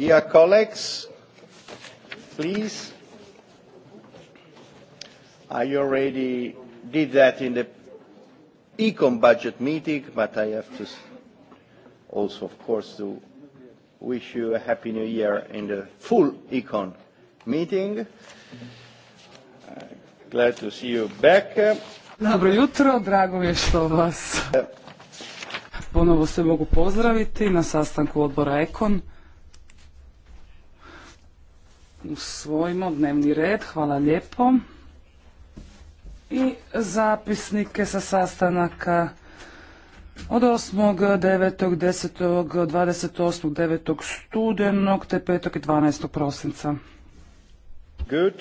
Dear colleagues, please, I already did that in the econ budget meeting, but I have to also, of course, to wish you a happy new year in the full econ meeting. Uh, glad to see you back. Dobro jutro, drago što vas uh, ponovo se mogu pozdraviti na sastanku odbora Econ usvojimo dnevni red. Hvala lijepo. I zapisnike sa sastanaka od 8., 9., 10., 28., 9. studenog te 5. i 12. prosinca. Good.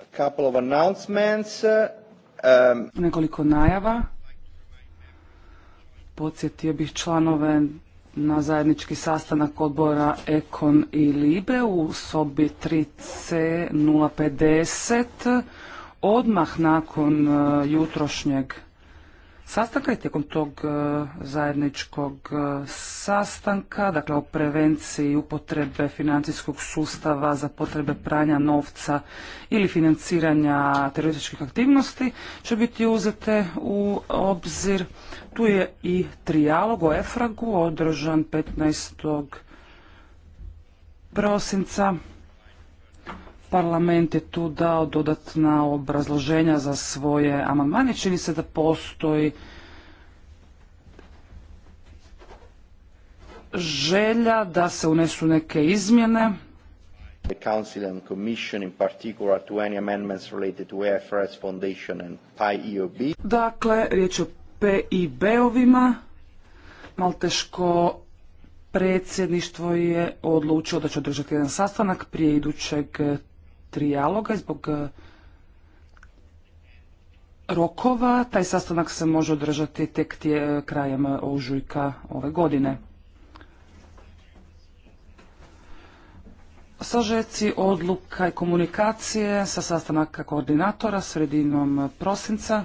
A couple of announcements. Uh, um... Nekoliko najava. Podsjetio bih članove na zajednički sastanak odbora Ekon i Libe u sobi 3C050 odmah nakon e, jutrošnjeg sastanka i tijekom tog e, zajedničkog e, sastanka, dakle o prevenciji upotrebe financijskog sustava za potrebe pranja novca ili financiranja terorističkih aktivnosti će biti uzete u obzir tu je i trijalog o Efragu održan 15. prosinca. Parlament je tu dao dodatna obrazloženja za svoje amandmane. Čini se da postoji želja da se unesu neke izmjene. The Council and Commission in particular to any amendments related to EFRS Foundation and PIEOB. Dakle, riječ je o i ovima Malteško predsjedništvo je odlučilo da će održati jedan sastanak prije idućeg e, trijaloga zbog e, rokova. Taj sastanak se može održati tek e, krajem ožujka ove godine. Sažeci odluka i komunikacije sa sastanaka koordinatora sredinom prosinca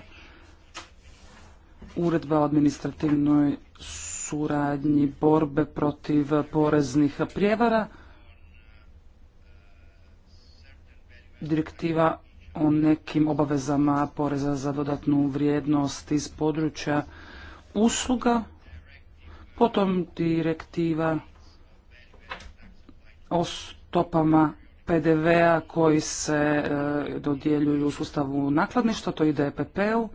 uredba o administrativnoj suradnji borbe protiv poreznih prijevara, direktiva o nekim obavezama poreza za dodatnu vrijednost iz područja usluga, potom direktiva o stopama PDV-a koji se e, dodjeljuju u sustavu nakladništva, to ide EPP-u,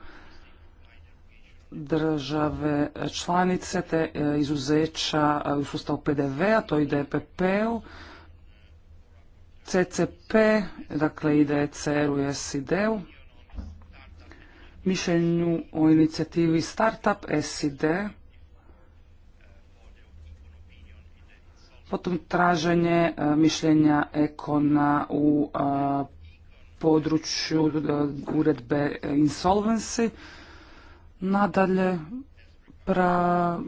države članice te e, izuzeća e, u sustavu PDV-a, to ide EPP-u, CCP, dakle ide ECR-u i SID-u, mišljenju o inicijativi Startup SID, potom traženje e, mišljenja Ekona u području uredbe Insolvency, Nadalje, pra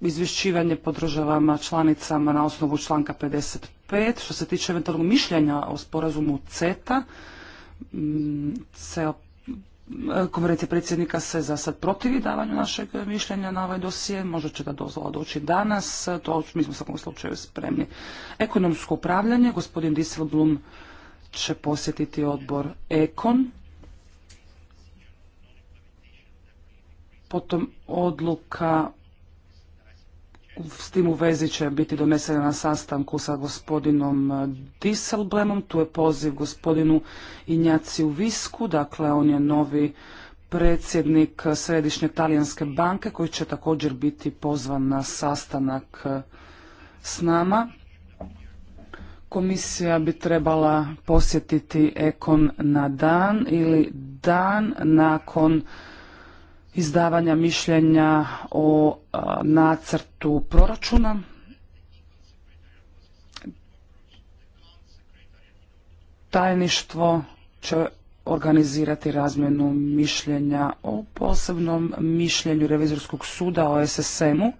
izvješćivanje po članicama na osnovu članka 55. Što se tiče eventualnog mišljenja o sporazumu CETA, se mm, konferencija predsjednika se za sad protivi davanju našeg mišljenja na ovaj dosije, možda će ta dozvola doći danas, to mi smo u svakom slučaju spremni. Ekonomsko upravljanje, gospodin Disselblum će posjetiti odbor Ekon Potom odluka s tim u vezi će biti donesena na sastanku sa gospodinom Disselblemom. Tu je poziv gospodinu Injaciju Visku, dakle on je novi predsjednik Središnje talijanske banke koji će također biti pozvan na sastanak e, s nama. Komisija bi trebala posjetiti Ekon na dan ili dan nakon izdavanja mišljenja o nacrtu proračuna. Tajništvo će organizirati razmjenu mišljenja o posebnom mišljenju Revizorskog suda o SSM-u.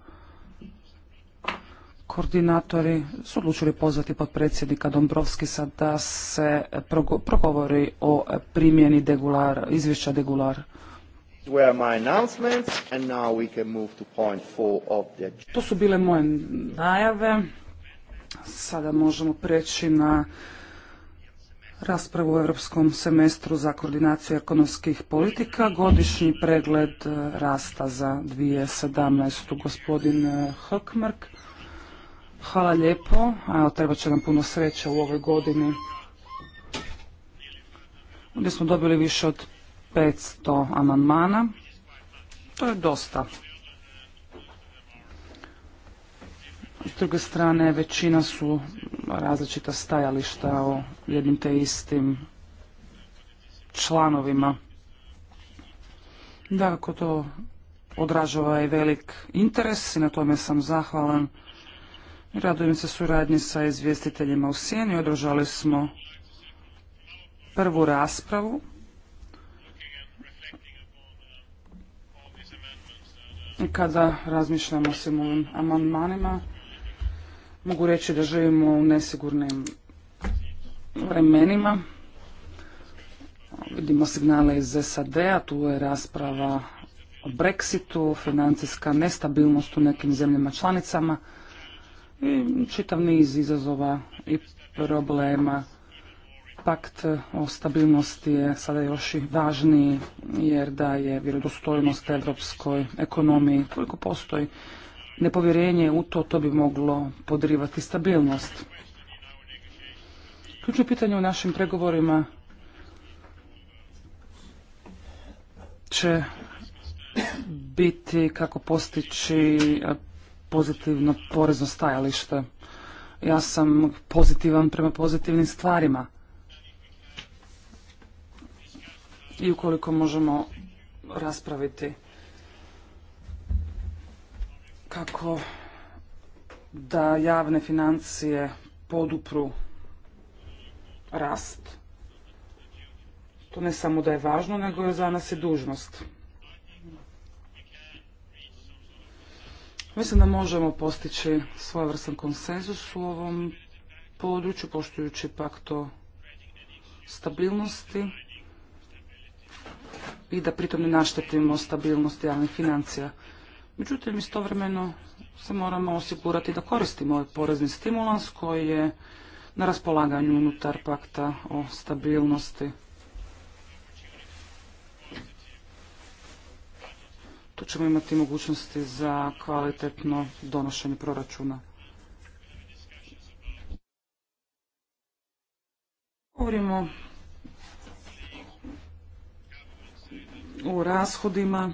Koordinatori su odlučili pozvati potpredsjednika Dombrovskisa da se progovori o primjeni izvješća Degular to su bile moje najave. Sada možemo preći na raspravu u Europskom semestru za koordinaciju ekonomskih politika, godišnji pregled e, rasta za 2017. gospodin e, Hökmark. Hvala lijepo. Evo, treba će nam puno sreće u ovoj godini. Ovdje smo dobili više od 500 amandmana. To je dosta. S druge strane, većina su različita stajališta o jednim te istim članovima. Dakle, to odražava i velik interes i na tome sam zahvalan. Radujem se suradnji sa izvjestiteljima u Sjeni. Održali smo prvu raspravu Kada razmišljamo o svim ovim amandmanima, mogu reći da živimo u nesigurnim vremenima. Vidimo signale iz SAD-a, tu je rasprava o Brexitu, financijska nestabilnost u nekim zemljama članicama i čitav niz izazova i problema Pakt o stabilnosti je sada još i važniji jer da je vjerodostojnost europskoj ekonomiji. Koliko postoji nepovjerenje u to, to bi moglo podrivati stabilnost. Ključno pitanje u našim pregovorima će biti kako postići pozitivno porezno stajalište. Ja sam pozitivan prema pozitivnim stvarima. i ukoliko možemo raspraviti kako da javne financije podupru rast. To ne samo da je važno, nego je za nas i dužnost. Mislim da možemo postići svojevrstan konsenzus u ovom području, poštujući pakto stabilnosti i da pritom ne naštetimo stabilnost javnih financija. Međutim, istovremeno se moramo osigurati da koristimo ovaj porezni stimulans koji je na raspolaganju unutar pakta o stabilnosti. Tu ćemo imati mogućnosti za kvalitetno donošenje proračuna. Govorimo u rashodima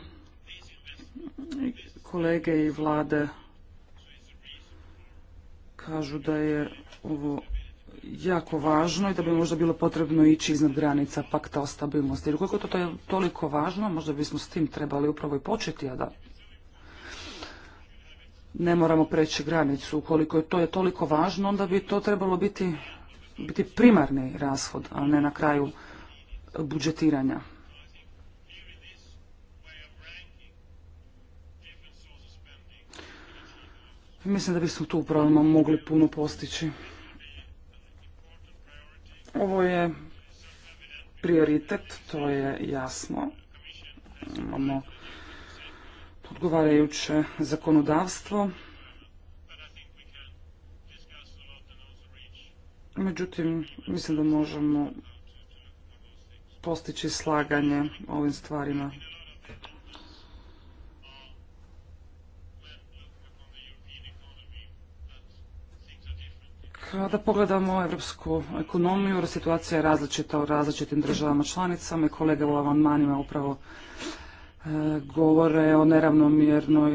kolege i vlade kažu da je ovo jako važno i da bi možda bilo potrebno ići iznad granica pakta o stabilnosti. Jer ukoliko to, to je toliko važno, možda bismo s tim trebali upravo i početi, a da ne moramo preći granicu. Ukoliko je to je toliko važno, onda bi to trebalo biti, biti primarni rashod, a ne na kraju budžetiranja. Mislim da bismo tu upravo mogli puno postići. Ovo je prioritet, to je jasno. Imamo odgovarajuće zakonodavstvo. Međutim, mislim da možemo postići slaganje ovim stvarima. Kada pogledamo evropsku ekonomiju, situacija je različita u različitim državama članicama i kolege u amandmanima upravo e, govore o neravnomjernom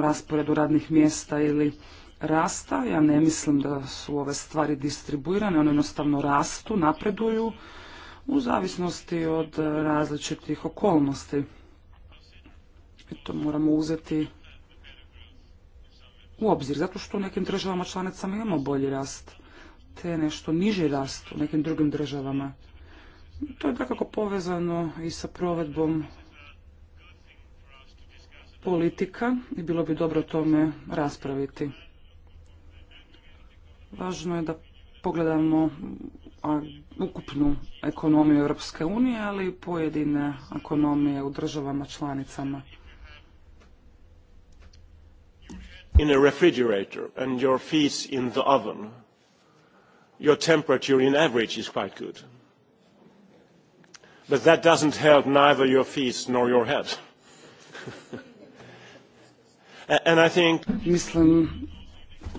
rasporedu radnih mjesta ili rasta. Ja ne mislim da su ove stvari distribuirane, one jednostavno rastu, napreduju u zavisnosti od različitih okolnosti. I to moramo uzeti u obzir, zato što u nekim državama članicama imamo bolji rast, te nešto niži rast u nekim drugim državama. To je takako povezano i sa provedbom politika i bilo bi dobro o tome raspraviti. Važno je da pogledamo ukupnu ekonomiju Europske unije, ali i pojedine ekonomije u državama članicama. in a refrigerator and your feet in the oven, your temperature in average is quite good. But that doesn't help neither your feet nor your head. and I think... Mislim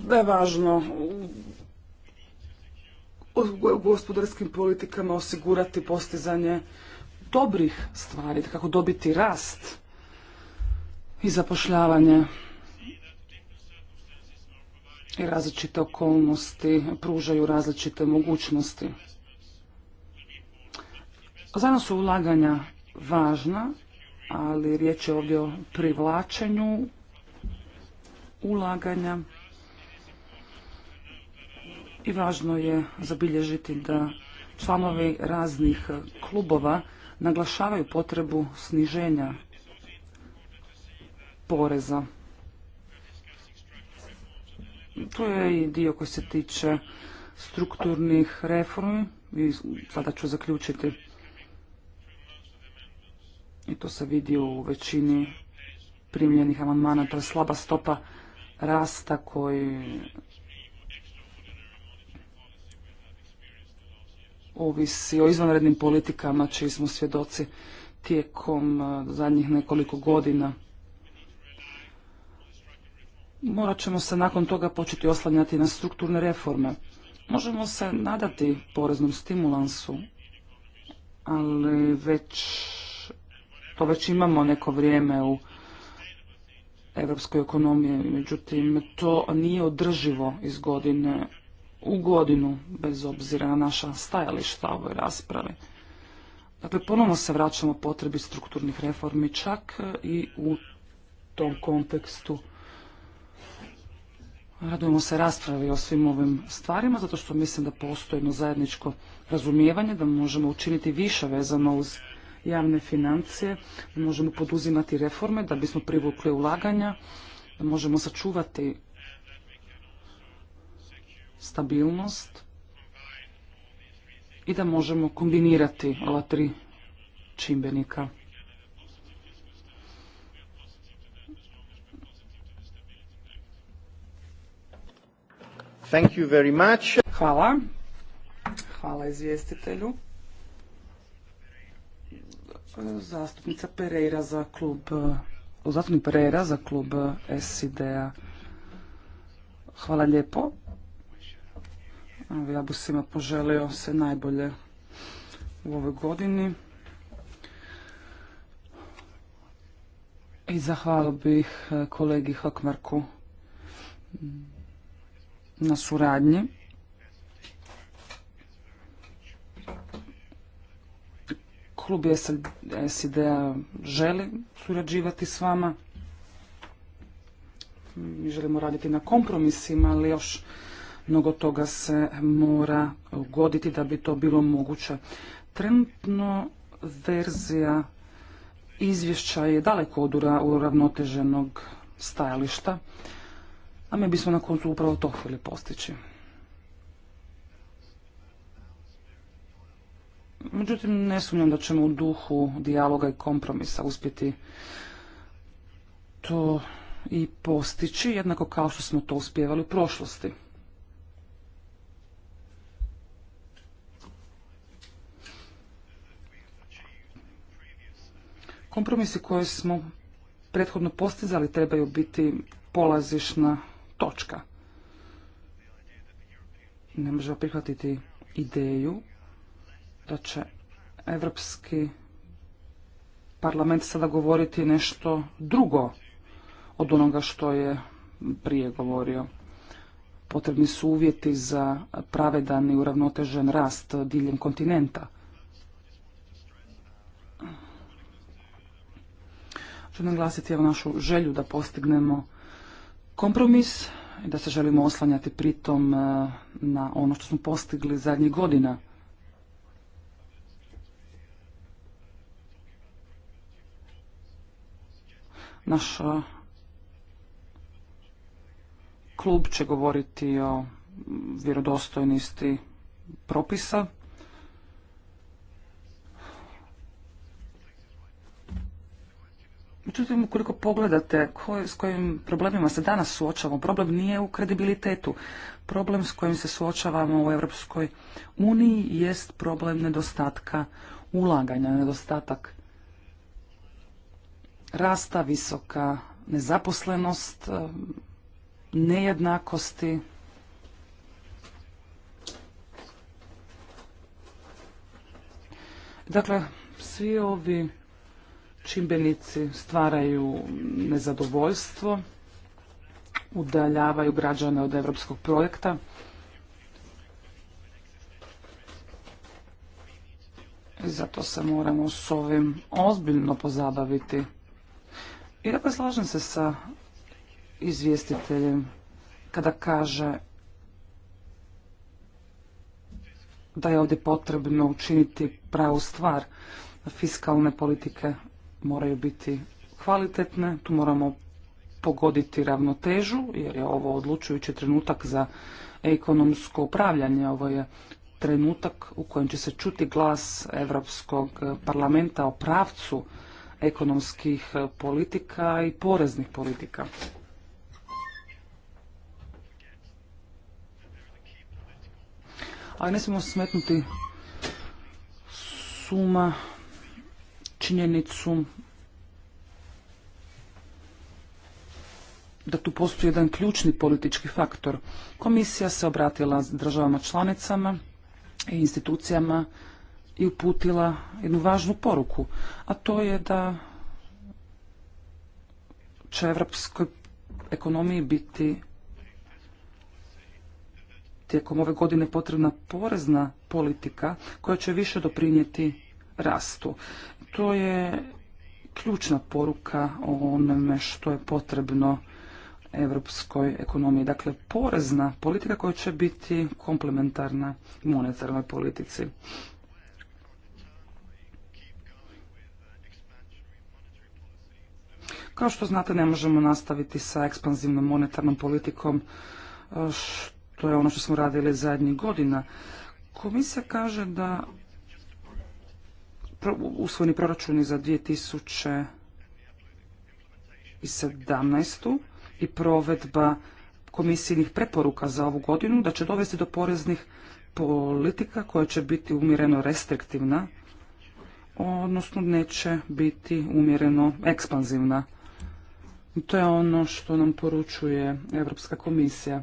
da u gospodarskim politikama osigurati postizanje dobrih stvari, kako dobiti rast i zapošljavanje i različite okolnosti pružaju različite mogućnosti. Za su ulaganja važna, ali riječ je ovdje o privlačenju ulaganja i važno je zabilježiti da članovi raznih klubova naglašavaju potrebu sniženja poreza. To je i dio koji se tiče strukturnih reformi i sada ću zaključiti. I to se vidi u većini primljenih amandmana, to je slaba stopa rasta koji ovisi o izvanrednim politikama čiji smo svjedoci tijekom eh, zadnjih nekoliko godina morat ćemo se nakon toga početi oslanjati na strukturne reforme. Možemo se nadati poreznom stimulansu, ali već to već imamo neko vrijeme u evropskoj ekonomiji, međutim to nije održivo iz godine u godinu, bez obzira na naša stajališta ovoj raspravi. Dakle, ponovno se vraćamo potrebi strukturnih reformi, čak i u tom kontekstu Radujemo se raspravi o svim ovim stvarima, zato što mislim da postoji jedno zajedničko razumijevanje, da možemo učiniti više vezano uz javne financije, da možemo poduzimati reforme, da bismo privukli ulaganja, da možemo sačuvati stabilnost i da možemo kombinirati ova tri čimbenika. Thank you Hvala. Hvala izvjestitelju. Zastupnica Pereira za klub zastupnik Pereira za klub SID-a. Hvala lijepo. Ja bih svima poželio se najbolje u ovoj godini. I zahvalio bih kolegi Hakmarku na suradnji. Klub SID-a želi surađivati s vama. Mi želimo raditi na kompromisima, ali još mnogo toga se mora ugoditi da bi to bilo moguće. Trenutno verzija izvješća je daleko od uravnoteženog stajališta. A mi bismo na koncu upravo to htjeli postići. Međutim, ne sumnjam da ćemo u duhu dijaloga i kompromisa uspjeti to i postići, jednako kao što smo to uspjevali u prošlosti. Kompromisi koje smo prethodno postizali trebaju biti polazišna točka. Ne možemo prihvatiti ideju da će Evropski parlament sada govoriti nešto drugo od onoga što je prije govorio. Potrebni su uvjeti za pravedan i uravnotežen rast diljem kontinenta. Želim naglasiti našu želju da postignemo kompromis i da se želimo oslanjati pritom e, na ono što smo postigli zadnjih godina. Naš e, klub će govoriti o vjerodostojnosti propisa Međutim, ukoliko pogledate s kojim problemima se danas suočavamo, problem nije u kredibilitetu. Problem s kojim se suočavamo u Europskoj uniji jest problem nedostatka ulaganja, nedostatak rasta, visoka nezaposlenost, nejednakosti. Dakle, svi ovi čimbenici stvaraju nezadovoljstvo, udaljavaju građane od europskog projekta. I zato se moramo s ovim ozbiljno pozabaviti. I dakle slažem se sa izvjestiteljem kada kaže da je ovdje potrebno učiniti pravu stvar fiskalne politike moraju biti kvalitetne, tu moramo pogoditi ravnotežu, jer je ovo odlučujući trenutak za ekonomsko upravljanje. Ovo je trenutak u kojem će se čuti glas Europskog parlamenta o pravcu ekonomskih politika i poreznih politika. Ali ne smijemo smetnuti suma činjenicu da tu postoji jedan ključni politički faktor. Komisija se obratila državama članicama i institucijama i uputila jednu važnu poruku, a to je da će evropskoj ekonomiji biti tijekom ove godine potrebna porezna politika koja će više doprinijeti rastu to je ključna poruka o onome što je potrebno europskoj ekonomiji. Dakle, porezna politika koja će biti komplementarna monetarnoj politici. Kao što znate, ne možemo nastaviti sa ekspanzivnom monetarnom politikom, eh, što je ono što smo radili zadnjih godina. Komisija kaže da usvojeni proračuni za 2017. i provedba komisijnih preporuka za ovu godinu da će dovesti do poreznih politika koja će biti umjereno restriktivna, odnosno neće biti umjereno ekspanzivna. To je ono što nam poručuje Europska komisija.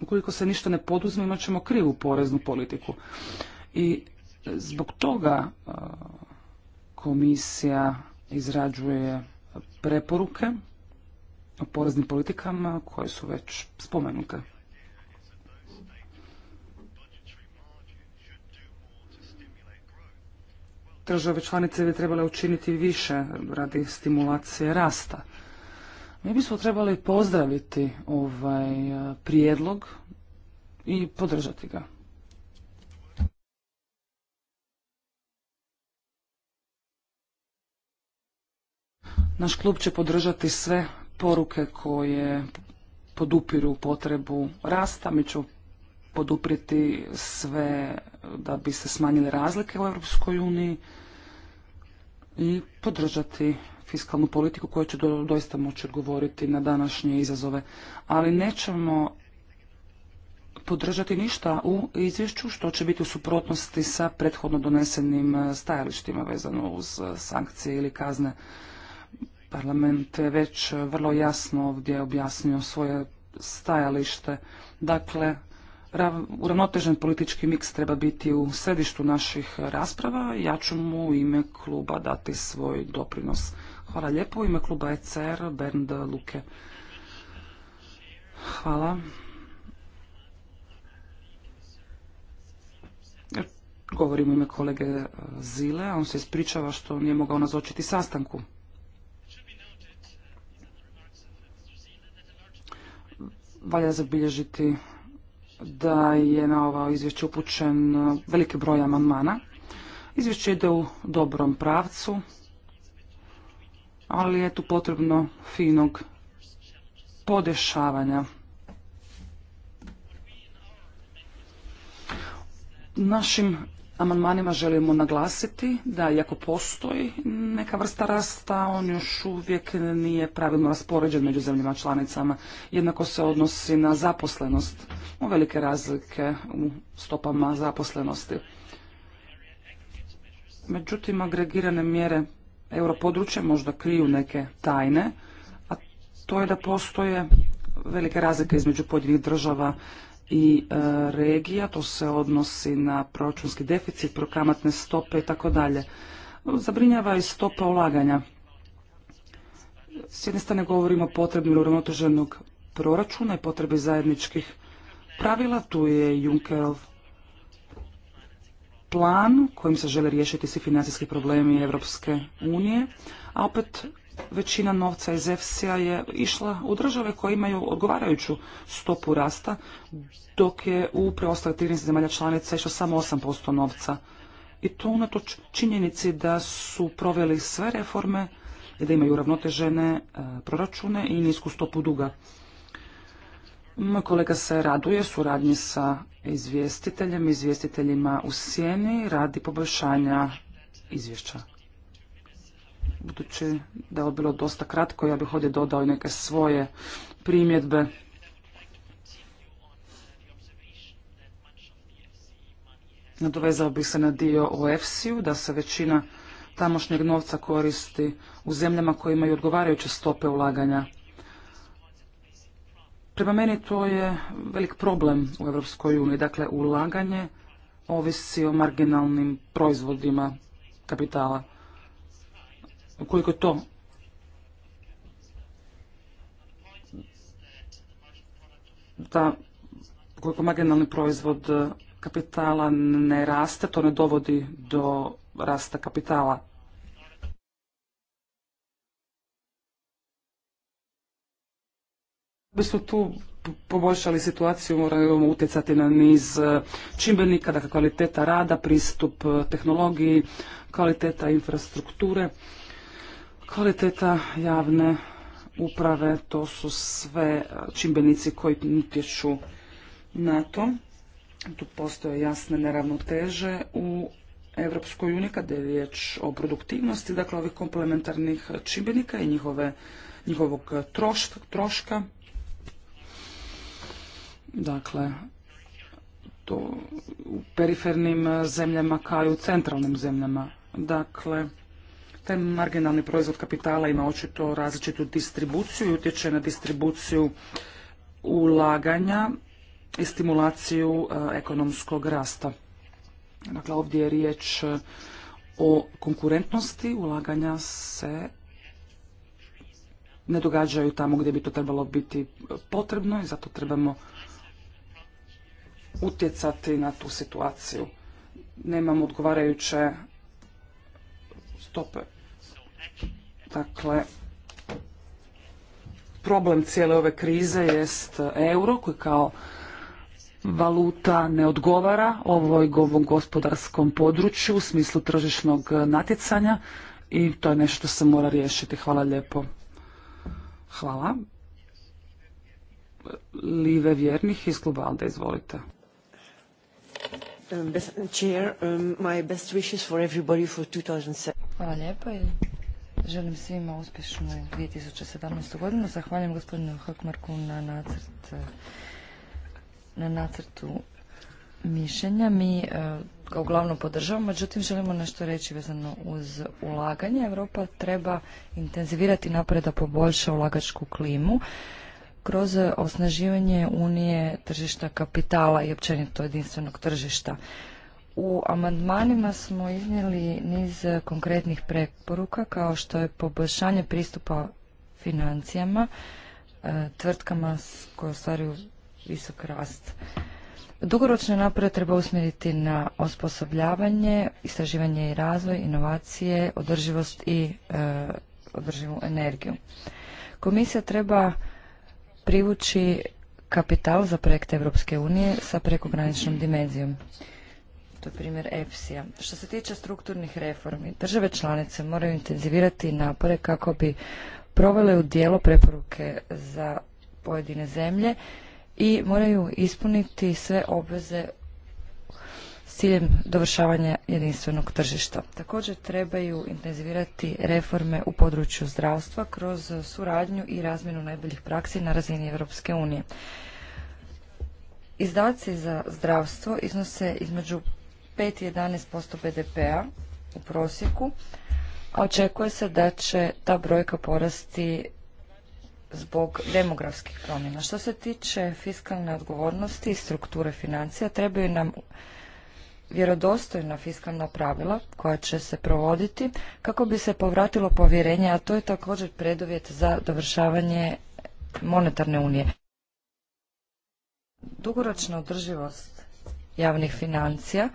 ukoliko se ništa ne poduzme imat ćemo krivu poreznu politiku. I e, zbog toga e, komisija izrađuje preporuke o poreznim politikama koje su već spomenute. Države članice bi trebale učiniti više radi stimulacije rasta. Mi bismo trebali pozdraviti ovaj e, prijedlog i podržati ga. Naš klub će podržati sve poruke koje podupiru potrebu rasta. Mi ću podupriti sve da bi se smanjile razlike u Europskoj uniji i podržati fiskalnu politiku koja će doista moći odgovoriti na današnje izazove. Ali nećemo podržati ništa u izvješću što će biti u suprotnosti sa prethodno donesenim e, stajalištima vezano uz e, sankcije ili kazne. Parlament je već e, vrlo jasno ovdje objasnio svoje stajalište. Dakle, uravnotežen politički miks treba biti u središtu naših rasprava. Ja ću mu u ime kluba dati svoj doprinos. Hvala lijepo. U ime kluba ECR, Bernd Luke. Hvala. Govorim u ime kolege Zile, a on se ispričava što nije mogao nazočiti sastanku. Valja zabilježiti da je na ovo izvješće upućen e, veliki broj amandmana. Izvješće ide u dobrom pravcu, ali je tu potrebno finog podešavanja. Našim amandmanima želimo naglasiti da iako postoji neka vrsta rasta, on još uvijek nije pravilno raspoređen među zemljama članicama. Jednako se odnosi na zaposlenost, u velike razlike u stopama zaposlenosti. Međutim, agregirane mjere europodručja možda kriju neke tajne, a to je da postoje velike razlike između pojedinih država i e, regija, to se odnosi na proračunski deficit, prokamatne stope i tako dalje. Zabrinjava i stopa ulaganja. S jedne strane govorimo o potrebi uravnoteženog proračuna i potrebi zajedničkih pravila. Tu je Junckerov plan kojim se žele riješiti svi financijski problemi Europske unije, a opet većina novca iz EFSI-a je išla u države koje imaju odgovarajuću stopu rasta, dok je u preostale 13 zemalja članica išlo samo 8% novca. I to unatoč činjenici da su proveli sve reforme i da imaju ravnotežene e, proračune i nisku stopu duga. Moj kolega se raduje suradnji sa izvjestiteljem, izvjestiteljima u sjeni radi poboljšanja izvješća. Budući da je ovo bilo dosta kratko, ja bih ovdje dodao neke svoje primjedbe. Nadovezao bih se na dio o EFSI-u, da se većina tamošnjeg novca koristi u zemljama koje imaju odgovarajuće stope ulaganja. Prema meni to je velik problem u Europskoj uniji. Dakle, ulaganje ovisi o marginalnim proizvodima kapitala ukoliko to da ukoliko marginalni proizvod e, kapitala ne raste, to ne dovodi do rasta kapitala. Da bismo tu poboljšali situaciju moramo utjecati na niz e, čimbenika, dakle kvaliteta rada, pristup e, tehnologiji, kvaliteta infrastrukture. Kvaliteta javne uprave, to su sve e, čimbenici koji utječu na to. Tu postoje jasne neravnoteže u Evropskoj uniji kada je riječ o produktivnosti, dakle ovih komplementarnih čimbenika i njihovog troška. Dakle, to u perifernim e, zemljama kao i u centralnim zemljama. Dakle, taj marginalni proizvod kapitala ima očito različitu distribuciju i utječe na distribuciju ulaganja i stimulaciju e, ekonomskog rasta. Dakle, ovdje je riječ e, o konkurentnosti, ulaganja se ne događaju tamo gdje bi to trebalo biti potrebno i zato trebamo utjecati na tu situaciju. Nemamo odgovarajuće stope Dakle, problem cijele ove krize jest euro koji kao valuta ne odgovara ovoj ovom gospodarskom području u smislu tržišnog natjecanja i to je nešto se mora riješiti. Hvala lijepo. Hvala. Live Vjernih iz Kluba Alde, izvolite. Hvala lijepo Želim svima uspješnu 2017. godinu. Zahvaljujem gospodinu Hakmarku na, nacrt, na nacrtu mišljenja. Mi e, ga uglavnom podržavamo, međutim želimo nešto reći vezano uz ulaganje. Europa treba intenzivirati napred da poboljša ulagačku klimu kroz osnaživanje unije tržišta kapitala i općenito jedinstvenog tržišta. U amandmanima smo iznijeli niz konkretnih preporuka kao što je poboljšanje pristupa financijama, e, tvrtkama koje ostvaruju visok rast. Dugoročne napore treba usmjeriti na osposobljavanje, istraživanje i razvoj, inovacije, održivost i e, održivu energiju. Komisija treba privući kapital za projekte Europske unije sa prekograničnom dimenzijom to je primjer EPSI-a. Što se tiče strukturnih reformi, države članice moraju intenzivirati napore kako bi provele u dijelo preporuke za pojedine zemlje i moraju ispuniti sve obveze s ciljem dovršavanja jedinstvenog tržišta. Također trebaju intenzivirati reforme u području zdravstva kroz suradnju i razmjenu najboljih praksi na razini Europske unije. Izdaci za zdravstvo iznose između 5,11% BDP-a u prosjeku, a očekuje se da će ta brojka porasti zbog demografskih promjena. Što se tiče fiskalne odgovornosti i strukture financija, trebaju nam vjerodostojna fiskalna pravila koja će se provoditi kako bi se povratilo povjerenje, a to je također preduvjet za dovršavanje monetarne unije. Dugoročna održivost javnih financija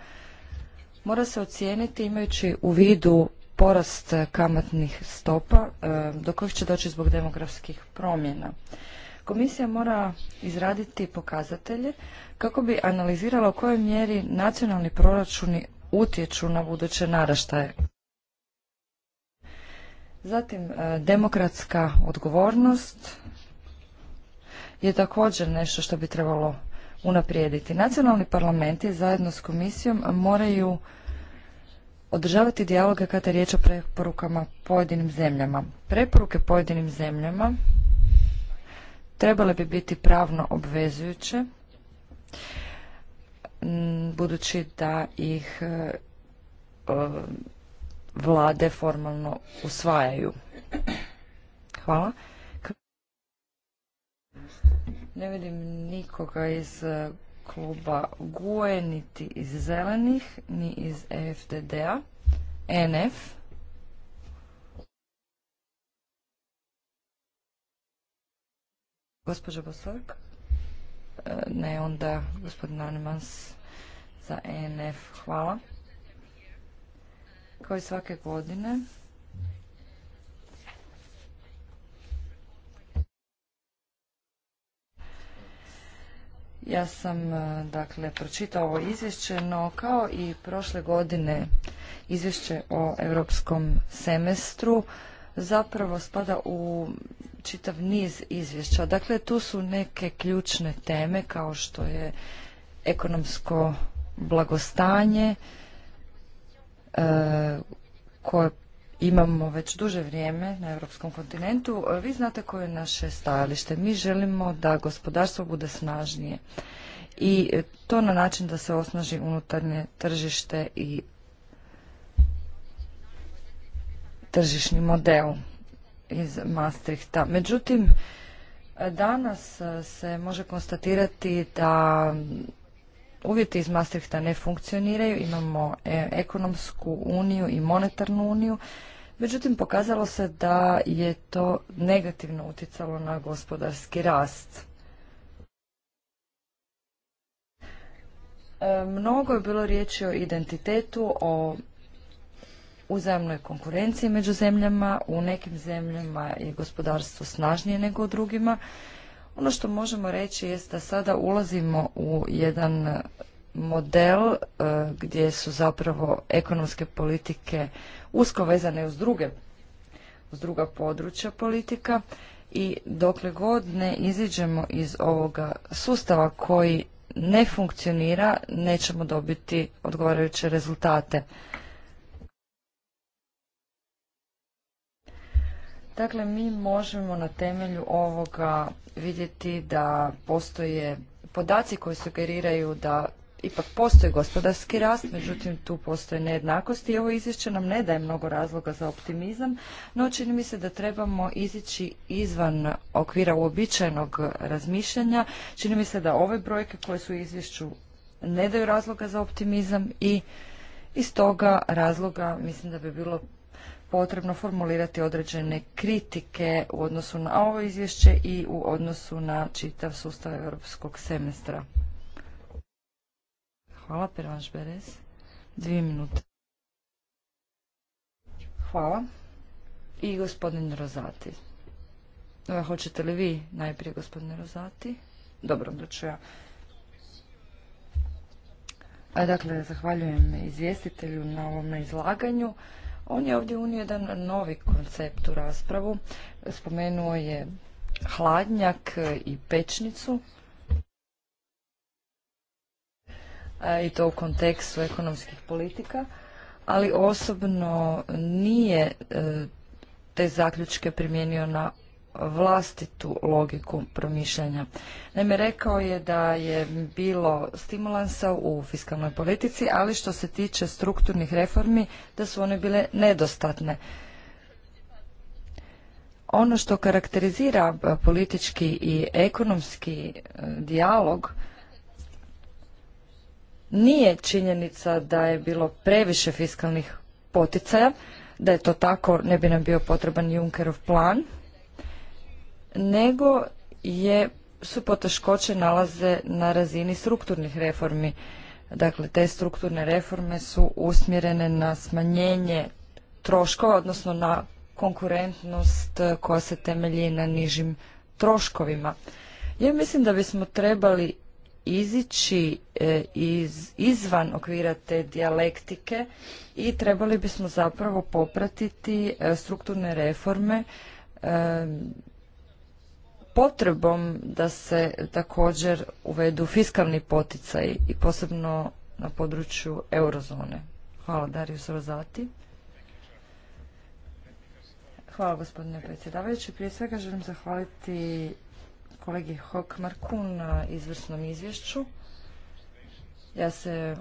mora se ocijeniti imajući u vidu porast kamatnih stopa e, do kojih će doći zbog demografskih promjena. Komisija mora izraditi pokazatelje kako bi analizirala u kojoj mjeri nacionalni proračuni utječu na buduće naraštaje. Zatim, e, demokratska odgovornost je također nešto što bi trebalo unaprijediti. Nacionalni parlamenti zajedno s komisijom moraju održavati dijaloge kada je riječ o preporukama pojedinim zemljama. Preporuke pojedinim zemljama trebale bi biti pravno obvezujuće budući da ih e, vlade formalno usvajaju. Hvala. Ne vidim nikoga iz e, kluba GUE, niti iz Zelenih, ni iz efdd a NF. Gospođa Bosork? E, ne, onda gospodin Anemans za NF. Hvala. Kao i svake godine, Ja sam e, dakle pročitao ovo izvješće, no kao i prošle godine izvješće o europskom semestru zapravo spada u čitav niz izvješća. Dakle, tu su neke ključne teme kao što je ekonomsko blagostanje e, koje imamo već duže vrijeme na europskom kontinentu. Vi znate koje je naše stajalište. Mi želimo da gospodarstvo bude snažnije i to na način da se osnaži unutarnje tržište i tržišni model iz Maastrichta. Međutim, danas se može konstatirati da uvjeti iz Maastrichta ne funkcioniraju, imamo e, ekonomsku uniju i monetarnu uniju Međutim, pokazalo se da je to negativno utjecalo na gospodarski rast. E, mnogo je bilo riječi o identitetu, o uzajamnoj konkurenciji među zemljama. U nekim zemljama je gospodarstvo snažnije nego u drugima. Ono što možemo reći jest da sada ulazimo u jedan model e, gdje su zapravo ekonomske politike usko vezane uz druge uz druga područja politika i dokle god ne iziđemo iz ovoga sustava koji ne funkcionira nećemo dobiti odgovarajuće rezultate. Dakle, mi možemo na temelju ovoga vidjeti da postoje podaci koji sugeriraju da ipak postoji gospodarski rast, međutim tu postoje nejednakosti i ovo izvješće nam ne daje mnogo razloga za optimizam, no čini mi se da trebamo izići izvan okvira uobičajenog razmišljanja. Čini mi se da ove brojke koje su u izvješću ne daju razloga za optimizam i iz toga razloga mislim da bi bilo potrebno formulirati određene kritike u odnosu na ovo izvješće i u odnosu na čitav sustav europskog semestra. Hvala, Pervanš Beres. Dvije minute. Hvala. I gospodin Rozati. Hoćete li vi najprije, gospodin Rozati? Dobro, onda ću ja. Dakle, zahvaljujem izvjestitelju na ovom izlaganju. On je ovdje unio jedan novi koncept u raspravu. Spomenuo je hladnjak i pečnicu. i to u kontekstu ekonomskih politika, ali osobno nije e, te zaključke primijenio na vlastitu logiku promišljanja. Naime, rekao je da je bilo stimulansa u fiskalnoj politici, ali što se tiče strukturnih reformi, da su one bile nedostatne. Ono što karakterizira politički i ekonomski e, dijalog nije činjenica da je bilo previše fiskalnih poticaja, da je to tako ne bi nam bio potreban Junckerov plan, nego je su poteškoće nalaze na razini strukturnih reformi. Dakle, te strukturne reforme su usmjerene na smanjenje troškova, odnosno na konkurentnost koja se temelji na nižim troškovima. Ja mislim da bismo trebali izići e, izvan okvira te dijalektike i trebali bismo zapravo popratiti e, strukturne reforme e, potrebom da se također uvedu fiskalni poticaj i posebno na području eurozone. Hvala Dariju Rozati. Hvala gospodine predsjedavajući. Prije svega želim zahvaliti kolegi Hockmarku na izvrsnom izvješću. Ja se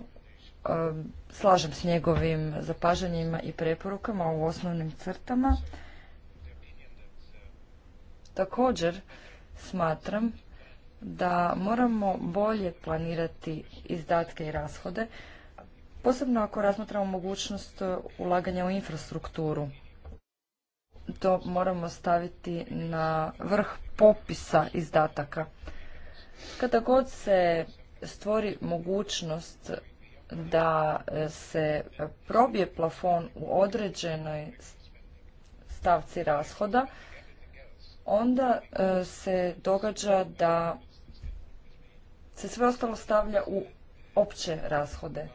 um, slažem s njegovim zapažanjima i preporukama u osnovnim crtama. Također smatram da moramo bolje planirati izdatke i rashode, posebno ako razmatramo mogućnost ulaganja u infrastrukturu to moramo staviti na vrh popisa izdataka. Kada god se stvori mogućnost da se probije plafon u određenoj stavci rashoda, onda e, se događa da se sve ostalo stavlja u opće rashode.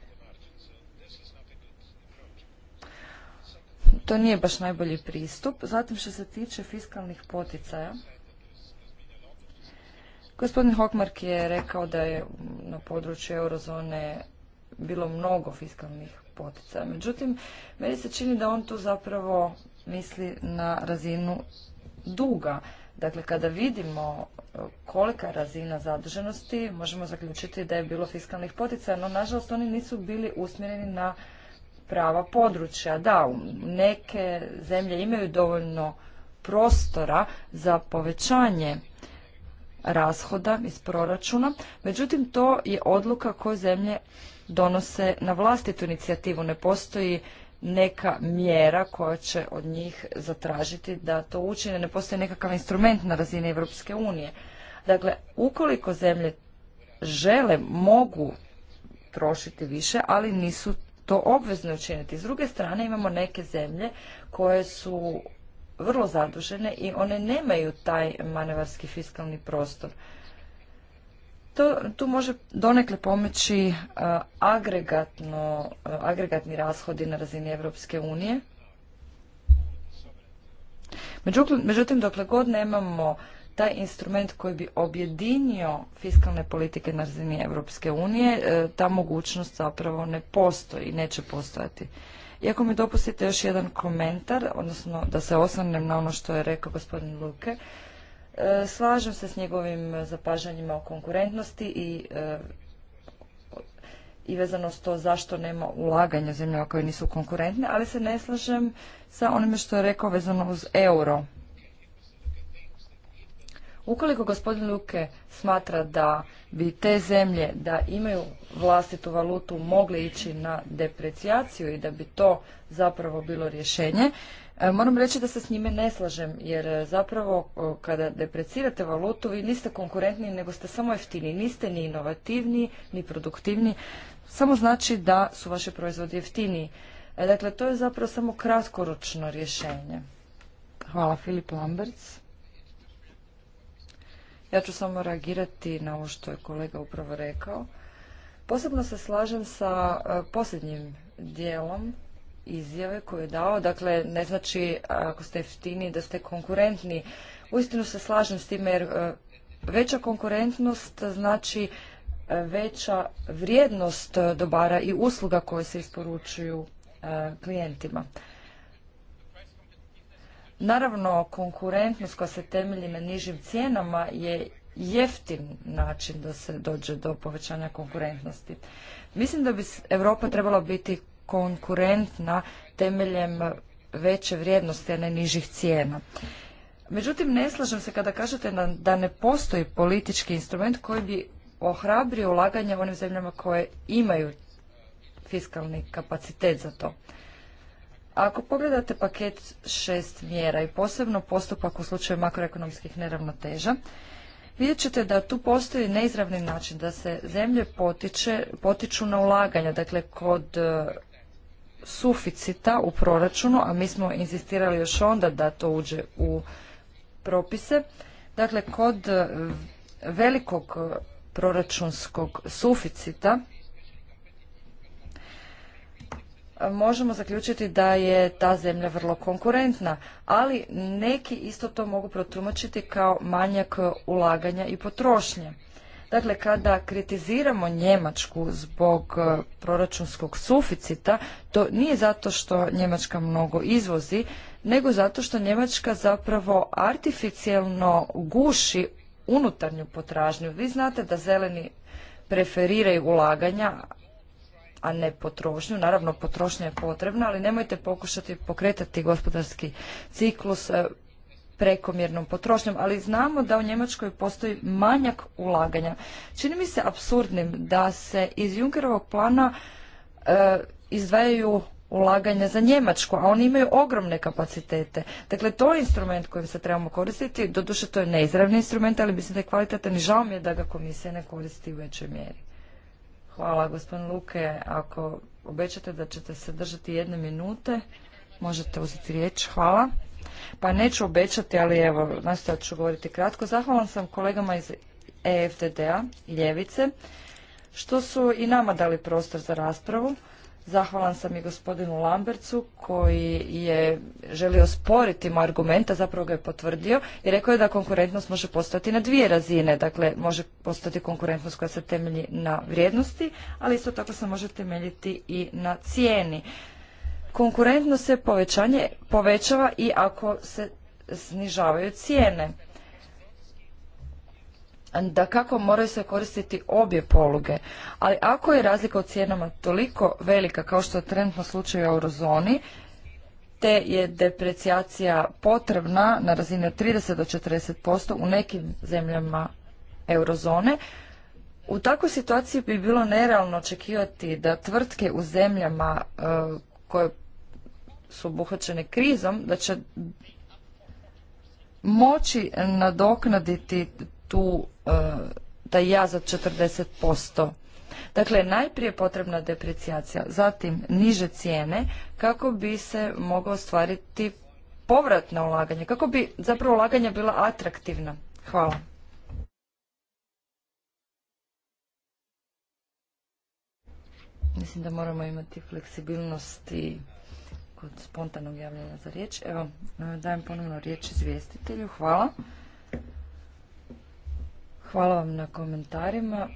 to nije baš najbolji pristup. Zatim što se tiče fiskalnih poticaja, gospodin Hokmark je rekao da je na području eurozone bilo mnogo fiskalnih poticaja. Međutim, meni se čini da on tu zapravo misli na razinu duga. Dakle, kada vidimo e, kolika razina zadrženosti, možemo zaključiti da je bilo fiskalnih poticaja, no nažalost oni nisu bili usmjereni na prava područja. Da, neke zemlje imaju dovoljno prostora za povećanje rashoda iz proračuna, međutim to je odluka koje zemlje donose na vlastitu inicijativu. Ne postoji neka mjera koja će od njih zatražiti da to učine, ne postoji nekakav instrument na razini Europske unije. Dakle, ukoliko zemlje žele, mogu trošiti više, ali nisu to obvezno učiniti. S druge strane imamo neke zemlje koje su vrlo zadužene i one nemaju taj manevarski fiskalni prostor. To, tu može donekle pomoći e, agregatno, e, agregatni rashodi na razini Europske unije. Međutim, dokle god nemamo taj instrument koji bi objedinio fiskalne politike na razini Europske unije, e, ta mogućnost zapravo ne postoji i neće postojati. Iako mi dopustite još jedan komentar, odnosno da se osvrnem na ono što je rekao gospodin Luke, e, slažem se s njegovim zapažanjima o konkurentnosti i e, i vezano s to zašto nema ulaganja zemlja koje nisu konkurentne, ali se ne slažem sa onime što je rekao vezano uz euro Ukoliko gospodin Luke smatra da bi te zemlje da imaju vlastitu valutu mogle ići na deprecijaciju i da bi to zapravo bilo rješenje, e, moram reći da se s njime ne slažem jer e, zapravo kada deprecirate valutu vi niste konkurentni nego ste samo jeftini, niste ni inovativni ni produktivni, samo znači da su vaše proizvodi jeftiniji. E, dakle, to je zapravo samo kratkoročno rješenje. Hvala Filip Lamberts. Ja ću samo reagirati na ovo što je kolega upravo rekao. Posebno se slažem sa e, posljednjim dijelom izjave koju je dao. Dakle, ne znači e, ako ste jeftini da ste konkurentni. Uistinu se slažem s tim jer e, veća konkurentnost znači veća vrijednost dobara i usluga koje se isporučuju klijentima. Naravno, konkurentnost koja se temelji na nižim cijenama je jeftin način da se dođe do povećanja konkurentnosti. Mislim da bi Europa trebala biti konkurentna temeljem veće vrijednosti, a ne nižih cijena. Međutim, ne slažem se kada kažete da ne postoji politički instrument koji bi ohrabrio ulaganje u onim zemljama koje imaju fiskalni kapacitet za to. Ako pogledate paket šest mjera i posebno postupak u slučaju makroekonomskih neravnoteža, vidjet ćete da tu postoji neizravni način da se zemlje potiču na ulaganja. Dakle, kod e, suficita u proračunu, a mi smo insistirali još onda da to uđe u propise. Dakle, kod e, velikog e, proračunskog suficita možemo zaključiti da je ta zemlja vrlo konkurentna, ali neki isto to mogu protumačiti kao manjak ulaganja i potrošnje. Dakle, kada kritiziramo Njemačku zbog e, proračunskog suficita, to nije zato što Njemačka mnogo izvozi, nego zato što Njemačka zapravo artificijelno guši unutarnju potražnju. Vi znate da zeleni preferiraju ulaganja, a ne potrošnju. Naravno, potrošnja je potrebna, ali nemojte pokušati pokretati gospodarski ciklus e, prekomjernom potrošnjom, ali znamo da u Njemačkoj postoji manjak ulaganja. Čini mi se absurdnim da se iz Junkerovog plana e, izdvajaju ulaganja za Njemačku, a oni imaju ogromne kapacitete. Dakle, to je instrument kojim se trebamo koristiti, doduše to je neizravni instrument, ali mislim da je kvalitetan i žao mi je da ga komisija ne koristi u većoj mjeri. Hvala, gospodin Luke. Ako obećate da ćete se držati jedne minute, možete uzeti riječ. Hvala. Pa neću obećati, ali evo, nastojat ću govoriti kratko. Zahvalan sam kolegama iz EFDD-a, Ljevice, što su i nama dali prostor za raspravu. Zahvalan sam i gospodinu Lambercu koji je želio sporiti moj argument, a zapravo ga je potvrdio i rekao je da konkurentnost može postati na dvije razine. Dakle, može postati konkurentnost koja se temelji na vrijednosti, ali isto tako se može temeljiti i na cijeni. Konkurentnost se povećanje povećava i ako se snižavaju cijene da kako moraju se koristiti obje poluge. Ali ako je razlika u cijenama toliko velika kao što je trenutno slučaj u eurozoni, te je deprecijacija potrebna na razini od 30 do 40% u nekim zemljama eurozone, u takvoj situaciji bi bilo nerealno očekivati da tvrtke u zemljama e, koje su obuhvaćene krizom, da će moći nadoknaditi tu taj jaz od 40%. Dakle, najprije potrebna deprecijacija, zatim niže cijene kako bi se mogao ostvariti povratno ulaganje, kako bi zapravo ulaganja bila atraktivna. Hvala. Mislim da moramo imati fleksibilnosti kod spontanog javljanja za riječ. Evo, dajem ponovno riječ izvjestitelju. Hvala. Hvala vam na komentarima.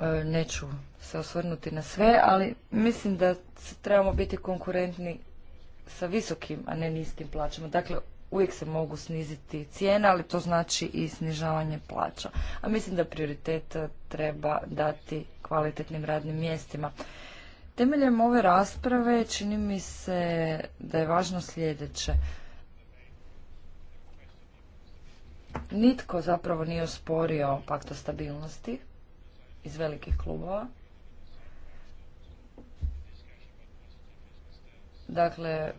E, neću se osvrnuti na sve, ali mislim da trebamo biti konkurentni sa visokim, a ne niskim plaćama. Dakle, uvijek se mogu sniziti cijene, ali to znači i snižavanje plaća. A mislim da prioritet treba dati kvalitetnim radnim mjestima. Temeljem ove rasprave čini mi se da je važno sljedeće. nitko zapravo nije osporio pakt o stabilnosti iz velikih klubova. Dakle,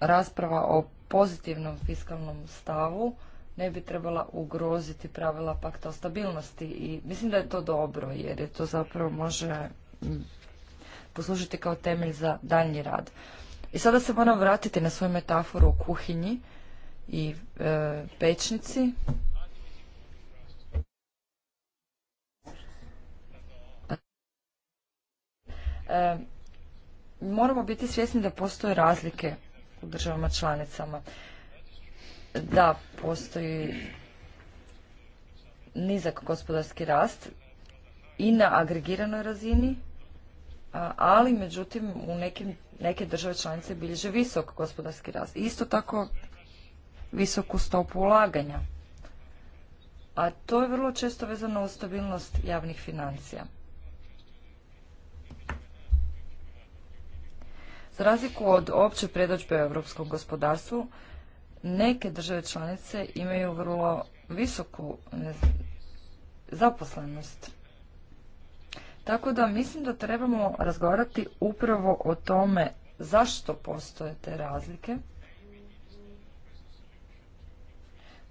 rasprava o pozitivnom fiskalnom stavu ne bi trebala ugroziti pravila pakta o stabilnosti i mislim da je to dobro jer je to zapravo može poslužiti kao temelj za daljnji rad. I sada se moram vratiti na svoju metaforu o kuhinji i e, pečnici. E, moramo biti svjesni da postoje razlike u državama članicama. Da, postoji nizak gospodarski rast i na agregiranoj razini, ali međutim u nekim, neke države članice bilježe visok gospodarski rast. Isto tako visoku stopu ulaganja. A to je vrlo često vezano uz stabilnost javnih financija. razliku od opće predođbe u europskom gospodarstvu, neke države članice imaju vrlo visoku zaposlenost. Tako da mislim da trebamo razgovarati upravo o tome zašto postoje te razlike.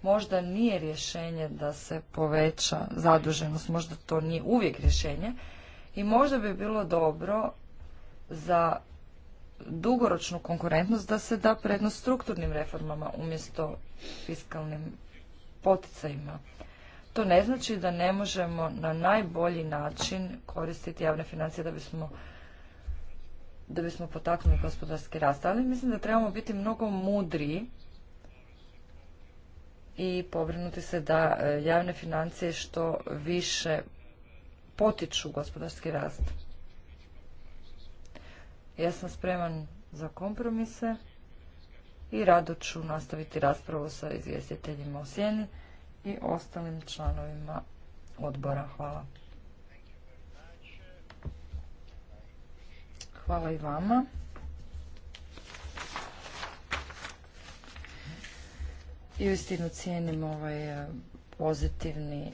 Možda nije rješenje da se poveća zaduženost, možda to nije uvijek rješenje i možda bi bilo dobro za dugoročnu konkurentnost da se da prednost strukturnim reformama umjesto fiskalnim poticajima. To ne znači da ne možemo na najbolji način koristiti javne financije da bismo da bismo potaknuli gospodarski rast, ali mislim da trebamo biti mnogo mudriji i pobrinuti se da e, javne financije što više potiču gospodarski rast. Ja sam spreman za kompromise i rado ću nastaviti raspravu sa izvjestiteljima u sjeni i ostalim članovima odbora. Hvala. Hvala i vama. I uistinu cijenim ovaj eh, pozitivni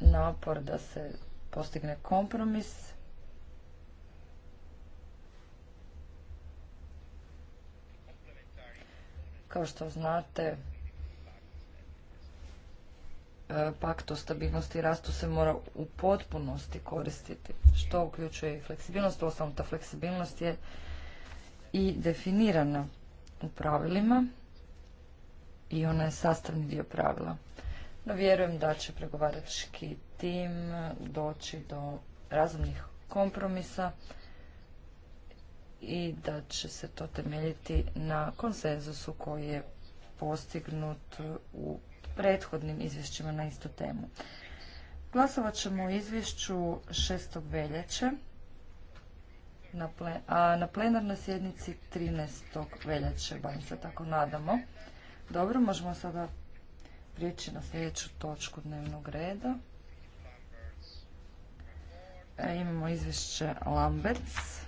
napor da se postigne kompromis Kao što znate, e, pakt o stabilnosti i rastu se mora u potpunosti koristiti, što uključuje i fleksibilnost. Osnovno, ta fleksibilnost je i definirana u pravilima i ona je sastavni dio pravila. No, vjerujem da će pregovarački tim doći do razumnih kompromisa i da će se to temeljiti na konsenzusu koji je postignut u prethodnim izvješćima na istu temu. Glasovat ćemo o izvješću 6. veljače, a na plenarnoj sjednici 13. veljače, barem se tako nadamo. Dobro, možemo sada prijeći na sljedeću točku dnevnog reda. E, imamo izvješće Lamberts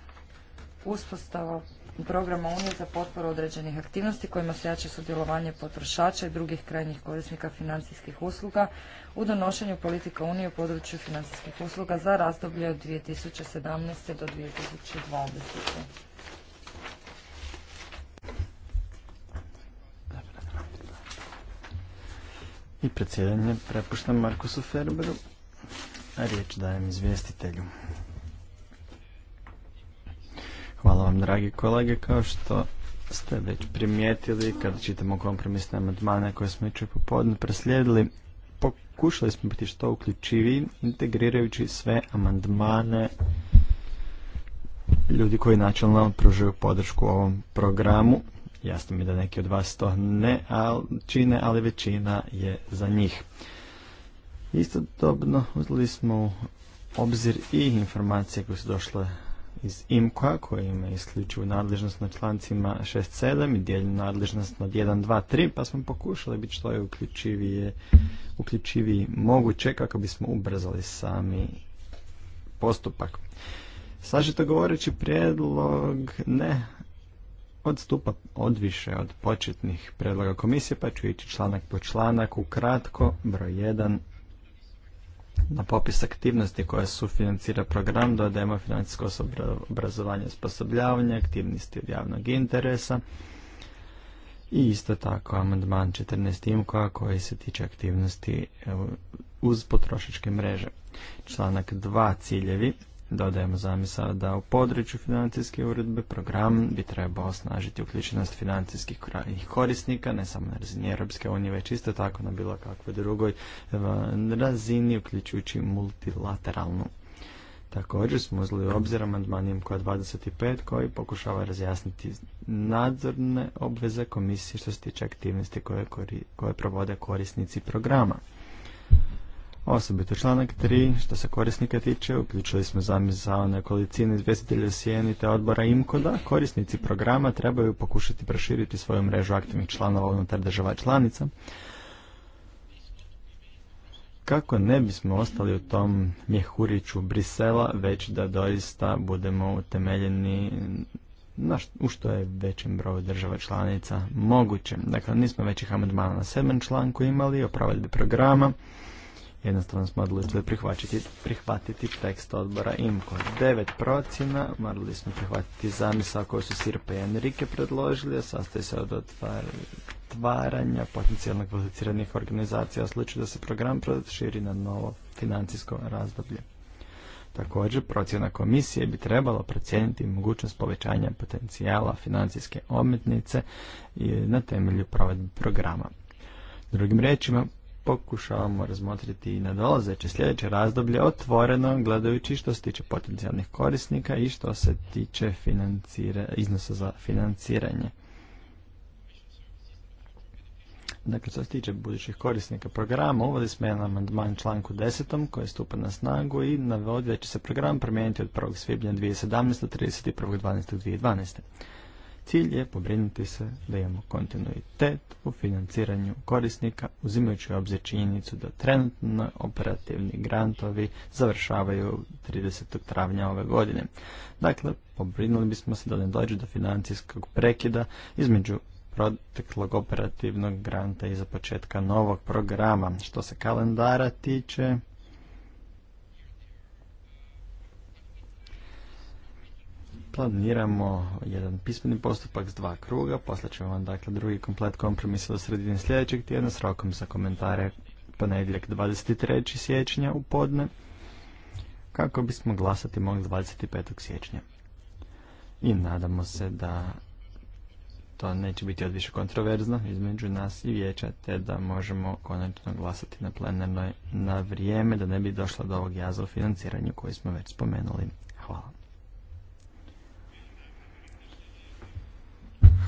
uspostava programa Unije za potporu određenih aktivnosti kojima se jače sudjelovanje potrošača i drugih krajnjih korisnika financijskih usluga u donošenju politika Unije u području financijskih usluga za razdoblje od 2017. do 2020. I predsjedanje prepuštam Markusu Ferberu, a riječ dajem izvjestitelju. Hvala vam, dragi kolege. Kao što ste već primijetili, kada čitamo kompromisne amandmane koje smo jučer popodne preslijedili, pokušali smo biti što uključiviji, integrirajući sve amandmane ljudi koji načelno pružaju podršku ovom programu. Jasno mi da neki od vas to ne čine, ali većina je za njih. Istodobno uzeli smo obzir i informacije koje su došle iz IMKOA koji ima isključivu nadležnost na člancima 6.7 i dijeljenu nadležnost nad 1.2.3 pa smo pokušali biti što je uključivije, uključiviji moguće kako bismo ubrzali sami postupak. Sažito govoreći prijedlog ne odstupa odviše od početnih predloga komisije pa ću ići članak po članak kratko broj 1 na popis aktivnosti koja sufinancira program dodajemo financijsko obrazovanje i osposobljavanje, aktivnosti od javnog interesa i isto tako amandman 14 imkoa koji se tiče aktivnosti uz potrošačke mreže. Članak 2 ciljevi Dodajemo zamisao da u području financijske uredbe program bi trebao osnažiti uključenost financijskih korisnika, ne samo na razini Europske unije, već isto tako na bilo kakvoj drugoj eh, razini, uključujući multilateralnu. Također smo uzeli u obzir amandmanijem koja 25 koji pokušava razjasniti nadzorne obveze komisije što se tiče aktivnosti koje, koje provode korisnici programa. Osobito članak 3, što se korisnika tiče, uključili smo zamisao na izvjestitelje izvjestitelja Sijeni te odbora Imkoda. korisnici programa trebaju pokušati proširiti svoju mrežu aktivnih članova unutar država članica. Kako ne bismo ostali u tom mjehuriću Brisela, već da doista budemo utemeljeni na što, u što je većem broju država članica moguće. Dakle, nismo većih amandmana na sedmem članku imali o provedbi programa jednostavno smo odlučili prihvatiti, prihvatiti tekst odbora IMCO. Devet procjena, morali smo prihvatiti zamisao koju su Sirpa i Enrique predložili, a sastoji se od otvaranja potencijalno kvalificiranih organizacija u slučaju da se program proširi na novo financijsko razdoblje. Također, procjena komisije bi trebala procijeniti mogućnost povećanja potencijala financijske ometnice na temelju provedbe programa. Drugim riječima, pokušavamo razmotriti i nadolazeće sljedeće razdoblje otvoreno gledajući što se tiče potencijalnih korisnika i što se tiče iznosa za financiranje. Dakle, što se tiče budućih korisnika programa, uvodi smo jedan amandman članku 10. koji stupa na snagu i navodi da će se program promijeniti od 1. svibnja 2017. do 2012. Cilj je pobrinuti se da imamo kontinuitet u financiranju korisnika, uzimajući obzir činjenicu da trenutno operativni grantovi završavaju 30. travnja ove godine. Dakle, pobrinuli bismo se da ne dođe do financijskog prekida između proteklog operativnog granta i za početka novog programa. Što se kalendara tiče, planiramo jedan pismeni postupak s dva kruga, poslat ćemo vam dakle drugi komplet kompromisa do sredine sljedećeg tjedna s rokom za komentare ponedjeljak pa 23. siječnja u podne, kako bismo glasati mogli 25. siječnja. I nadamo se da to neće biti odviše kontroverzno između nas i vijeća, te da možemo konačno glasati na plenarnoj na vrijeme, da ne bi došlo do ovog jaza u financiranju koji smo već spomenuli. Hvala.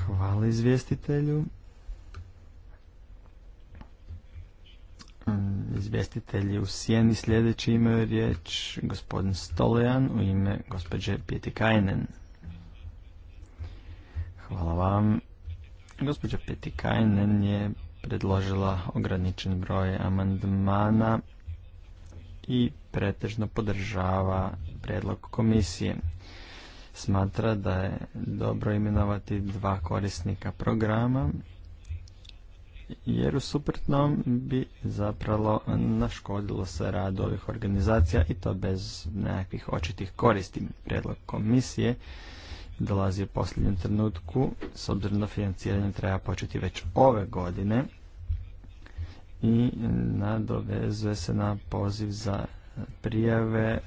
Hvala izvjestitelju. Mm, izvjestitelji u sjeni sljedeći imaju riječ gospodin Stolejan u ime gospođe Petikajnen. Hvala vam. Gospođa Petikajnen je predložila ograničen broj amandmana i pretežno podržava predlog komisije smatra da je dobro imenovati dva korisnika programa jer u suprotnom bi zapravo naškodilo se rad ovih organizacija i to bez nekakvih očitih koristi. Prijedlog komisije dolazi u posljednjem trenutku s obzirom da financiranje treba početi već ove godine i nadovezuje se na poziv za prijave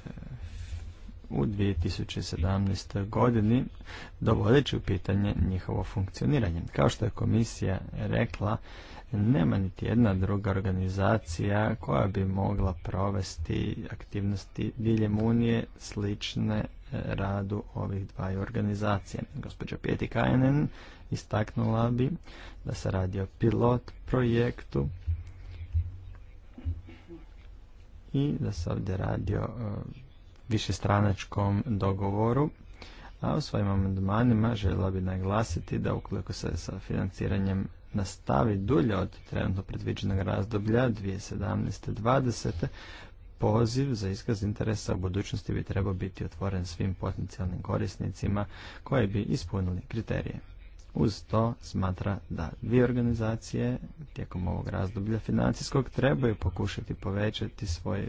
u 2017. godini dovodeći u pitanje njihovo funkcioniranje. Kao što je komisija rekla, nema niti jedna druga organizacija koja bi mogla provesti aktivnosti diljem Unije slične e, radu ovih dvaju organizacije. Gospođa Pjeti Kajenen istaknula bi da se radi o pilot projektu i da se ovdje radi o e, višestranačkom dogovoru. A u svojim amandmanima željela bi naglasiti da ukoliko se sa financiranjem nastavi dulje od trenutno predviđenog razdoblja 2017-2020, poziv za iskaz interesa u budućnosti bi trebao biti otvoren svim potencijalnim korisnicima koji bi ispunili kriterije. Uz to smatra da dvije organizacije tijekom ovog razdoblja financijskog trebaju pokušati povećati svoj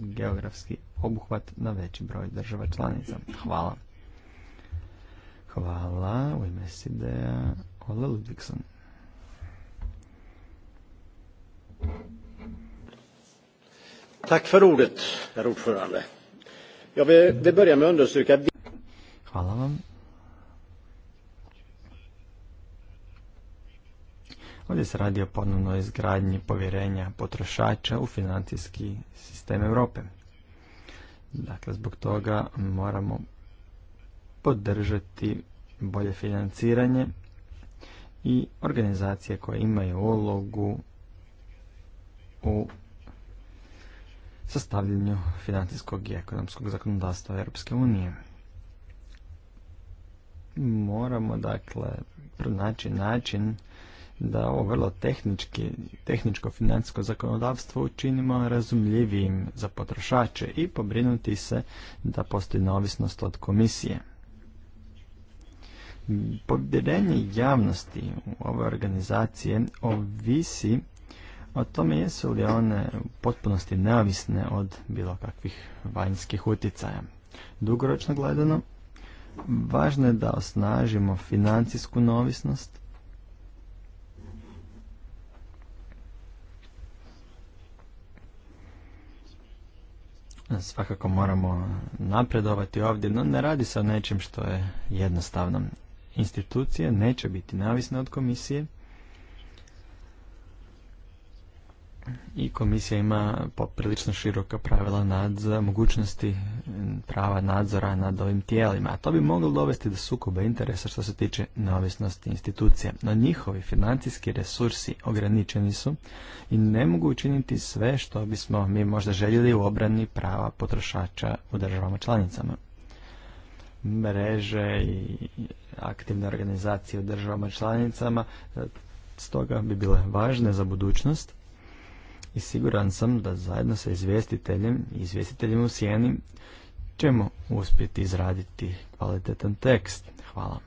geografski obuhvat na veći broj država članica. Hvala. Hvala u ime Sidea Ole Ludvigson. Tack för ordet, herr ordförande. Jag vill börja med att Hvala vam, Ovdje se radi o ponovnoj izgradnji povjerenja potrošača u financijski sistem Europe. Dakle, zbog toga moramo podržati bolje financiranje i organizacije koje imaju ulogu u sastavljanju financijskog i ekonomskog zakonodavstva Europske unije. Moramo dakle pronaći način da ovo vrlo tehnički, tehničko financijsko zakonodavstvo učinimo razumljivijim za potrošače i pobrinuti se da postoji neovisnost od komisije. Povjerenje javnosti u ove organizacije ovisi o tome jesu li one u potpunosti neovisne od bilo kakvih vanjskih utjecaja. Dugoročno gledano, važno je da osnažimo financijsku neovisnost Svakako moramo napredovati ovdje, no ne radi se o nečem što je jednostavno. institucija, neće biti navisne od komisije i komisija ima poprilično široka pravila nadzora, mogućnosti prava nadzora nad ovim tijelima. A to bi moglo dovesti do sukoba interesa što se tiče neovisnosti institucija. No njihovi financijski resursi ograničeni su i ne mogu učiniti sve što bismo mi možda željeli u obrani prava potrošača u državama članicama. Mreže i aktivne organizacije u državama članicama e, stoga bi bile važne za budućnost i siguran sam da zajedno sa izvjestiteljem i izvjestiteljem u sjeni ćemo uspjeti izraditi kvalitetan tekst. Hvala.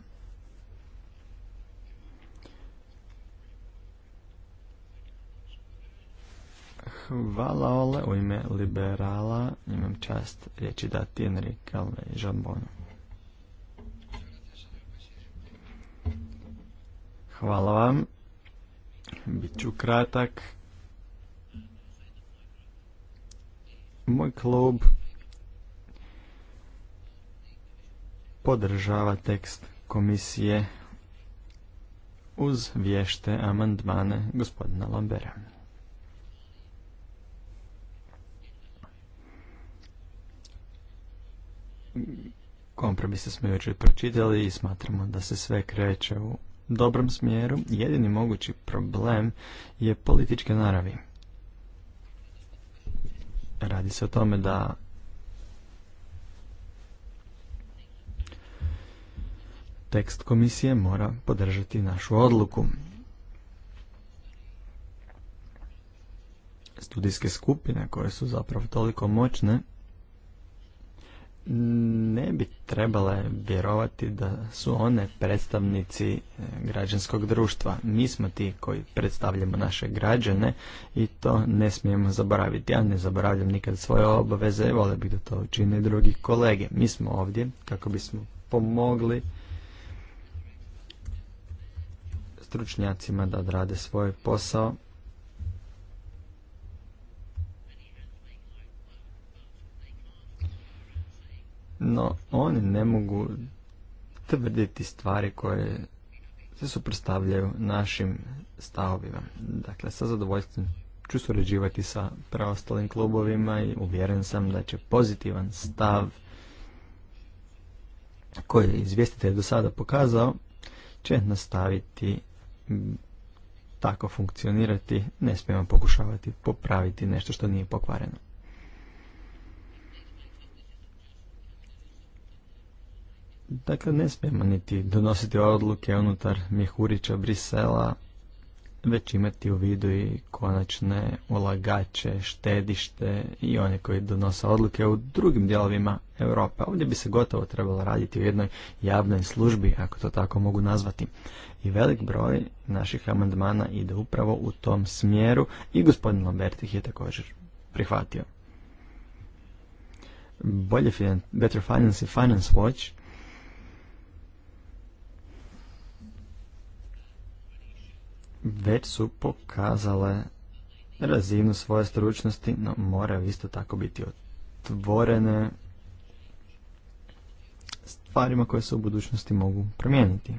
Hvala Ole, u ime liberala imam čast riječi dati Enrique Žambonu. Hvala vam. bit ću kratak. Moj klub podržava tekst komisije uz vješte amandmane gospodina Lambera. Kompromise smo jučer pročitali i smatramo da se sve kreće u dobrom smjeru. Jedini mogući problem je političke naravi. Radi se o tome da tekst komisije mora podržati našu odluku. Studijske skupine koje su zapravo toliko moćne ne bi trebale vjerovati da su one predstavnici e, građanskog društva. Mi smo ti koji predstavljamo naše građane i to ne smijemo zaboraviti. Ja ne zaboravljam nikad svoje obaveze, vole bih da to učine drugi kolege. Mi smo ovdje kako bismo pomogli stručnjacima da odrade svoj posao no oni ne mogu tvrditi stvari koje se suprotstavljaju našim stavovima. Dakle, sa zadovoljstvom ću surađivati sa preostalim klubovima i uvjeren sam da će pozitivan stav koji je izvjestitelj do sada pokazao će nastaviti tako funkcionirati. Ne smijemo pokušavati popraviti nešto što nije pokvareno. Dakle, ne smijemo niti donositi odluke unutar Mihurića Brisela, već imati u vidu i konačne ulagače, štedište i one koji donose odluke u drugim dijelovima Europe. Ovdje bi se gotovo trebalo raditi u jednoj javnoj službi, ako to tako mogu nazvati. I velik broj naših amandmana ide upravo u tom smjeru i gospodin Lambert ih je također prihvatio. Bolje, Better Finance i Finance Watch – već su pokazale razinu svoje stručnosti, no moraju isto tako biti otvorene stvarima koje se u budućnosti mogu promijeniti.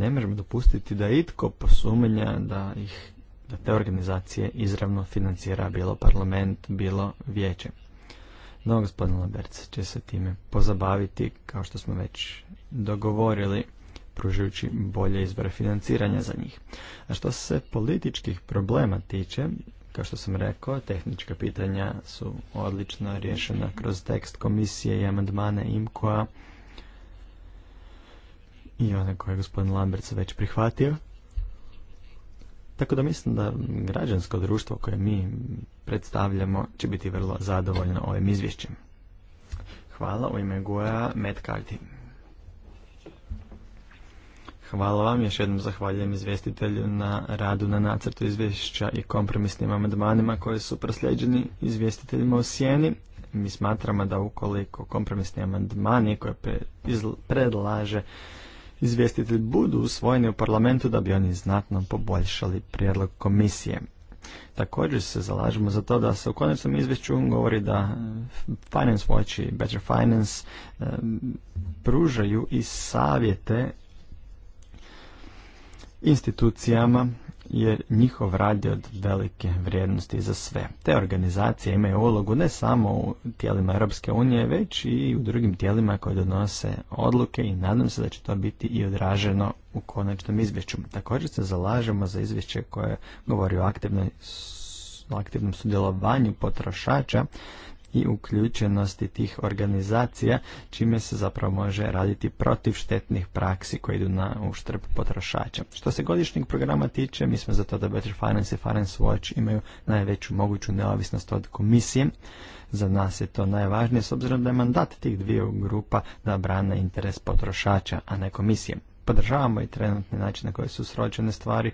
Ne možemo dopustiti da itko posumnja da ih da te organizacije izravno financira bilo parlament, bilo vijeće. No, gospodin Laberc će se time pozabaviti, kao što smo već dogovorili pružajući bolje izbore financiranja za njih. A što se političkih problema tiče, kao što sam rekao, tehnička pitanja su odlično rješena kroz tekst komisije i amandmane IMKOA i one koje je gospodin Lambert već prihvatio. Tako da mislim da građansko društvo koje mi predstavljamo će biti vrlo zadovoljno ovim izvješćem. Hvala u ime Guja, Matt Hvala vam, još jednom zahvaljujem izvjestitelju na radu na nacrtu izvješća i kompromisnim amandmanima koji su proslijeđeni izvjestiteljima u sjeni. Mi smatramo da ukoliko kompromisni amandmani koje predlaže izvjestitelj budu usvojeni u parlamentu da bi oni znatno poboljšali prijedlog komisije. Također se zalažemo za to da se u konačnom izvješću govori da eh, Finance Watch i Better Finance eh, pružaju i savjete institucijama jer njihov rad je od velike vrijednosti za sve. Te organizacije imaju ulogu ne samo u tijelima Europske unije, već i u drugim tijelima koje donose odluke i nadam se da će to biti i odraženo u konačnom izvješću. Također se zalažemo za izvješće koje govori o aktivnom sudjelovanju potrošača i uključenosti tih organizacija, čime se zapravo može raditi protiv štetnih praksi koje idu na uštrb potrošača. Što se godišnjeg programa tiče, mi smo za to da Better Finance i Finance Watch imaju najveću moguću neovisnost od komisije. Za nas je to najvažnije s obzirom da je mandat tih dvije grupa da brane interes potrošača, a ne komisije. Podržavamo i trenutni način na koji su sročene stvari,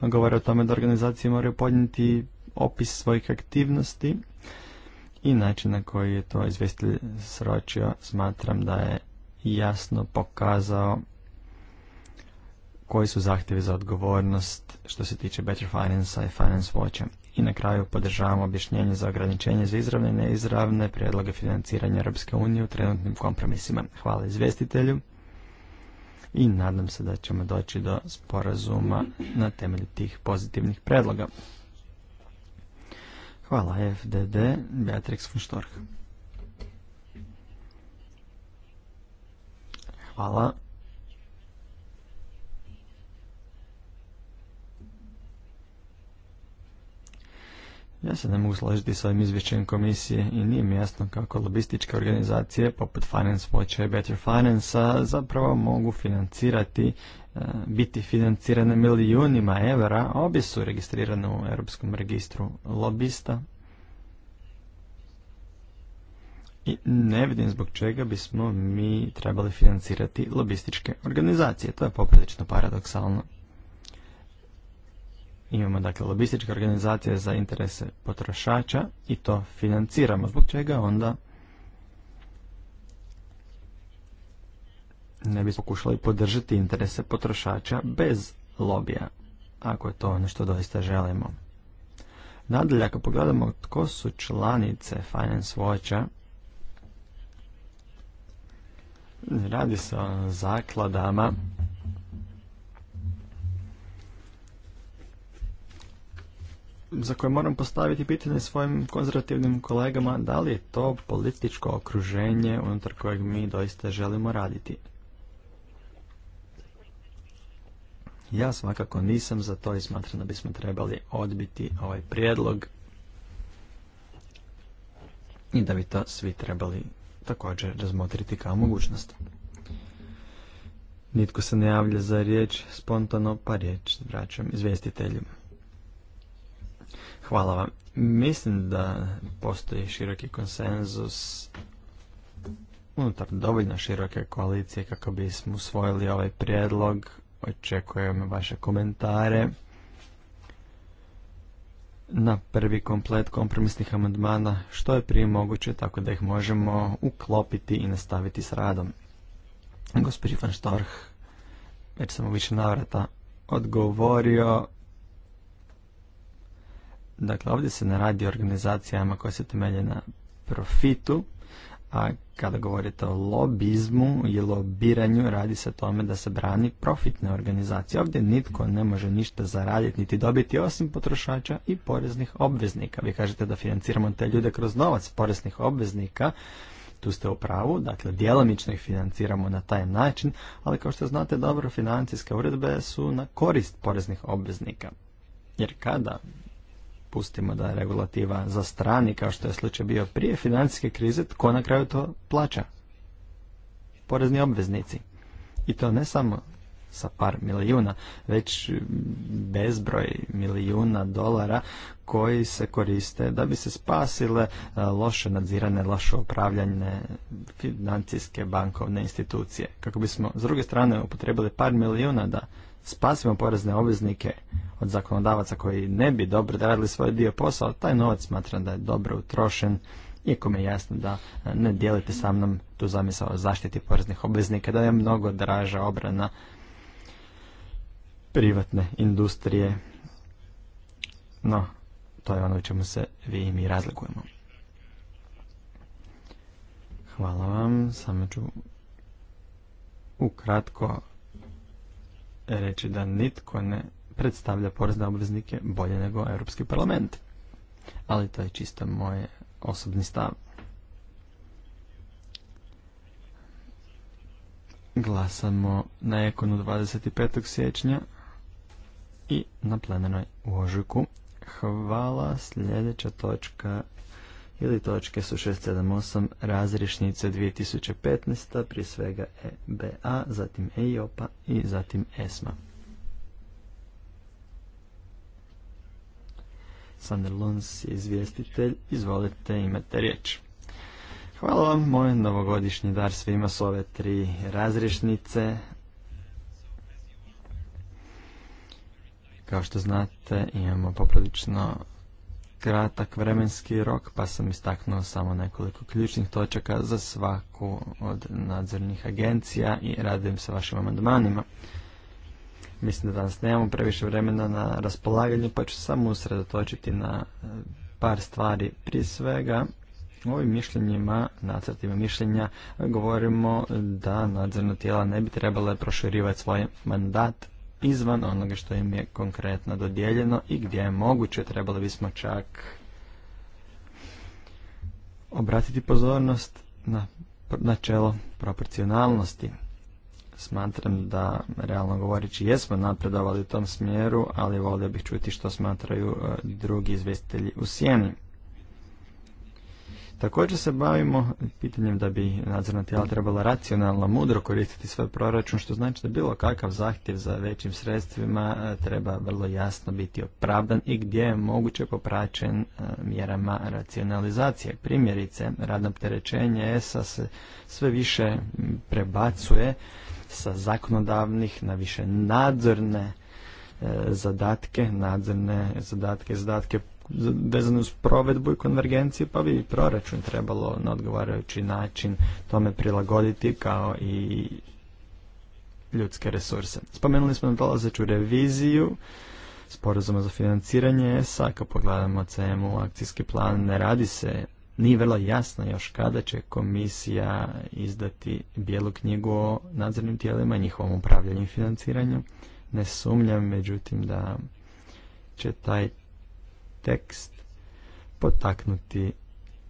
govore o tome da organizacije moraju podnijeti opis svojih aktivnosti i način na koji je to izvestitelj sročio smatram da je jasno pokazao koji su zahtjevi za odgovornost što se tiče Better Finance i Finance Watcha. I na kraju podržavamo objašnjenje za ograničenje za izravne i neizravne prijedloge financiranja Europske unije u trenutnim kompromisima. Hvala izvestitelju i nadam se da ćemo doći do sporazuma na temelju tih pozitivnih predloga. Hvala FDD, Beatrix von Storch. Hvala. Ja se ne mogu složiti s ovim izvješćem komisije i nije mi jasno kako lobističke organizacije poput Finance Watcha i Better Finance zapravo mogu financirati E, biti financirane milijunima evra, obje su registrirane u Europskom registru lobista. I ne vidim zbog čega bismo mi trebali financirati lobističke organizacije. To je poprilično paradoksalno. Imamo dakle lobističke organizacije za interese potrošača i to financiramo. Zbog čega onda ne bismo pokušali podržati interese potrošača bez lobija, ako je to ono što doista želimo. Nadalje, ako pogledamo tko su članice Finance Watcha, radi se o zakladama za koje moram postaviti pitanje svojim konzervativnim kolegama da li je to političko okruženje unutar kojeg mi doista želimo raditi. Ja svakako nisam za to i smatram da bismo trebali odbiti ovaj prijedlog i da bi to svi trebali također razmotriti kao mogućnost. Nitko se ne javlja za riječ spontano, pa riječ vraćam izvjestitelju. Hvala vam. Mislim da postoji široki konsenzus unutar dovoljno široke koalicije kako bismo usvojili ovaj prijedlog Očekujem vaše komentare na prvi komplet kompromisnih amandmana što je prije moguće tako da ih možemo uklopiti i nastaviti s radom. Gospodin Van Storch, već sam u više navrata odgovorio. Dakle, ovdje se ne radi o organizacijama koje se temelje na profitu, a kada govorite o lobizmu i lobiranju, radi se o tome da se brani profitne organizacije. Ovdje nitko ne može ništa zaraditi niti dobiti osim potrošača i poreznih obveznika. Vi kažete da financiramo te ljude kroz novac poreznih obveznika, tu ste u pravu, dakle djelomično ih financiramo na taj način, ali kao što znate dobro, financijske uredbe su na korist poreznih obveznika. Jer kada pustimo da je regulativa za strani, kao što je slučaj bio prije financijske krize, tko na kraju to plaća? Porezni obveznici. I to ne samo sa par milijuna, već bezbroj milijuna dolara koji se koriste da bi se spasile e, loše nadzirane, loše upravljanje financijske bankovne institucije. Kako bismo s druge strane upotrebili par milijuna da spasimo porezne obveznike od zakonodavaca koji ne bi dobro radili svoj dio posao. taj novac smatram da je dobro utrošen, iako mi je jasno da e, ne dijelite sa mnom tu zamisao o zaštiti poreznih obveznika, da je mnogo draža obrana privatne industrije. No, to je ono u čemu se vi i mi razlikujemo. Hvala vam, samo ću ukratko reći da nitko ne predstavlja porezne obveznike bolje nego Europski parlament. Ali to je čisto moj osobni stav. Glasamo na Ekonu 25. siječnja i na plenarnoj u Ožujku. Hvala, sljedeća točka ili točke su 678 razrišnice 2015. prije svega EBA, zatim EIOPA i zatim ESMA. Sander Luns je izvjestitelj, izvolite imate riječ. Hvala vam, moj novogodišnji dar svima s ove tri razrišnice. Kao što znate, imamo poprilično kratak vremenski rok, pa sam istaknuo samo nekoliko ključnih točaka za svaku od nadzornih agencija i radim se vašim amandmanima. Mislim da danas nemamo previše vremena na raspolaganju, pa ću samo usredotočiti na eh, par stvari. Prije svega, u ovim mišljenjima, nacrtima mišljenja, govorimo da nadzorna tijela ne bi trebala proširivati svoj mandat izvan onoga što im je konkretno dodijeljeno i gdje je moguće trebali bismo čak obratiti pozornost na načelo proporcionalnosti. Smatram da, realno govoreći, jesmo napredovali u tom smjeru, ali volio bih čuti što smatraju e, drugi izvjestitelji u sjeni. Također se bavimo pitanjem da bi nadzorna tijela trebala racionalno, mudro koristiti svoj proračun, što znači da bilo kakav zahtjev za većim sredstvima e, treba vrlo jasno biti opravdan i gdje je moguće popraćen e, mjerama racionalizacije. Primjerice, radno opterećenje ESA se sve više prebacuje sa zakonodavnih na više nadzorne e, zadatke, nadzorne zadatke, zadatke Vezano uz provedbu i konvergenciju, pa bi proračun trebalo na odgovarajući način tome prilagoditi kao i ljudske resurse. Spomenuli smo dolazeću reviziju sporazuma za financiranje ESA, kad pogledamo CMU akcijski plan, ne radi se, nije vrlo jasno još kada će komisija izdati bijelu knjigu o nadzornim tijelima i njihovom upravljanju i financiranju. Ne sumnjam, međutim, da će taj tekst potaknuti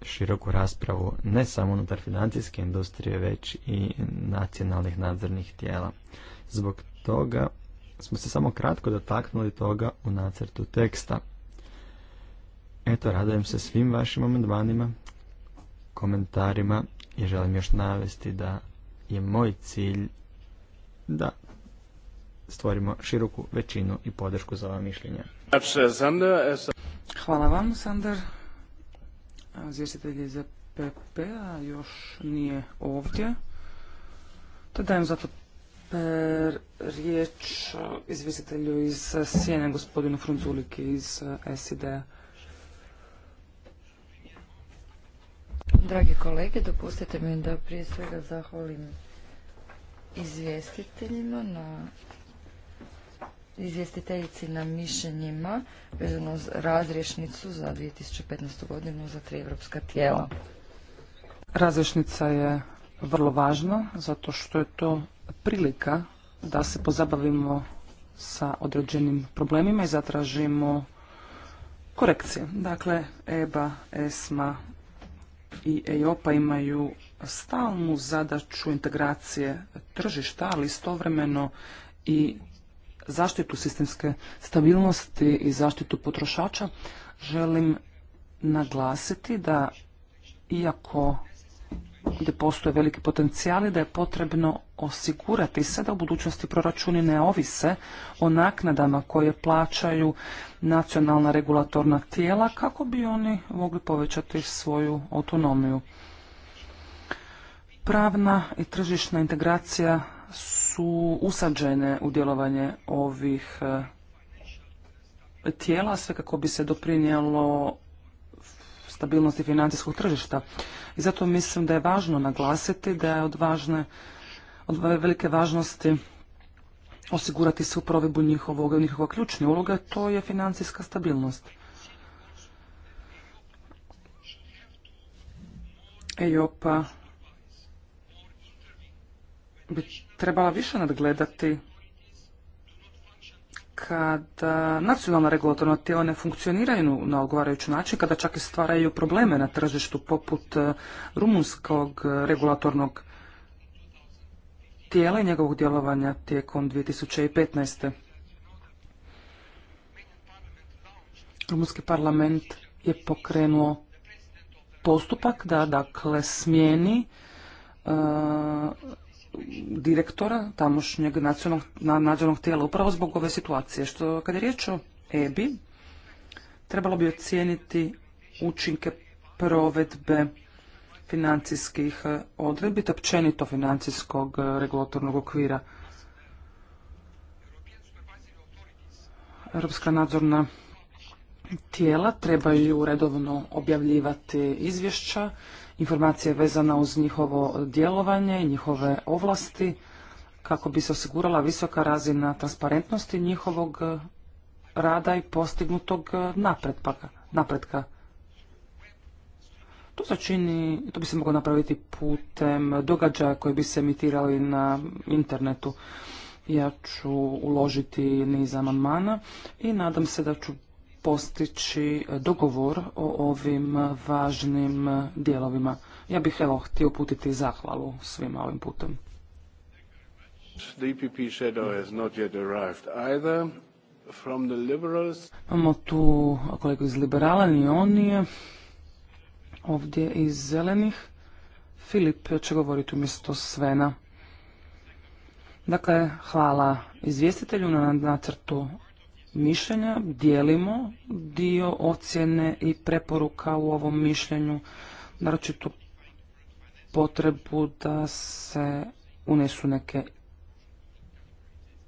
široku raspravu ne samo unutar financijske industrije, već i nacionalnih nadzornih tijela. Zbog toga smo se samo kratko dotaknuli toga u nacrtu teksta. Eto, radujem se svim vašim amandmanima, komentarima i želim još navesti da je moj cilj da stvorimo široku većinu i podršku za ova mišljenja. Eh, Hvala vam, Sandar. Izvjestitelj je za PP, a još nije ovdje. To dajem zato per riječ izvjestitelju iz Sjene, gospodinu Frunzuliki iz eh, SID-a. Dragi kolege, dopustite mi da prije svega zahvalim izvjestiteljima na izvjestiteljici na mišljenjima vezano uz razrješnicu za 2015. godinu za tri evropska tijela. Razrješnica je vrlo važna zato što je to prilika da se pozabavimo sa određenim problemima i zatražimo korekcije. Dakle, EBA, ESMA i EIOPA imaju stalnu zadaću integracije tržišta, ali istovremeno i zaštitu sistemske stabilnosti i zaštitu potrošača, želim naglasiti da iako gdje postoje veliki potencijali, da je potrebno osigurati se da u budućnosti proračuni ne ovise o naknadama koje plaćaju nacionalna regulatorna tijela kako bi oni mogli povećati svoju autonomiju. Pravna i tržišna integracija su usađene u djelovanje ovih eh, tijela, sve kako bi se doprinijelo stabilnosti financijskog tržišta. I zato mislim da je važno naglasiti da je od, važne, od velike važnosti osigurati se u provedbu njihovog, njihova ključna uloga, to je financijska stabilnost. EIOPA bi trebala više nadgledati kada nacionalna regulatorna tijela ne funkcioniraju na odgovarajući način, kada čak i stvaraju probleme na tržištu poput e, rumunskog regulatornog tijela i njegovog djelovanja tijekom 2015. Rumunski parlament je pokrenuo postupak da dakle smijeni e, direktora tamošnjeg nadzornog tijela upravo zbog ove situacije. Što kad je riječ o EBI, trebalo bi ocijeniti učinke provedbe financijskih e, odredbi, općenito financijskog e, regulatornog okvira. Europska nadzorna tijela trebaju redovno objavljivati izvješća informacije vezana uz njihovo djelovanje i njihove ovlasti kako bi se osigurala visoka razina transparentnosti njihovog eh, rada i postignutog eh, napretka. To se to bi se moglo napraviti putem događaja koji bi se emitirali na internetu. Ja ću uložiti niz amandmana i nadam se da ću postići dogovor o ovim važnim dijelovima. Ja bih evo htio uputiti zahvalu svima ovim putem. Imamo tu kolegu iz liberala, ni on nije. Ovdje iz zelenih. Filip će govoriti umjesto Svena. Dakle, hvala izvjestitelju na nacrtu mišljenja, dijelimo dio ocjene i preporuka u ovom mišljenju, naročito potrebu da se unesu neke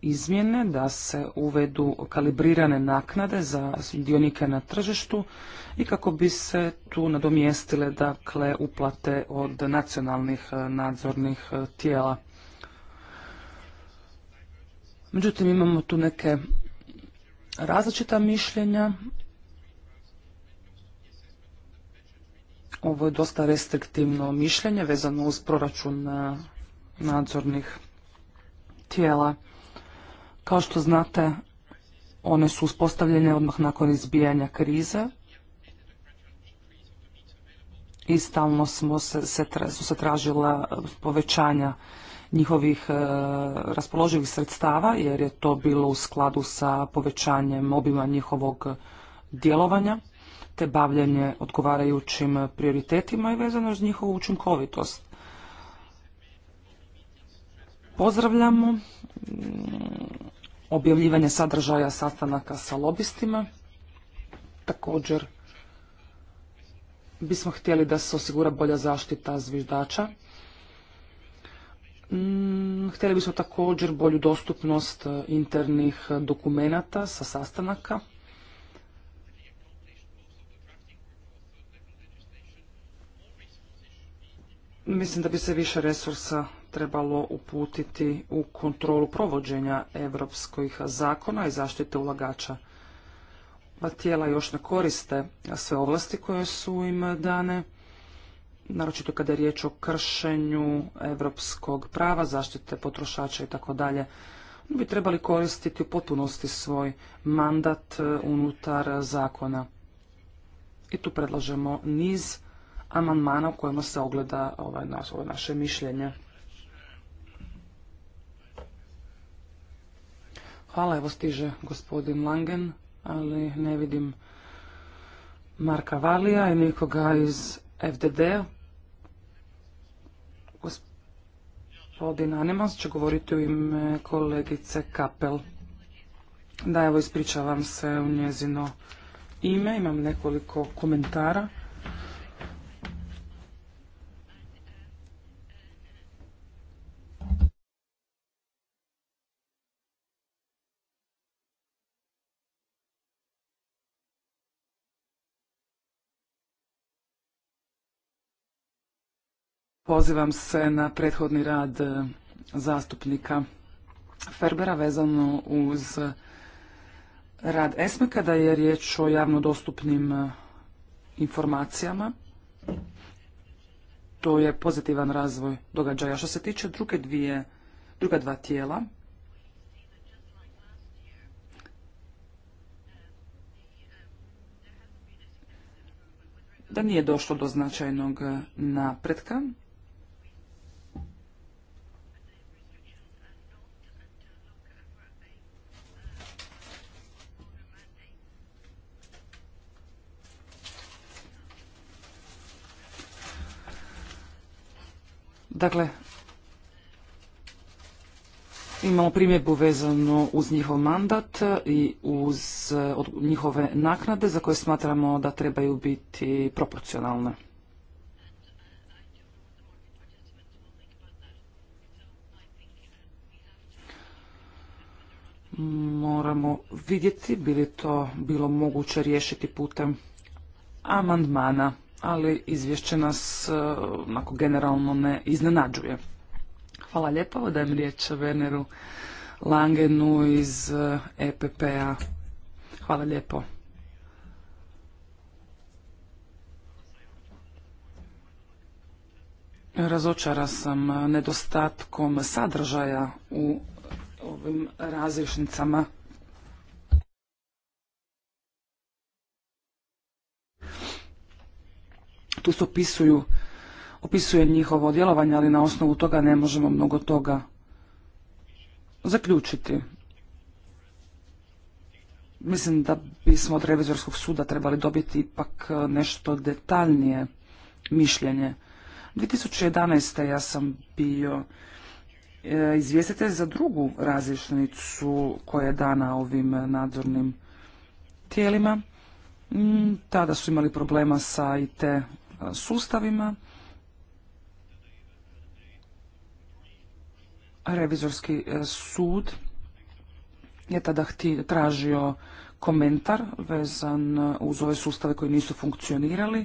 izmjene, da se uvedu kalibrirane naknade za dionike na tržištu i kako bi se tu nadomjestile dakle uplate od nacionalnih eh, nadzornih eh, tijela. Međutim, imamo tu neke različita mišljenja. Ovo je dosta restriktivno mišljenje vezano uz proračun e, nadzornih tijela. Kao što znate, one su uspostavljene odmah nakon izbijanja krize i stalno smo se, su se tražila povećanja njihovih e, raspoloživih sredstava jer je to bilo u skladu sa povećanjem obima njihovog djelovanja te bavljanje odgovarajućim prioritetima i vezano uz njihovu učinkovitost. Pozdravljamo objavljivanje sadržaja sastanaka sa lobistima. Također bismo htjeli da se osigura bolja zaštita zviždača Mm, htjeli bismo također bolju dostupnost e, internih e, dokumenata sa sastanaka. Mislim da bi se više resursa trebalo uputiti u kontrolu provođenja europskih zakona i zaštite ulagača. tijela još ne koriste sve ovlasti koje su im dane naročito kada je riječ o kršenju europskog prava, zaštite potrošača i tako dalje, bi trebali koristiti u potpunosti svoj mandat e, unutar zakona. I tu predlažemo niz amandmana u kojima se ogleda ovaj naše mišljenje. Hvala, evo stiže gospodin Langen, ali ne vidim Marka Valija i nikoga iz FDD-a. Gospodin animas će govoriti u ime kolegice Kapel. Da, evo ispričavam se u njezino ime, imam nekoliko komentara. Pozivam se na prethodni rad e, zastupnika Ferbera vezano uz rad ESME kada je riječ o javno dostupnim e, informacijama. To je pozitivan razvoj događaja. Što se tiče druge dvije, druga dva tijela, da nije došlo do značajnog e, napretka Dakle, imamo primjedbu vezanu uz njihov mandat i uz eh, njihove naknade za koje smatramo da trebaju biti proporcionalne. moramo vidjeti bi li to bilo moguće riješiti putem amandmana ali izvješće nas e, onako generalno ne iznenađuje. Hvala lijepo, dajem riječ Veneru Langenu iz EPP-a. E Hvala lijepo. Razočara sam nedostatkom sadržaja u ovim različnicama. tu se opisuju, opisuje njihovo djelovanje, ali na osnovu toga ne možemo mnogo toga zaključiti. Mislim da bismo od revizorskog suda trebali dobiti ipak e, nešto detaljnije mišljenje. 2011. ja sam bio e, izvjestitelj za drugu različnicu koja je dana ovim nadzornim tijelima. Mm, tada su imali problema sa IT sustavima. Revizorski e, sud je tada tražio komentar vezan uz ove sustave koji nisu funkcionirali.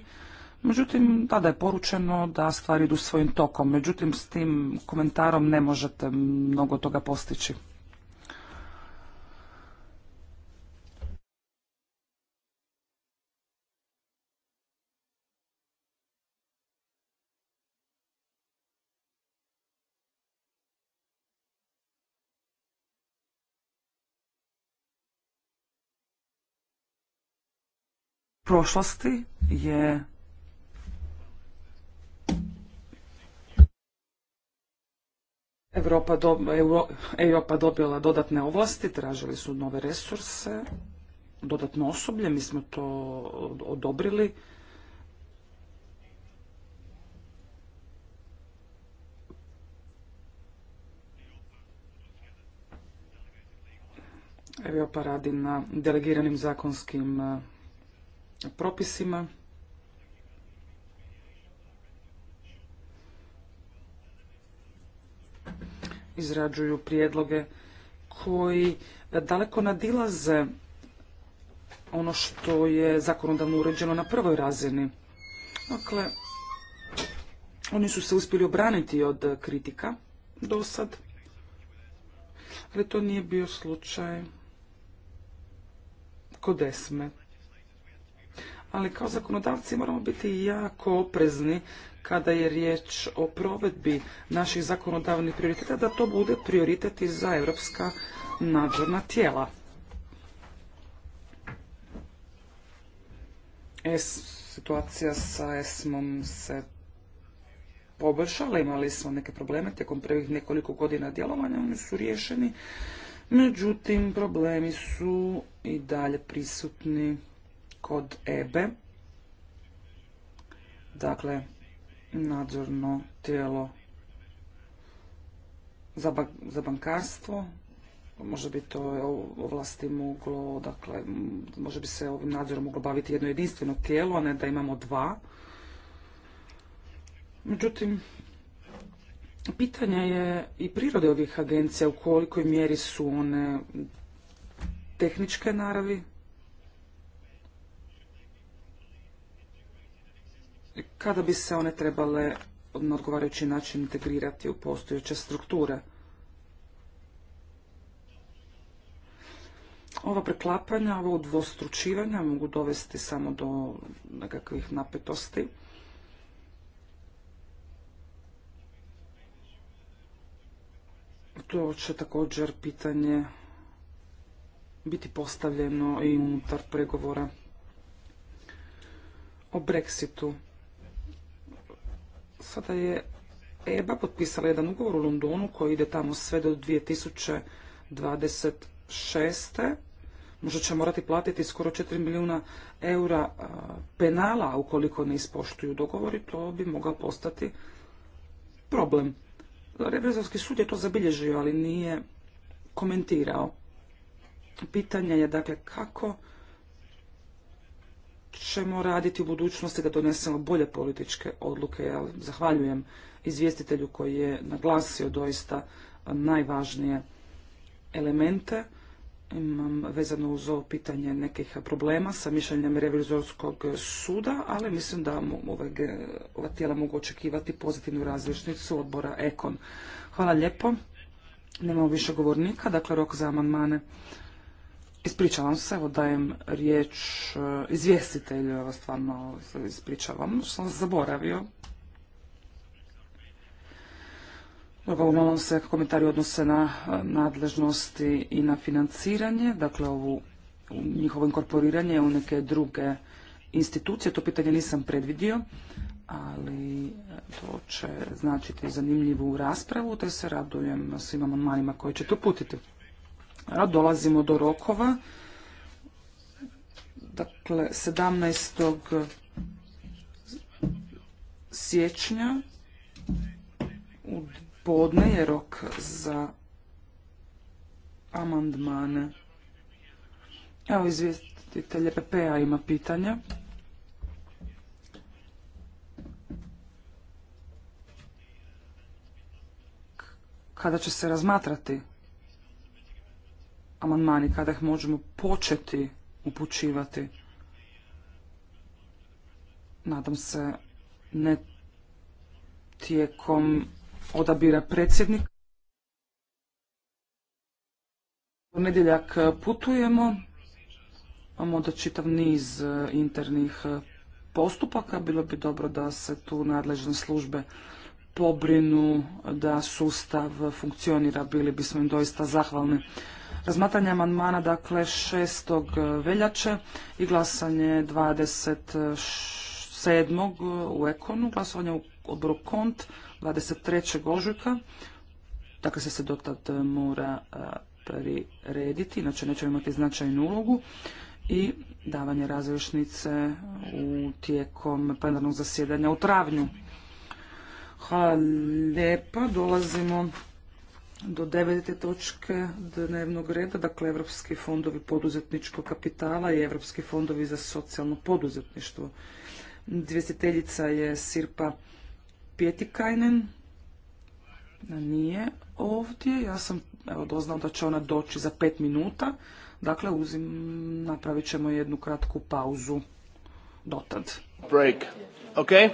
Međutim, tada je poručeno da stvari idu svojim tokom. Međutim, s tim komentarom ne možete mnogo toga postići. prošlosti je Europa, do, dobila dodatne ovlasti, tražili su nove resurse, dodatno osoblje, mi smo to odobrili. Europa radi na delegiranim zakonskim propisima. Izrađuju prijedloge koji daleko nadilaze ono što je zakonodavno uređeno na prvoj razini. Dakle, oni su se uspjeli obraniti od kritika do sad, ali to nije bio slučaj kod Esme ali kao zakonodavci moramo biti jako oprezni kada je riječ o provedbi naših zakonodavnih prioriteta, da to bude prioritet i za europska nadzorna tijela. es situacija sa ESMom se poboljšala, imali smo neke probleme tijekom prvih nekoliko godina djelovanja, oni su riješeni, međutim problemi su i dalje prisutni kod EBE, dakle nadzorno tijelo za, bankarstvo, može bi to ovlasti moglo, dakle, može bi se ovim nadzorom moglo baviti jedno jedinstveno tijelo, a ne da imamo dva. Međutim, pitanje je i prirode ovih agencija, u kolikoj mjeri su one tehničke naravi, kada bi se one trebale na odgovarajući način integrirati u postojeće strukture. Ova preklapanja, ovo udvostručivanja mogu dovesti samo do nekakvih napetosti. To će također pitanje biti postavljeno i unutar pregovora o Brexitu. Sada je EBA potpisala jedan ugovor u Londonu koji ide tamo sve do 2026. Možda će morati platiti skoro 4 milijuna eura penala ukoliko ne ispoštuju dogovori, to bi mogao postati problem. Revizorski sud je to zabilježio, ali nije komentirao. Pitanje je dakle kako ćemo raditi u budućnosti da donesemo bolje političke odluke. Ja zahvaljujem izvjestitelju koji je naglasio doista najvažnije elemente. Imam vezano uz ovo pitanje nekih problema sa mišljenjem revizorskog suda, ali mislim da ove, ova tijela mogu očekivati pozitivnu različnicu odbora Ekon. Hvala lijepo. Nemamo više govornika, dakle rok za amandmane Ispričavam se, evo dajem riječ e, izvjestitelju, evo stvarno se ispričavam, što sam zaboravio. Uglavnom se komentari odnose na e, nadležnosti i na financiranje, dakle ovu njihovo inkorporiranje u neke druge institucije. To pitanje nisam predvidio, ali e, to će značiti zanimljivu raspravu, te se radujem svim amandmanima koji će to putiti dolazimo do rokova. Dakle, 17. siječnja u podne je rok za amandmane. Evo izvjestitelj PPA ima pitanja. Kada će se razmatrati amandmani, kada ih možemo početi upućivati. Nadam se ne tijekom odabira predsjednika. U nedjeljak putujemo, imamo da čitav niz e, internih e, postupaka, bilo bi dobro da se tu nadležne službe pobrinu da sustav funkcionira, bili bismo im doista zahvalni. Razmatranje amandmana dakle 6. E, veljače i glasanje 27. E, u Ekonu, glasovanje u odboru Kont 23. ožujka. Dakle se se dotad e, mora prirediti, inače neće imati značajnu ulogu i davanje razrešnice u tijekom plenarnog zasjedanja u travnju. Hvala lijepa, dolazimo do devete točke dnevnog reda, dakle Evropski fondovi poduzetničkog kapitala i Evropski fondovi za socijalno poduzetništvo. Izvjestiteljica je Sirpa Pjetikajnen, nije ovdje, ja sam evo, doznao da će ona doći za pet minuta, dakle uzim, napravit ćemo jednu kratku pauzu dotad. Break. Okay.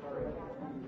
Sorry.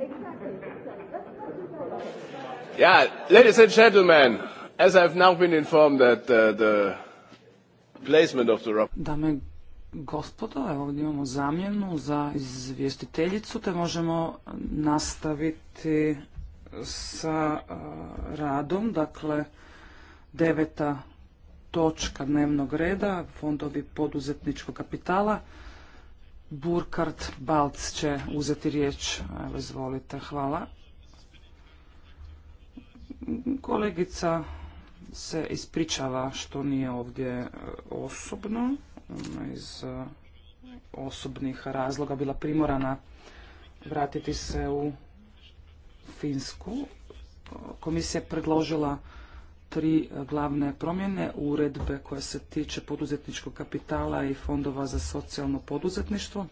Exactly. yeah, ladies and gentlemen, as I've now been informed that uh, the placement of the Dame gospodo, evo ovdje imamo zamjenu za izvjestiteljicu, te možemo nastaviti sa uh, radom, dakle deveta točka dnevnog reda, fondovi poduzetničkog kapitala. Burkard Balc će uzeti riječ. Evo, izvolite, hvala. Kolegica se ispričava što nije ovdje e, osobno. iz e, osobnih razloga bila primorana vratiti se u Finsku. Komisija je predložila tri glavne promjene uredbe koja se tiče poduzetničkog kapitala i fondova za socijalno poduzetništvo.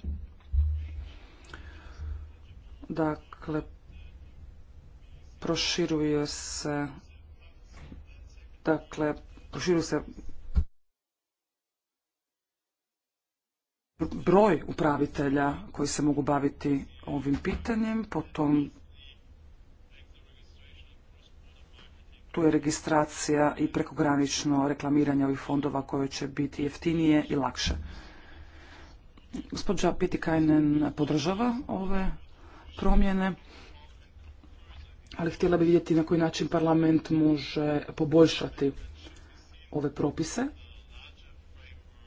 Dakle, proširuje se dakle, proširuje se broj upravitelja koji se mogu baviti ovim pitanjem, potom tu je registracija i prekogranično reklamiranje ovih fondova koje će biti jeftinije i lakše. Gospođa Kajnen podržava ove promjene, ali htjela bi vidjeti na koji način parlament može poboljšati ove propise.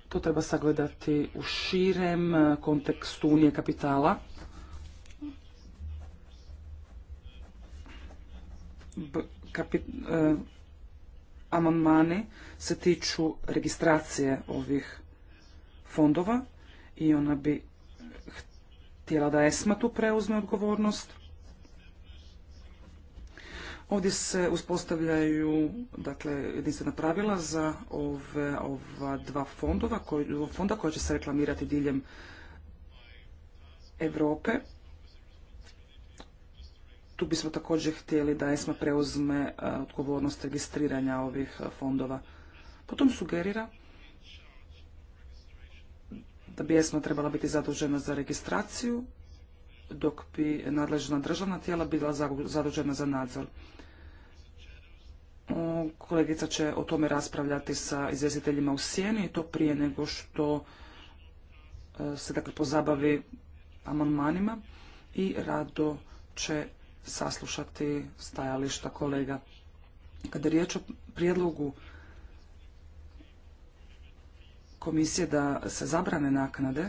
To treba sagledati u širem kontekstu unije kapitala. B E, amandmani se tiču registracije ovih fondova i ona bi htjela da ESMA tu preuzme odgovornost. Ovdje se uspostavljaju dakle, jedinstvena pravila za ova dva fondova, fonda koja će se reklamirati diljem Europe tu bismo također htjeli da ESMA preuzme e, odgovornost registriranja ovih e, fondova. Potom sugerira da bi ESMA trebala biti zadužena za registraciju, dok bi nadležna državna tijela bila zadužena za nadzor. Kolegica će o tome raspravljati sa izvjestiteljima u sjeni i to prije nego što e, se dakle pozabavi amandmanima i rado će saslušati stajališta kolega. Kada je riječ o prijedlogu komisije da se zabrane naknade,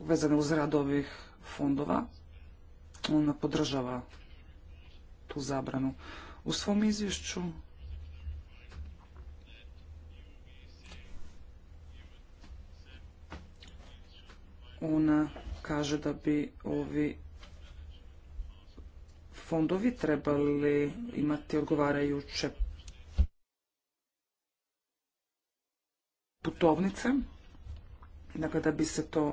vezane uz rad ovih fondova, ona podržava tu zabranu. U svom izvješću Ona kaže da bi ovi fondovi trebali imati odgovarajuće putovnice, dakle da bi se to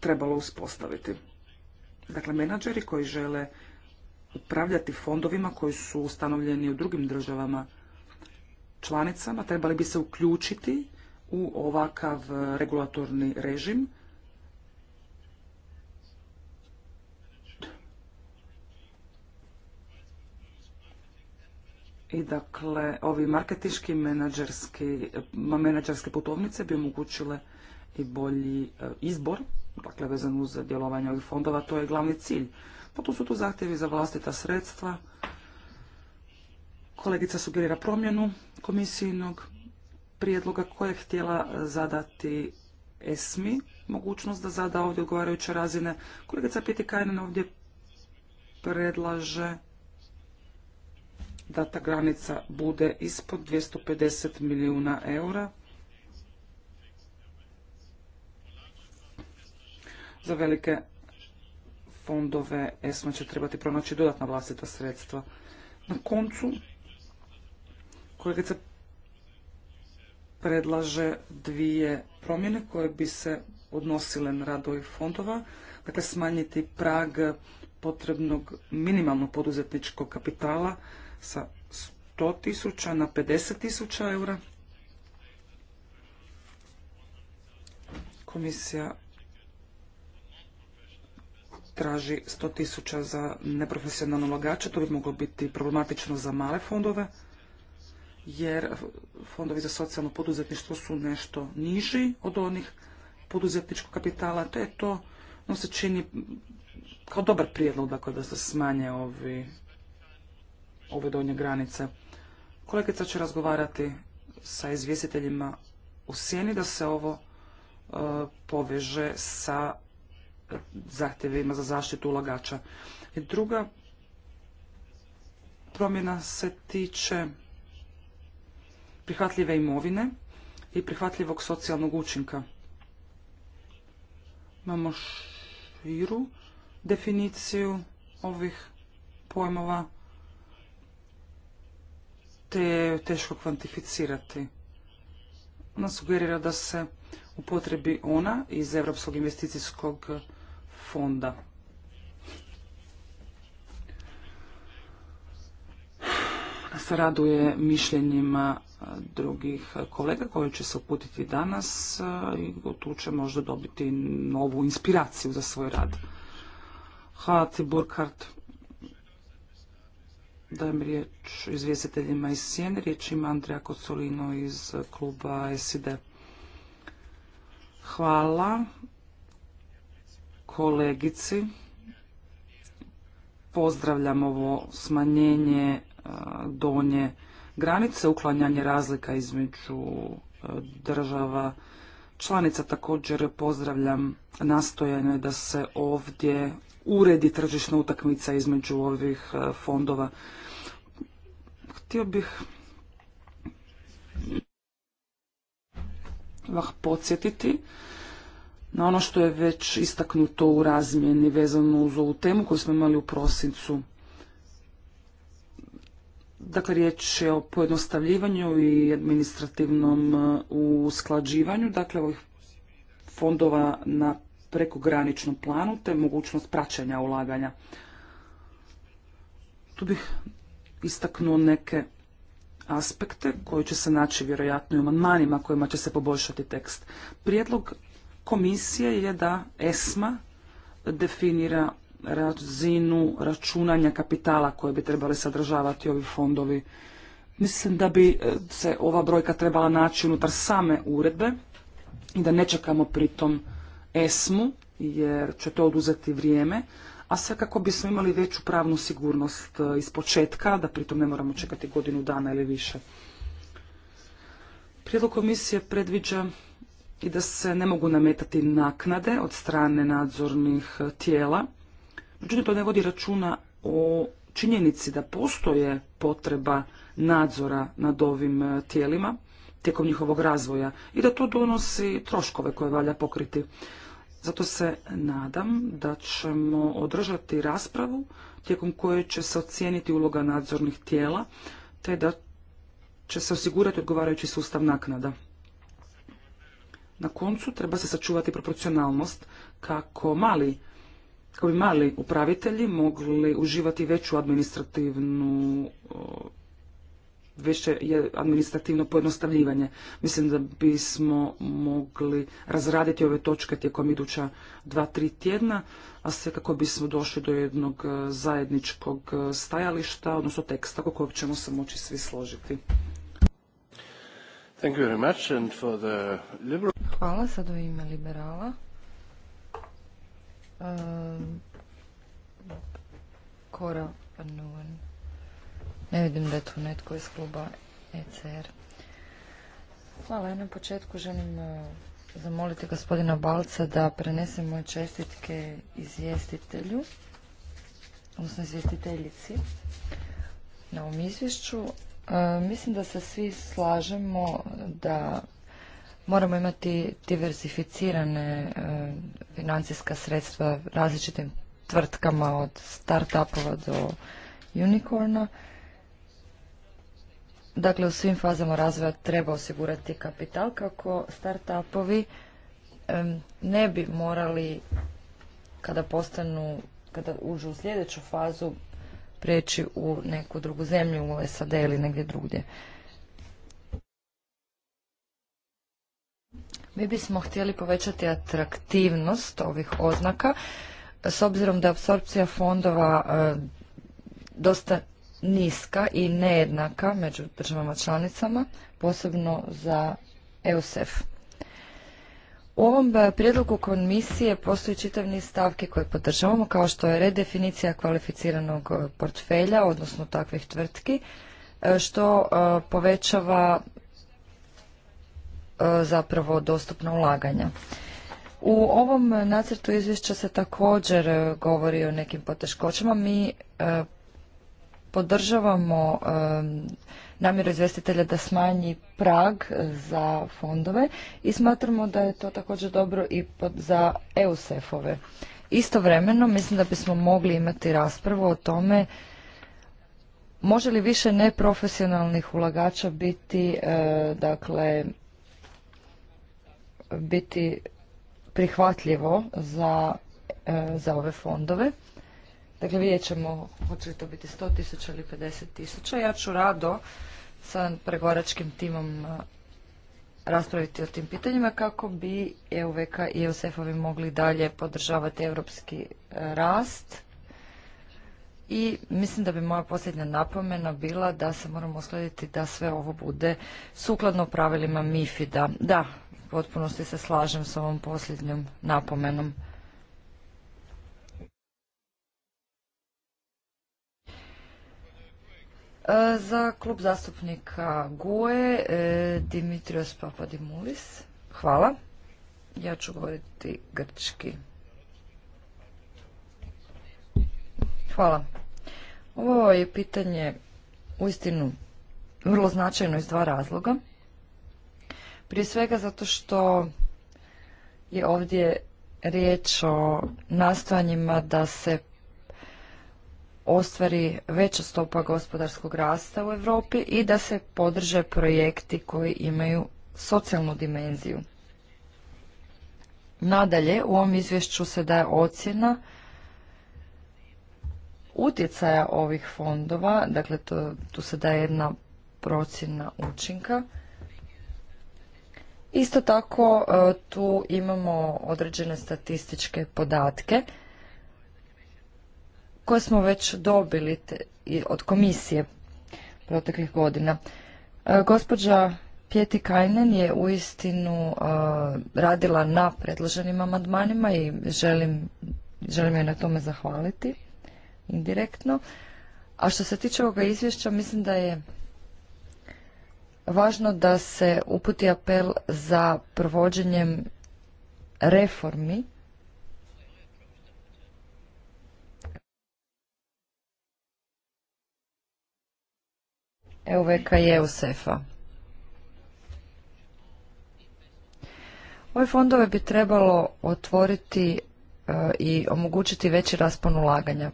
trebalo uspostaviti. Dakle, menadžeri koji žele upravljati fondovima koji su ustanovljeni u drugim državama članicama, trebali bi se uključiti u ovakav regulatorni režim. I dakle, ovi marketinški menadžerski, menadžerske putovnice bi omogućile i bolji e, izbor, dakle vezan uz djelovanje ovih fondova, to je glavni cilj. Potom pa su tu zahtjevi za vlastita sredstva. Kolegica sugerira promjenu komisijinog prijedloga koje je htjela zadati ESMI, mogućnost da zada ovdje odgovarajuće razine. Kolegica Piti Kajnen ovdje predlaže da ta granica bude ispod 250 milijuna eura. Za velike fondove ESMA će trebati pronaći dodatna vlastita sredstva. Na koncu, kolegica predlaže dvije promjene koje bi se odnosile na rad ovih fondova. Dakle, smanjiti prag potrebnog minimalno poduzetničkog kapitala sa 100 tisuća na 50 tisuća eura. Komisija traži 100 tisuća za neprofesionalne ulagače. To bi moglo biti problematično za male fondove jer fondovi za socijalno poduzetništvo su nešto niži od onih poduzetničkog kapitala, te je to, no se čini kao dobar prijedlog, dakle, da se smanje ovi, ove donje granice. Kolegica će razgovarati sa izvjestiteljima u sjeni da se ovo e, poveže sa zahtjevima za zaštitu ulagača. I druga promjena se tiče prihvatljive imovine i prihvatljivog socijalnog učinka. Imamo širu definiciju ovih pojmova, te je teško kvantificirati. Ona sugerira da se potrebi ona iz Europskog investicijskog fonda. se raduje mišljenjima drugih kolega koji će se uputiti danas e, i tu će možda dobiti novu inspiraciju za svoj rad. ti Burkhardt, dajem riječ izvjestiteljima iz Sijene, riječ ima Andrija Kocolino iz kluba SID. Hvala kolegici. Pozdravljam ovo smanjenje e, donje granice, uklanjanje razlika između e, država članica. Također pozdravljam nastojanje da se ovdje uredi tržišna utakmica između ovih e, fondova. Htio bih vah podsjetiti na ono što je već istaknuto u razmjeni vezano uz ovu temu koju smo imali u prosincu Dakle, riječ je o pojednostavljivanju i administrativnom e, usklađivanju, dakle, ovih fondova na prekograničnom planu, te mogućnost praćenja ulaganja. Tu bih istaknuo neke aspekte koji će se naći vjerojatno i u manima kojima će se poboljšati tekst. Prijedlog komisije je da ESMA definira razinu računanja kapitala koje bi trebali sadržavati ovi fondovi. Mislim da bi e, se ova brojka trebala naći unutar same uredbe i da ne čekamo pritom ESMU jer će to oduzeti vrijeme, a sve kako bismo imali veću pravnu sigurnost e, iz početka, da pritom ne moramo čekati godinu dana ili više. Prijedlog komisije predviđa i da se ne mogu nametati naknade od strane nadzornih tijela, Međutim, to ne vodi računa o činjenici da postoje potreba nadzora nad ovim e, tijelima tijekom njihovog razvoja i da to donosi troškove koje valja pokriti. Zato se nadam da ćemo održati raspravu tijekom koje će se ocijeniti uloga nadzornih tijela, te da će se osigurati odgovarajući sustav naknada. Na koncu treba se sačuvati proporcionalnost kako mali kako bi mali upravitelji mogli uživati veću administrativnu više je administrativno pojednostavljivanje. Mislim da bismo mogli razraditi ove točke tijekom iduća dva, tri tjedna, a sve kako bismo došli do jednog e, zajedničkog e, stajališta, odnosno teksta oko kojeg ćemo se moći svi složiti. Hvala sad u ime liberala. Kora Ne vidim da je tu netko iz kluba ECR. Hvala. na početku želim e, zamoliti gospodina Balca da prenese moje čestitke izvjestitelju, odnosno izvjestiteljici na ovom izvješću. E, mislim da se svi slažemo da moramo imati diversificirane e, financijska sredstva različitim tvrtkama od start-upova do unicorna. Dakle, u svim fazama razvoja treba osigurati kapital kako start-upovi e, ne bi morali kada postanu, kada uđu u sljedeću fazu preći u neku drugu zemlju, u SAD ili negdje drugdje. Mi bismo htjeli povećati atraktivnost ovih oznaka s obzirom da je apsorpcija fondova e, dosta niska i nejednaka među državama članicama, posebno za EUSEF. U ovom e, prijedlogu komisije postoji čitav niz stavke koje podržavamo, kao što je redefinicija kvalificiranog e, portfelja, odnosno takvih tvrtki, što povećava E, zapravo dostupna ulaganja. U ovom nacrtu izvješća se također e, govori o nekim poteškoćama. Mi e, podržavamo namjeru izvjestitelja da smanji prag za fondove i smatramo da je to također dobro i za EUSEF-ove. Istovremeno mislim da bismo mogli imati raspravu o tome može li više neprofesionalnih ulagača biti dakle biti prihvatljivo za, e, za ove fondove. Dakle, vidjet ćemo hoće li to biti 100 tisuća ili 50 tisuća. Ja ću rado sa pregovaračkim timom e, raspraviti o tim pitanjima kako bi EUVK i EUSEF-ovi mogli dalje podržavati europski e, rast. I mislim da bi moja posljednja napomena bila da se moramo uskladiti da sve ovo bude sukladno pravilima mifida. Da, potpunosti se slažem s ovom posljednjom napomenom. E, za klub zastupnika GUE e, Dimitrios Papadimulis. Hvala. Ja ću govoriti grčki. Hvala. Ovo je pitanje uistinu vrlo značajno iz dva razloga. Prije svega zato što je ovdje riječ o nastojanjima da se ostvari veća stopa gospodarskog rasta u Europi i da se podrže projekti koji imaju socijalnu dimenziju. Nadalje, u ovom izvješću se daje ocjena utjecaja ovih fondova, dakle to, tu se daje jedna procjena učinka Isto tako e, tu imamo određene statističke podatke koje smo već dobili od komisije proteklih godina. E, gospođa Pjeti Kajnen je uistinu e, radila na predloženim amandmanima i želim, želim joj na tome zahvaliti indirektno. A što se tiče ovoga izvješća, mislim da je važno da se uputi apel za provođenjem reformi EUVK i EUSEF-a. Ove fondove bi trebalo otvoriti e, i omogućiti veći raspon ulaganja,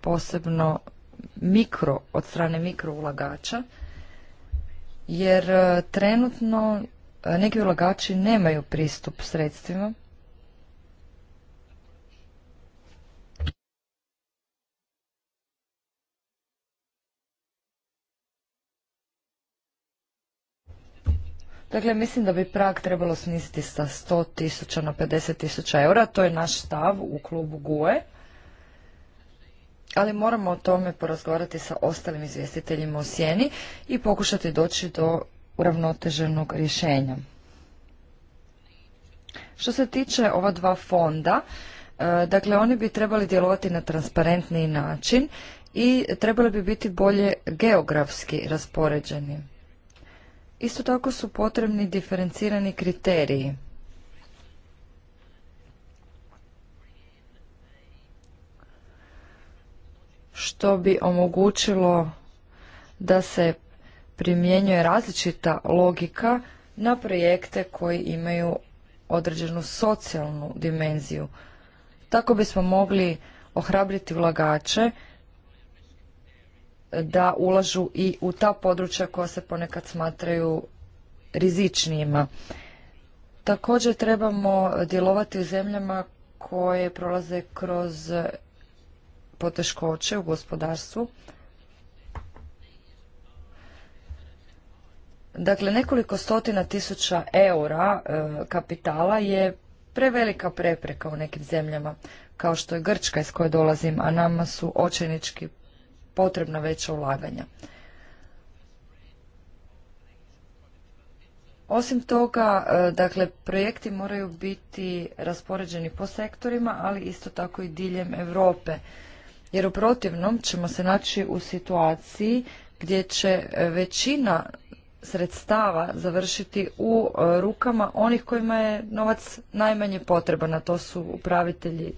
posebno mikro, od strane mikro ulagača jer e, trenutno e, neki ulagači nemaju pristup sredstvima. Dakle, mislim da bi prag trebalo sniziti sa 100.000 tisuća na 50.000 tisuća eura. To je naš stav u klubu GUE ali moramo o tome porazgovarati sa ostalim izvjestiteljima u sjeni i pokušati doći do uravnoteženog rješenja. Što se tiče ova dva fonda, e, dakle oni bi trebali djelovati na transparentniji način i trebali bi biti bolje geografski raspoređeni. Isto tako su potrebni diferencirani kriteriji što bi omogućilo da se primjenjuje različita logika na projekte koji imaju određenu socijalnu dimenziju. Tako bismo mogli ohrabriti ulagače da ulažu i u ta područja koja se ponekad smatraju rizičnijima. Također trebamo djelovati u zemljama koje prolaze kroz poteškoće u gospodarstvu. Dakle, nekoliko stotina tisuća eura e, kapitala je prevelika prepreka u nekim zemljama, kao što je Grčka iz koje dolazim, a nama su očajnički potrebna veća ulaganja. Osim toga, e, dakle, projekti moraju biti raspoređeni po sektorima, ali isto tako i diljem Europe jer u protivnom ćemo se naći u situaciji gdje će e, većina sredstava završiti u e, rukama onih kojima je novac najmanje potreban, a to su upravitelji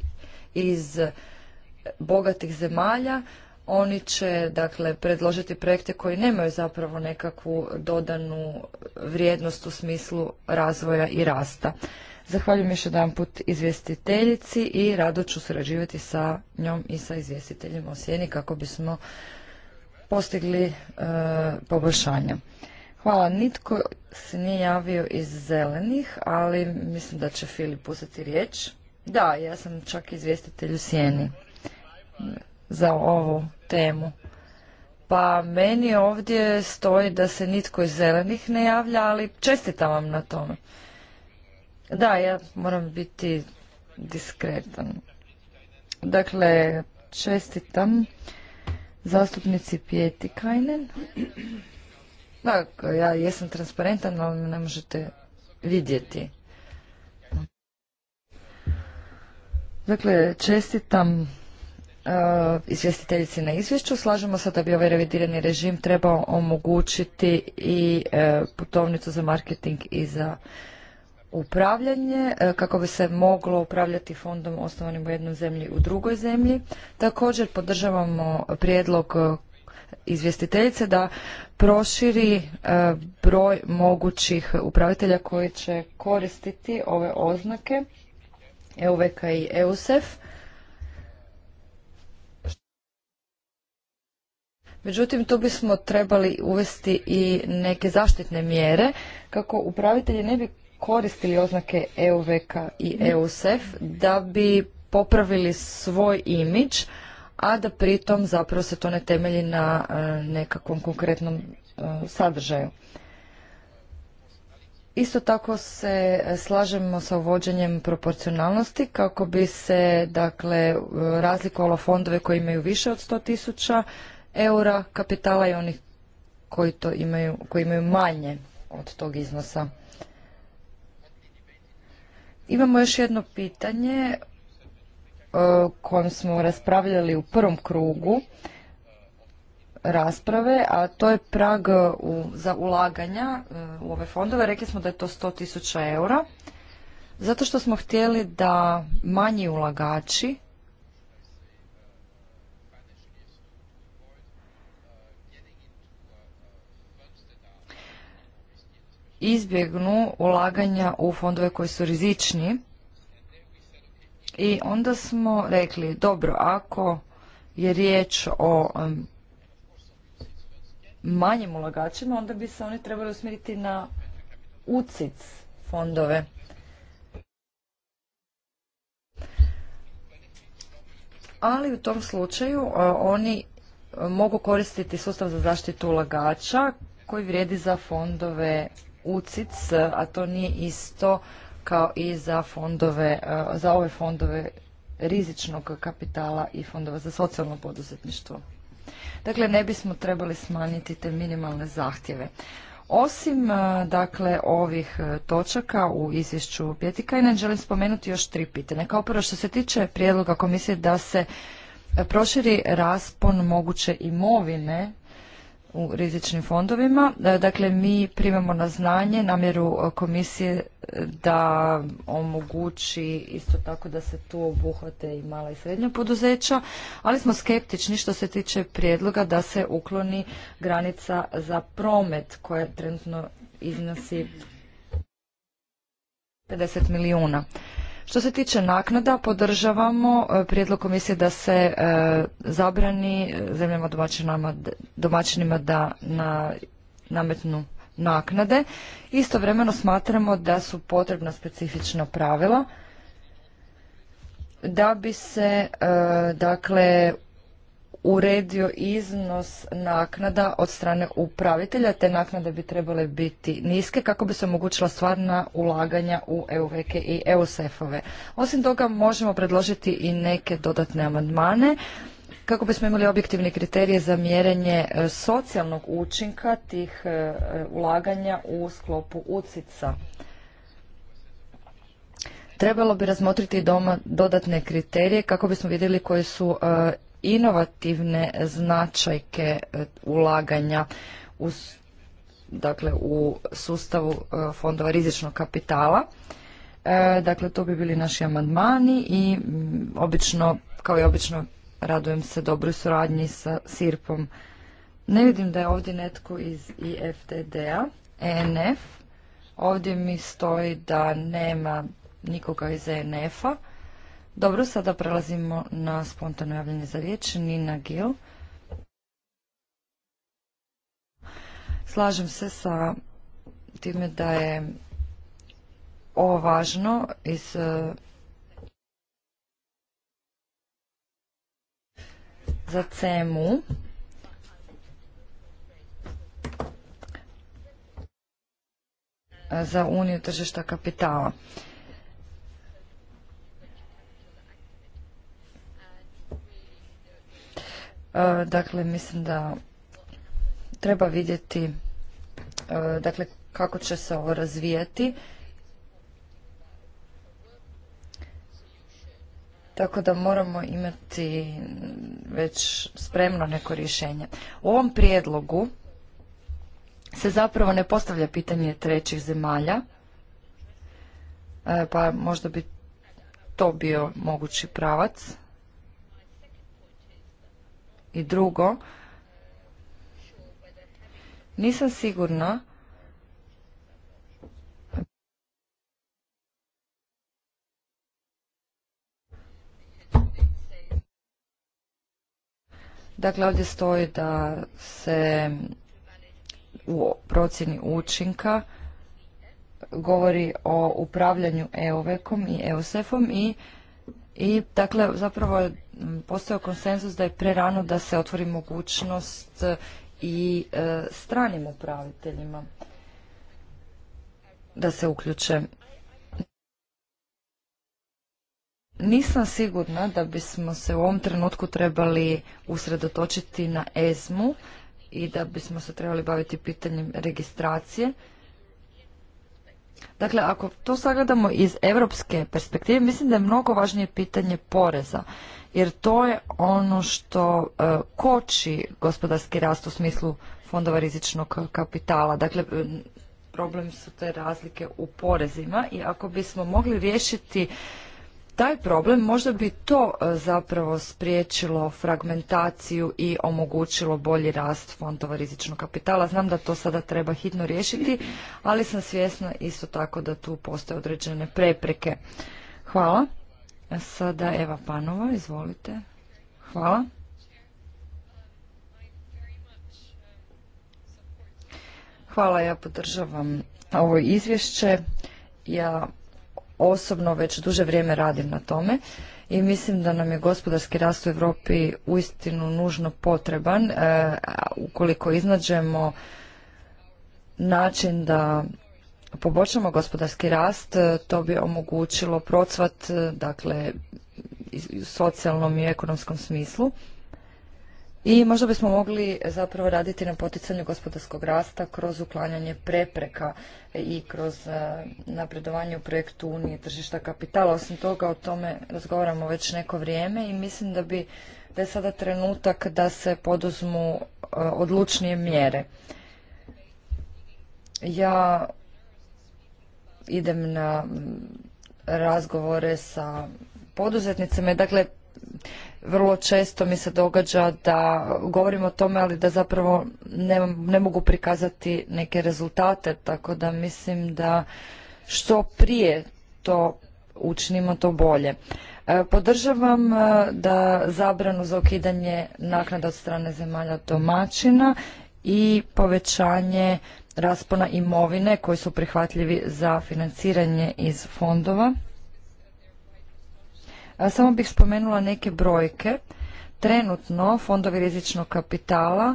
iz bogatih zemalja. Oni će dakle predložiti projekte koji nemaju zapravo nekakvu dodanu vrijednost u smislu razvoja i rasta. Zahvaljujem još jedan put izvjestiteljici i rado ću surađivati sa njom i sa izvjestiteljima o sjeni kako bismo postigli e, poboljšanja. Hvala, nitko se nije javio iz zelenih, ali mislim da će Filip uzeti riječ. Da, ja sam čak izvjestitelj u sjeni za ovu temu. Pa meni ovdje stoji da se nitko iz zelenih ne javlja, ali čestitam vam na tome. Da, ja moram biti diskretan. Dakle, čestitam zastupnici pijeti Kajnen. Dakle, ja jesam transparentan, ali ne možete vidjeti. Dakle, čestitam e, izvjestiteljici na izvješću. Slažemo se da bi ovaj revidirani režim trebao omogućiti i e, putovnicu za marketing i za upravljanje e, kako bi se moglo upravljati fondom osnovanim u jednoj zemlji u drugoj zemlji. Također podržavamo prijedlog e, izvjestiteljice da proširi e, broj mogućih upravitelja koji će koristiti ove oznake EUVK i EUSEF. Međutim, tu bismo trebali uvesti i neke zaštitne mjere kako upravitelji ne bi koristili oznake EUVK i EUSEF da bi popravili svoj imidž, a da pritom zapravo se to ne temelji na e, nekakvom konkretnom e, sadržaju. Isto tako se e, slažemo sa uvođenjem proporcionalnosti kako bi se dakle razlikovalo fondove koji imaju više od 100 tisuća eura kapitala i onih koji to imaju, koji imaju manje od tog iznosa. Imamo još jedno pitanje o e, kojem smo raspravljali u prvom krugu rasprave, a to je prag e, za ulaganja e, u ove fondove. Rekli smo da je to 100.000 eura, zato što smo htjeli da manji ulagači izbjegnu ulaganja u fondove koji su rizični. I onda smo rekli, dobro, ako je riječ o manjim ulagačima, onda bi se oni trebali usmjeriti na UCIC fondove. Ali u tom slučaju e, oni e, mogu koristiti sustav za zaštitu ulagača koji vrijedi za fondove UCIC, a to nije isto kao i za fondove, e, za ove fondove rizičnog kapitala i fondova za socijalno poduzetništvo. Dakle, ne bismo trebali smanjiti te minimalne zahtjeve. Osim e, dakle ovih e, točaka u izvješću ne želim spomenuti još tri pitanja. Kao prvo što se tiče prijedloga komisije da se proširi raspon moguće imovine u rizičnim fondovima. E, dakle, mi primamo na znanje namjeru e, komisije e, da omogući isto tako da se tu obuhvate i mala i srednja poduzeća, ali smo skeptični što se tiče prijedloga da se ukloni granica za promet koja trenutno iznosi 50 milijuna. Što se tiče naknada, podržavamo e, prijedlog komisije da se e, zabrani e, zemljama domaćinima da na, nametnu naknade. Istovremeno smatramo da su potrebna specifična pravila da bi se dakle uredio iznos naknada od strane upravitelja. Te naknade bi trebale biti niske kako bi se omogućila stvarna ulaganja u EUVEKE i EUSEF-ove. Osim toga možemo predložiti i neke dodatne amandmane kako bismo imali objektivne kriterije za mjerenje e, socijalnog učinka tih e, ulaganja u sklopu UCICA. Trebalo bi razmotriti doma dodatne kriterije kako bismo vidjeli koji su e, inovativne značajke e, ulaganja u, dakle, u sustavu e, fondova rizičnog kapitala. E, dakle, to bi bili naši amandmani i obično, kao i obično, radujem se dobroj suradnji sa Sirpom. Ne vidim da je ovdje netko iz IFTD-a, ENF. Ovdje mi stoji da nema nikoga iz ENF-a. Dobro, sada prelazimo na spontano javljanje za riječ. Nina Gil. Slažem se sa time da je ovo važno iz e, za CMU. E, za uniju tržišta kapitala. E, dakle, mislim da treba vidjeti e, dakle, kako će se ovo razvijati. Tako da moramo imati već spremno neko rješenje. U ovom prijedlogu se zapravo ne postavlja pitanje trećih zemalja, e, pa možda bi to bio mogući pravac. I drugo, nisam sigurna Dakle, ovdje stoji da se u procjeni učinka govori o upravljanju EOVEKom i EOSEFom i i dakle, zapravo je postao konsenzus da je prerano da se otvori mogućnost e, i e, stranim upraviteljima da se uključe. Nisam sigurna da bismo se u ovom trenutku trebali usredotočiti na ESMU i da bismo se trebali baviti pitanjem registracije. Dakle, ako to sagledamo iz europske perspektive, mislim da je mnogo važnije pitanje poreza, jer to je ono što e, koči gospodarski rast u smislu fondova rizičnog kapitala. Dakle, e, problem su te razlike u porezima i ako bismo mogli riješiti taj problem, možda bi to e, zapravo spriječilo fragmentaciju i omogućilo bolji rast fondova rizičnog kapitala. Znam da to sada treba hitno riješiti, ali sam svjesna isto tako da tu postoje određene prepreke. Hvala. E, sada Eva Panova, izvolite. Hvala. Hvala, ja podržavam ovo izvješće. Ja osobno već duže vrijeme radim na tome i mislim da nam je gospodarski rast u Europi uistinu nužno potreban e, ukoliko iznađemo način da poboljšamo gospodarski rast, e, to bi omogućilo procvat, e, dakle, u socijalnom i ekonomskom smislu. I možda bismo mogli zapravo raditi na poticanju gospodarskog rasta kroz uklanjanje prepreka i kroz e, napredovanje u projektu Unije tržišta kapitala. Osim toga o tome razgovaramo već neko vrijeme i mislim da bi da je sada trenutak da se poduzmu e, odlučnije mjere. Ja idem na razgovore sa poduzetnicima. Dakle, vrlo često mi se događa da govorim o tome, ali da zapravo ne, ne mogu prikazati neke rezultate, tako da mislim da što prije to učinimo, to bolje. E, podržavam e, da zabranu za ukidanje naknada od strane zemalja domaćina i povećanje raspona imovine koji su prihvatljivi za financiranje iz fondova. Samo bih spomenula neke brojke. Trenutno fondovi rizičnog kapitala e,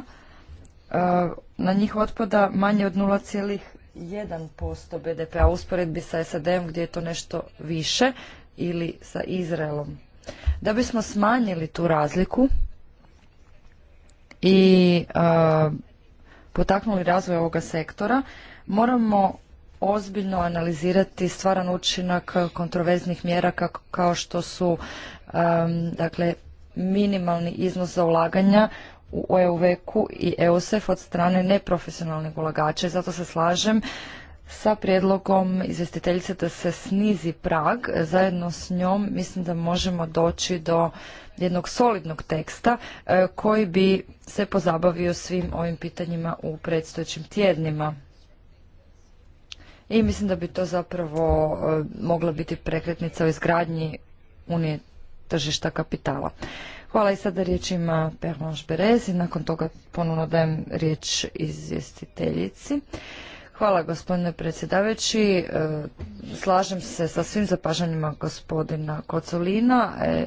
na njih otpada manje od 0,1% BDP-a u usporedbi sa SAD-om gdje je to nešto više ili sa Izraelom. Da bismo smanjili tu razliku i e, potaknuli razvoj ovoga sektora, moramo ozbiljno analizirati stvaran učinak kontroverznih mjera kao što su dakle minimalni iznos za ulaganja u EUVEC-u i EUSEF od strane neprofesionalnih ulagača zato se slažem sa prijedlogom izvjestiteljice da se snizi prag. Zajedno s njom mislim da možemo doći do jednog solidnog teksta eh, koji bi se pozabavio svim ovim pitanjima u predstojećim tjednima i mislim da bi to zapravo e, mogla biti prekretnica u izgradnji unije tržišta kapitala. Hvala i sada riječ ima Perlanš Berez i nakon toga ponovno dajem riječ izvjestiteljici. Hvala gospodine predsjedavajući. E, slažem se sa svim zapažanjima gospodina Kocolina, e,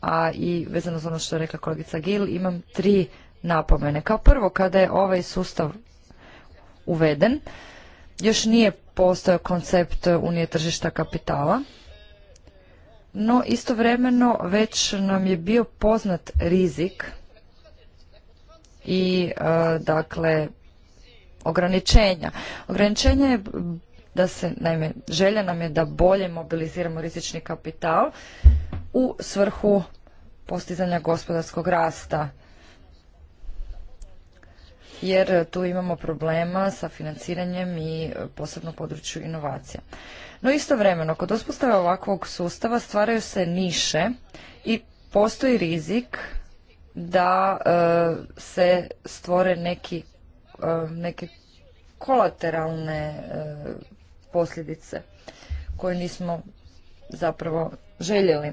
a i vezano za ono što je rekla kolegica Gil, imam tri napomene. Kao prvo, kada je ovaj sustav uveden, još nije postojao koncept unije tržišta kapitala, no istovremeno već nam je bio poznat rizik i e, dakle ograničenja. Ograničenje je da se, naime, želja nam je da bolje mobiliziramo rizični kapital u svrhu postizanja gospodarskog rasta jer tu imamo problema sa financiranjem i e, posebno u području inovacija. No istovremeno, kod uspostave ovakvog sustava stvaraju se niše i postoji rizik da e, se stvore neki, e, neke kolateralne posljedice koje nismo zapravo željeli.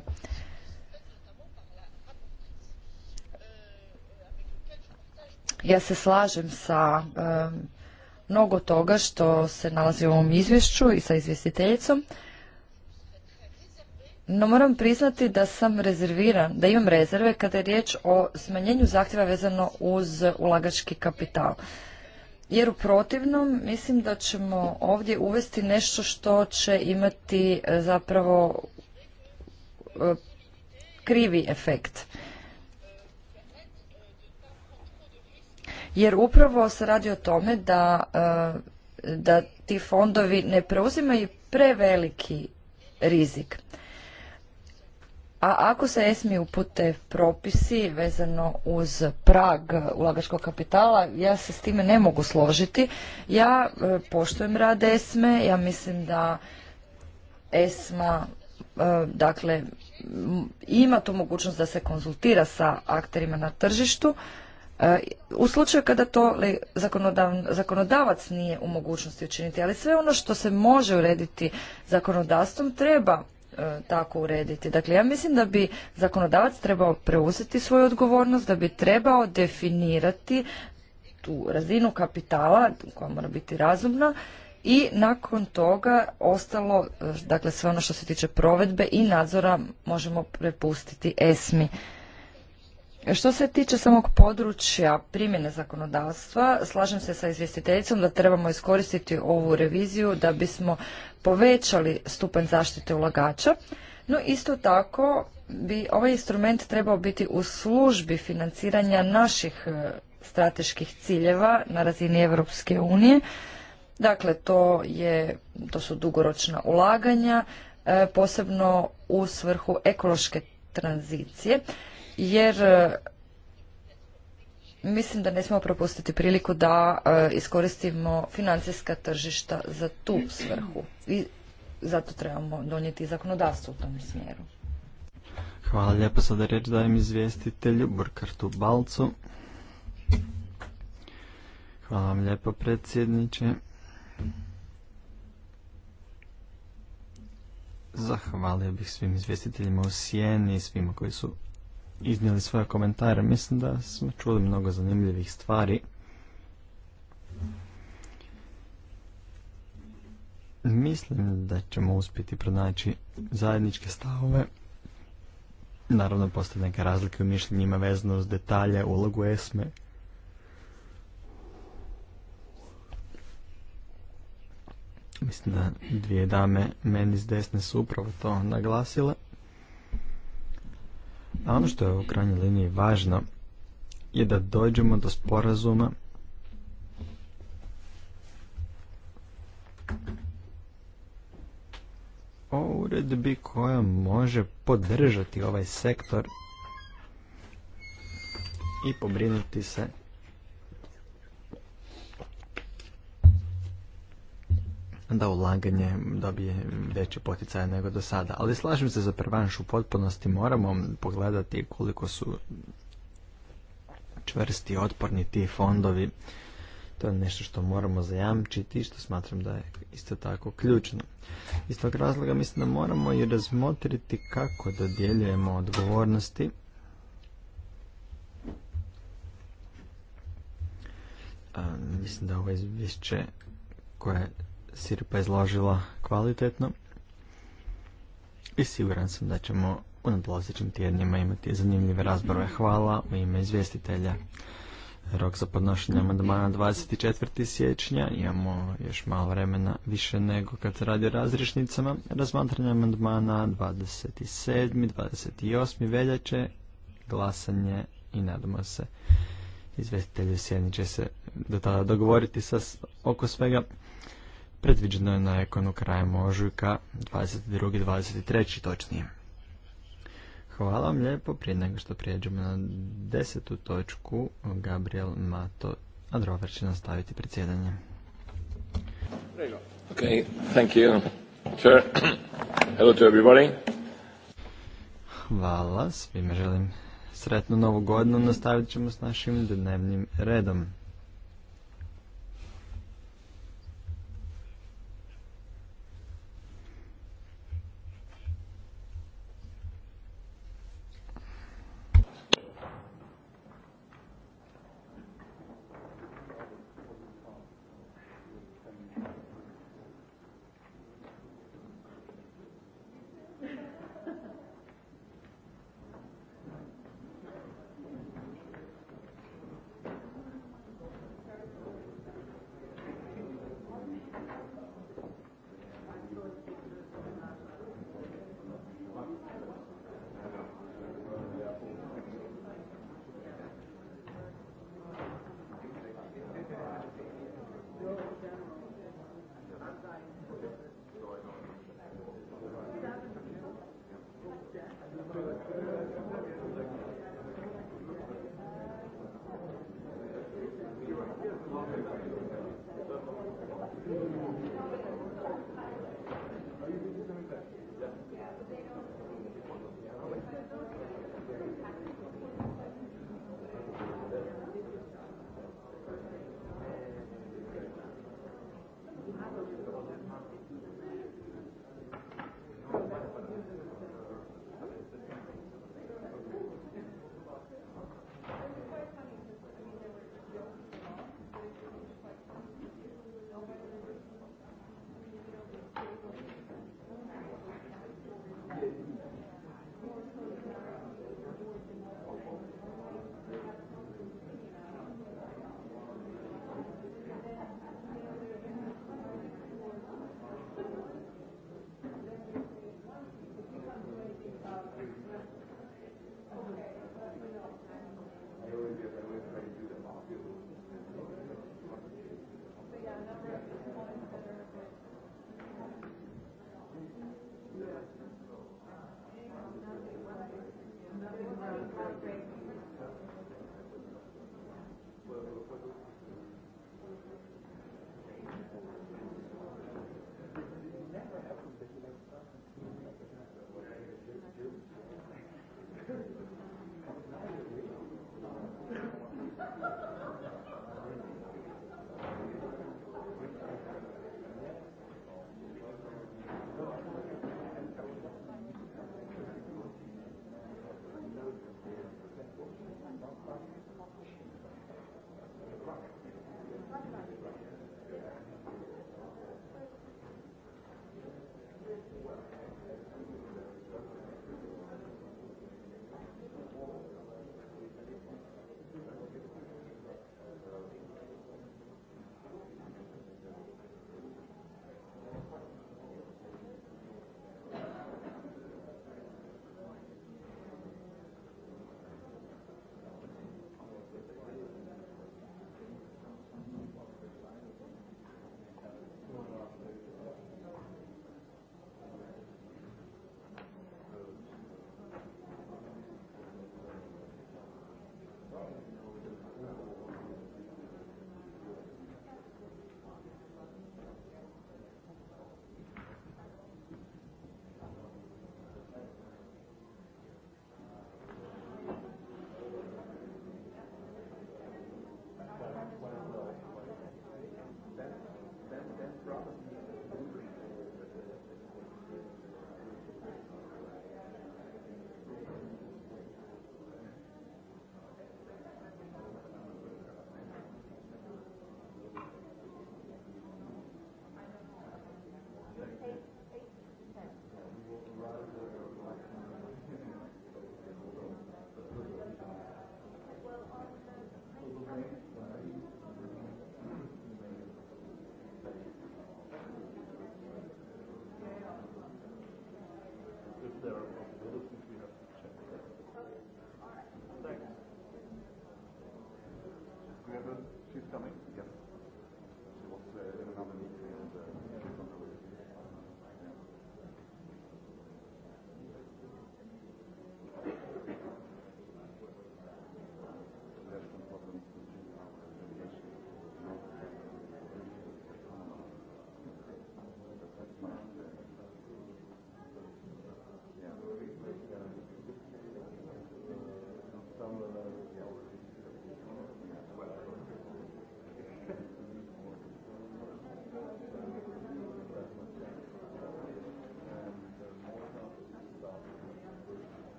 Ja se slažem sa mnogo toga što se nalazi u ovom izvješću i sa izvjestiteljicom, no moram priznati da sam rezerviran, da imam rezerve kada je riječ o smanjenju zahtjeva vezano uz ulagački kapital. Jer u protivnom mislim da ćemo ovdje uvesti nešto što će imati e, zapravo e, krivi efekt. jer upravo se radi o tome da, e, da ti fondovi ne preuzimaju preveliki rizik. A ako se ESMI upute propisi vezano uz prag ulagačkog kapitala, ja se s time ne mogu složiti. Ja e, poštujem rad ESME, ja mislim da ESMA e, dakle ima tu mogućnost da se konzultira sa akterima na tržištu, E, u slučaju kada to zakonodavac nije u mogućnosti učiniti. Ali sve ono što se može urediti zakonodavstvom treba e, tako urediti. Dakle, ja mislim da bi zakonodavac trebao preuzeti svoju odgovornost, da bi trebao definirati tu razinu kapitala koja mora biti razumna i nakon toga ostalo, e, dakle sve ono što se tiče provedbe i nadzora možemo prepustiti ESMI. Što se tiče samog područja primjene zakonodavstva, slažem se sa izvjestiteljicom da trebamo iskoristiti ovu reviziju da bismo povećali stupanj zaštite ulagača, no isto tako bi ovaj instrument trebao biti u službi financiranja naših e, strateških ciljeva na razini Europske unije. Dakle, to, je, to su dugoročna ulaganja, e, posebno u svrhu ekološke tranzicije jer e, mislim da ne smijemo propustiti priliku da e, iskoristimo financijska tržišta za tu svrhu i zato trebamo donijeti zakonodavstvo u tom smjeru. Hvala lijepo, sada reč dajem izvjestitelju Burkartu Balcu. Hvala vam lijepo predsjedniče. Zahvalio bih svim izvjestiteljima u Sijeni i svima koji su iznijeli svoje komentare. Mislim da smo čuli mnogo zanimljivih stvari. Mislim da ćemo uspjeti pronaći zajedničke stavove. Naravno, postoje neke razlike u mišljenjima vezano uz detalje, ulogu esme. Mislim da dvije dame meni s desne su upravo to naglasile. A ono što je u krajnjoj liniji važno je da dođemo do sporazuma o uredbi koja može podržati ovaj sektor i pobrinuti se da ulaganje dobije veće poticaje nego do sada. Ali slažem se za prvanš u potpunosti moramo pogledati koliko su čvrsti, otporni ti fondovi. To je nešto što moramo zajamčiti i što smatram da je isto tako ključno. Iz tog razloga mislim da moramo i razmotriti kako dodjeljujemo odgovornosti mislim da ovo izvješće koje Sirpa izložila kvalitetno i siguran sam da ćemo u nadlazećim tjednima imati zanimljive razborove. Hvala u ime izvjestitelja. Rok za podnošenje amandmana 24. siječnja. Imamo još malo vremena više nego kad se radi o razrišnicama. Razmatranje amandmana 27. 28. veljače. Glasanje i nadamo se izvjestitelji sjednice će se do tada dogovoriti sa, oko svega predviđeno je na ekonu krajem ožujka 22. i 23. točnije. Hvala vam lijepo, prije nego što prijeđemo na desetu točku, Gabriel Mato, a Drover će nastaviti predsjedanje. Okay, thank you. Sure. Hello to everybody. Hvala, svima želim sretnu novu godinu, nastavit ćemo s našim dnevnim redom.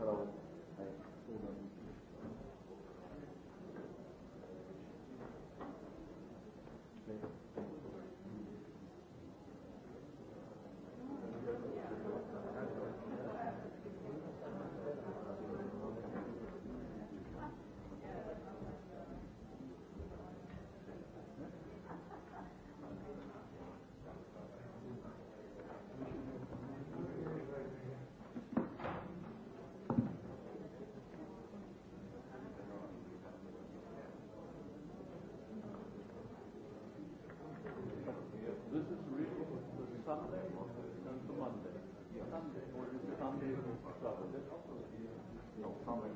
vam. No problem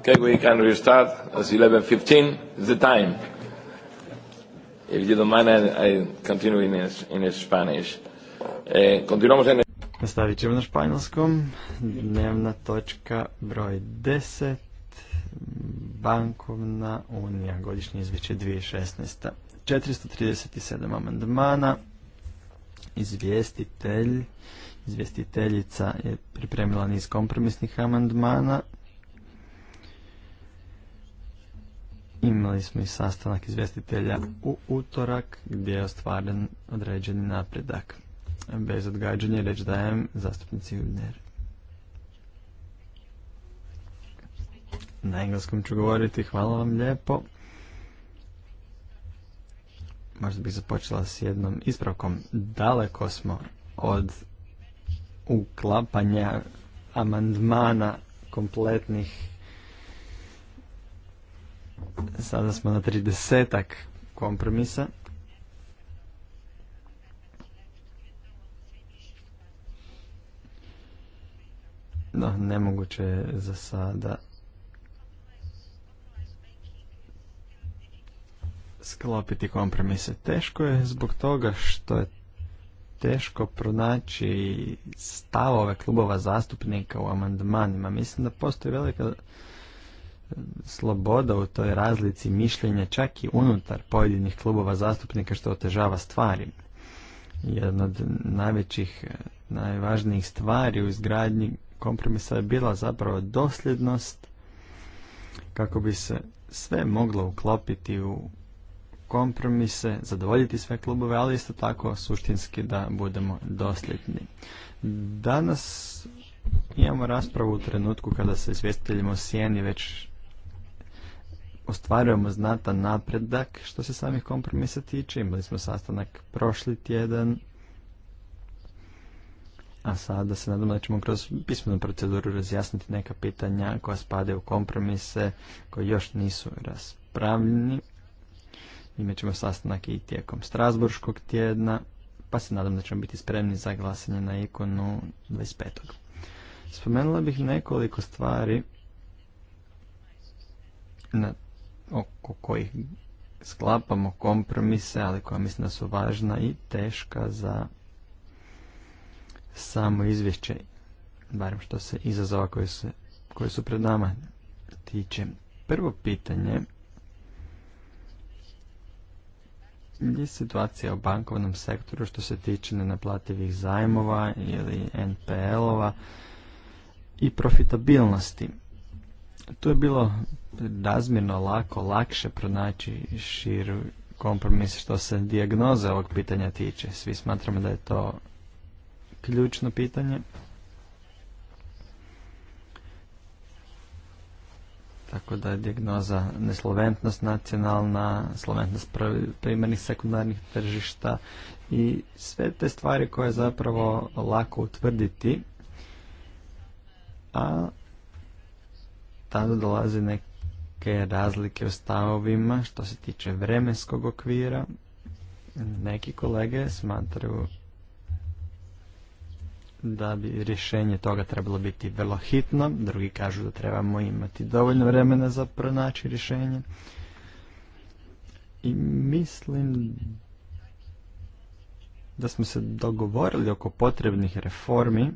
Okay, we can restart as 11.15 is the time. If you don't mind, I, I continue in, in Spanish. Eh, continuamos en... Nastavit ćemo na španjolskom. Dnevna točka broj 10. Bankovna unija. Godišnje izvješće 2016. 437 amandmana. Izvjestitelj, izvjestiteljica je pripremila niz kompromisnih amandmana Imali smo i sastanak izvjestitelja u utorak gdje je ostvaren određeni napredak. Bez odgađanja reč dajem zastupnici Judner. Na engleskom ću govoriti, hvala vam lijepo. Možda bih započela s jednom ispravkom. Daleko smo od uklapanja amandmana kompletnih Sada smo na 30 kompromisa. No, nemoguće je za sada sklopiti kompromise. Teško je zbog toga što je teško pronaći stavove klubova zastupnika u amandmanima. Mislim da postoji velika sloboda u toj razlici mišljenja čak i unutar pojedinih klubova zastupnika što otežava stvari. Jedna od najvećih, najvažnijih stvari u izgradnji kompromisa je bila zapravo dosljednost kako bi se sve moglo uklopiti u kompromise, zadovoljiti sve klubove, ali isto tako suštinski da budemo dosljedni. Danas imamo raspravu u trenutku kada se izvjestiteljima sjeni već ostvarujemo znatan napredak što se samih kompromisa tiče. Imali smo sastanak prošli tjedan, a sada se nadam da ćemo kroz pismenu proceduru razjasniti neka pitanja koja spade u kompromise koji još nisu raspravljeni. Imat ćemo sastanak i tijekom Strasburškog tjedna, pa se nadam da ćemo biti spremni za glasanje na ikonu 25. Spomenula bih nekoliko stvari na oko kojih sklapamo kompromise, ali koja mislim da su važna i teška za samo izvješće, barem što se izazova koje su, koje su pred nama tiče. Prvo pitanje je situacija u bankovnom sektoru što se tiče nenaplativih zajmova ili NPL-ova i profitabilnosti. Tu je bilo razmjerno lako, lakše pronaći širu kompromis što se dijagnoze ovog pitanja tiče. Svi smatramo da je to ključno pitanje. Tako da je dijagnoza nesloventnost nacionalna, sloventnost primarnih sekundarnih tržišta i sve te stvari koje je zapravo lako utvrditi, a tada dolaze neke razlike u stavovima što se tiče vremenskog okvira. Neki kolege smatraju da bi rješenje toga trebalo biti vrlo hitno, drugi kažu da trebamo imati dovoljno vremena za pronaći rješenje. I mislim da smo se dogovorili oko potrebnih reformi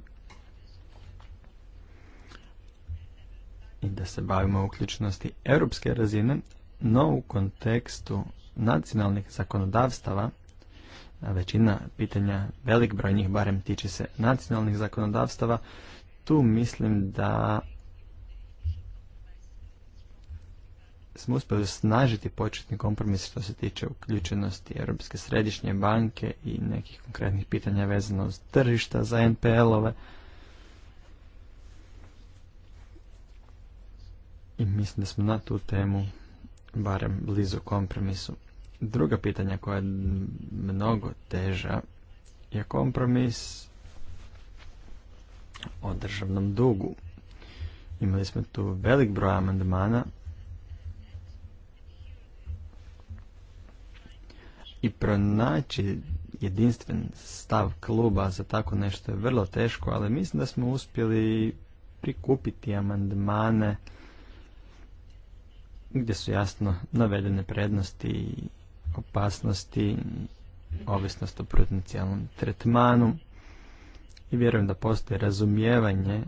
i da se bavimo uključenosti europske razine, no u kontekstu nacionalnih zakonodavstava, a većina pitanja, velik broj njih barem tiče se nacionalnih zakonodavstava, tu mislim da smo uspjeli snažiti početni kompromis što se tiče uključenosti Europske središnje banke i nekih konkretnih pitanja vezano uz tržišta za NPL-ove. I mislim da smo na tu temu barem blizu kompromisu. Druga pitanja koja je mnogo teža je kompromis o državnom dugu. Imali smo tu velik broj amandmana i pronaći jedinstven stav kluba za tako nešto je vrlo teško, ali mislim da smo uspjeli prikupiti amandmane gdje su jasno navedene prednosti i opasnosti, ovisnost o prudencijalnom tretmanu i vjerujem da postoji razumijevanje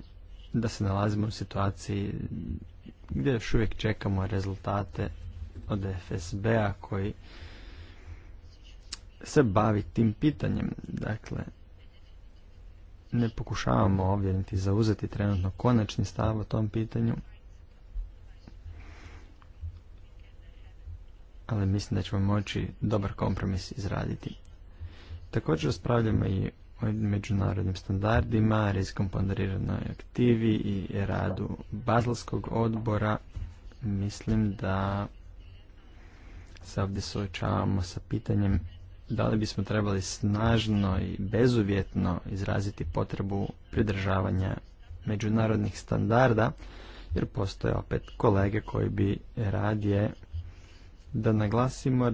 da se nalazimo u situaciji gdje još uvijek čekamo rezultate od FSB-a koji se bavi tim pitanjem. Dakle, ne pokušavamo ovdje niti zauzeti trenutno konačni stav o tom pitanju, ali mislim da ćemo moći dobar kompromis izraditi. Također raspravljamo i o međunarodnim standardima, rizikom ponderiranoj aktivi i radu Bazalskog odbora. Mislim da se ovdje suočavamo sa pitanjem da li bismo trebali snažno i bezuvjetno izraziti potrebu pridržavanja međunarodnih standarda, jer postoje opet kolege koji bi radije da naglasimo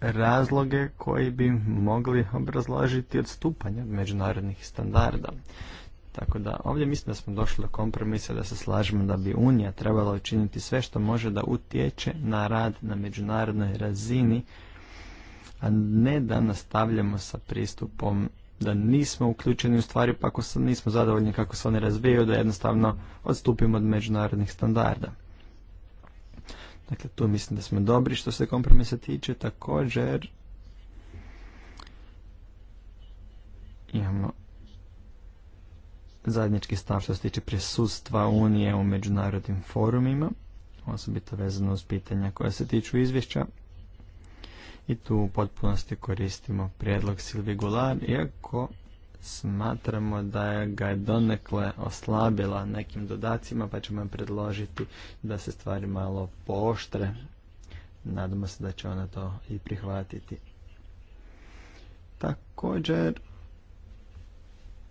razloge koji bi mogli obrazložiti odstupanje od međunarodnih standarda. Tako da ovdje mislim da smo došli do kompromisa da se slažemo da bi Unija trebala učiniti sve što može da utječe na rad na međunarodnoj razini, a ne da nastavljamo sa pristupom da nismo uključeni u stvari pa ako nismo zadovoljni kako se oni razvijaju da jednostavno odstupimo od međunarodnih standarda. Dakle, tu mislim da smo dobri što se kompromisa tiče. Također imamo zajednički stav što se tiče prisustva Unije u međunarodnim forumima, osobito vezano uz pitanja koja se tiču izvješća. I tu u potpunosti koristimo prijedlog Silvi Gular, iako smatramo da ga je donekle oslabila nekim dodacima, pa ćemo predložiti da se stvari malo pooštre. Nadamo se da će ona to i prihvatiti. Također,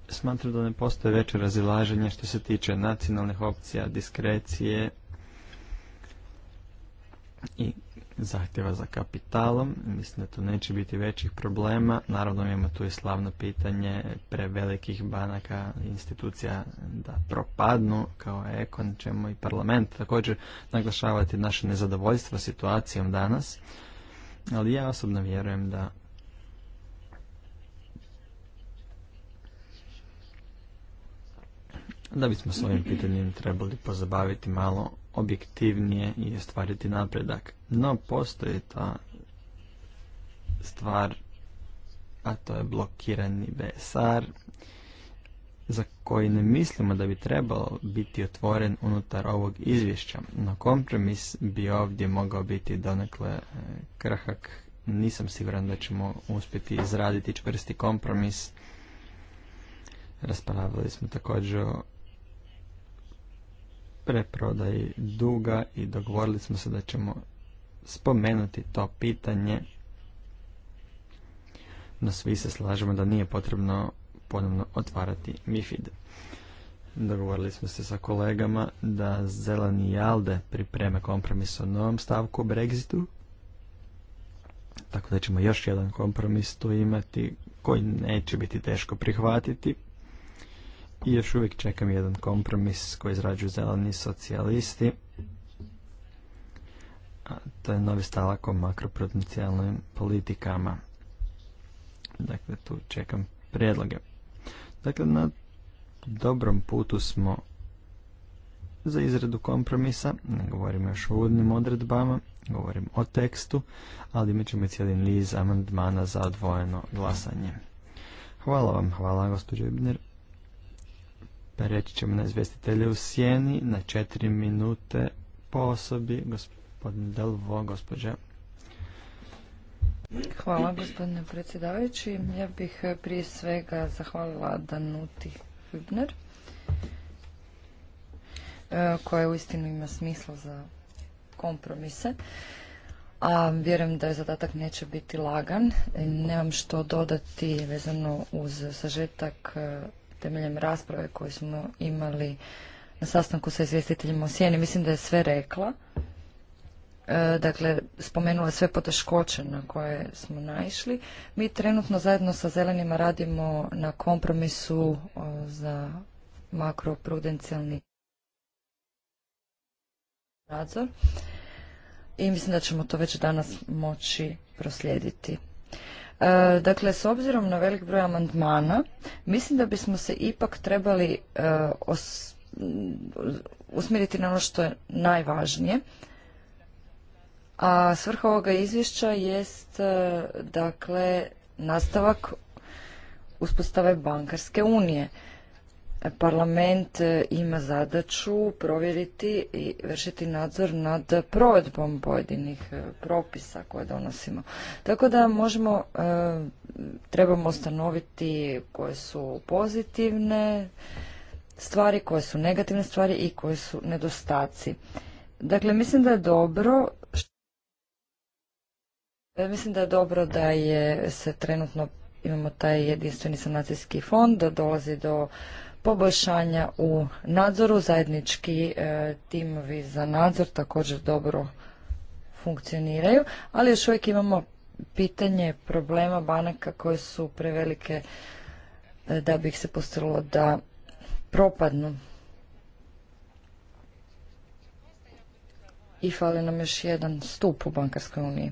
smatram da ne postoje veće razilaženje što se tiče nacionalnih opcija, diskrecije i zahtjeva za kapitalom. Mislim da tu neće biti većih problema. Naravno imamo tu i slavno pitanje prevelikih banaka institucija da propadnu kao ekon, ćemo i parlament također naglašavati naše nezadovoljstvo situacijom danas. Ali ja osobno vjerujem da da bismo s ovim pitanjem trebali pozabaviti malo objektivnije i ostvariti napredak. No, postoji ta stvar, a to je blokirani BSR, za koji ne mislimo da bi trebalo biti otvoren unutar ovog izvješća. No kompromis bi ovdje mogao biti donekle e, krhak. Nisam siguran da ćemo uspjeti izraditi čvrsti kompromis. Raspravili smo također o preprodaji duga i dogovorili smo se da ćemo spomenuti to pitanje. No svi se slažemo da nije potrebno ponovno otvarati MIFID. Dogovorili smo se sa kolegama da Zeleni i Alde pripreme kompromis o novom stavku o Brexitu. Tako da ćemo još jedan kompromis tu imati koji neće biti teško prihvatiti i još uvijek čekam jedan kompromis koji izrađuju zeleni socijalisti. A to je novi stavak o makroprudencijalnim politikama. Dakle, tu čekam prijedloge. Dakle, na dobrom putu smo za izradu kompromisa, ne govorim još o uvodnim odredbama, govorim o tekstu, ali imat ćemo cijeli niz amandmana za odvojeno glasanje. Hvala vam, hvala gospođo Ibner. Pa reći ćemo na izvestitelje u sjeni na četiri minute po osobi. Gospodin Delvo, gospođa. Hvala gospodine predsjedavajući. Ja bih prije svega zahvalila Danuti Hübner e, koja uistinu ima smisla za kompromise. A vjerujem da je zadatak neće biti lagan. Nemam što dodati vezano uz sažetak e, temeljem rasprave koju smo imali na sastanku sa izvjestiteljima o Sijeni. Mislim da je sve rekla. E, dakle, spomenula sve poteškoće na koje smo naišli. Mi trenutno zajedno sa zelenima radimo na kompromisu e, za makroprudencijalni nadzor i mislim da ćemo to već danas moći proslijediti. E, dakle, s obzirom na velik broj amandmana, mislim da bismo se ipak trebali e, usmjeriti na ono što je najvažnije. A svrha ovoga izvješća jest e, dakle nastavak uspostave bankarske unije parlament e, ima zadaću provjeriti i vršiti nadzor nad provedbom pojedinih e, propisa koje donosimo. Tako da možemo, e, trebamo ustanoviti koje su pozitivne stvari, koje su negativne stvari i koje su nedostaci. Dakle, mislim da je dobro Mislim da je dobro da je se trenutno imamo taj jedinstveni sanacijski fond, da dolazi do poboljšanja u nadzoru, zajednički e, timovi za nadzor također dobro funkcioniraju, ali još uvijek imamo pitanje problema banaka koje su prevelike e, da bi ih se postavilo da propadnu. I fali nam još jedan stup u bankarskoj uniji.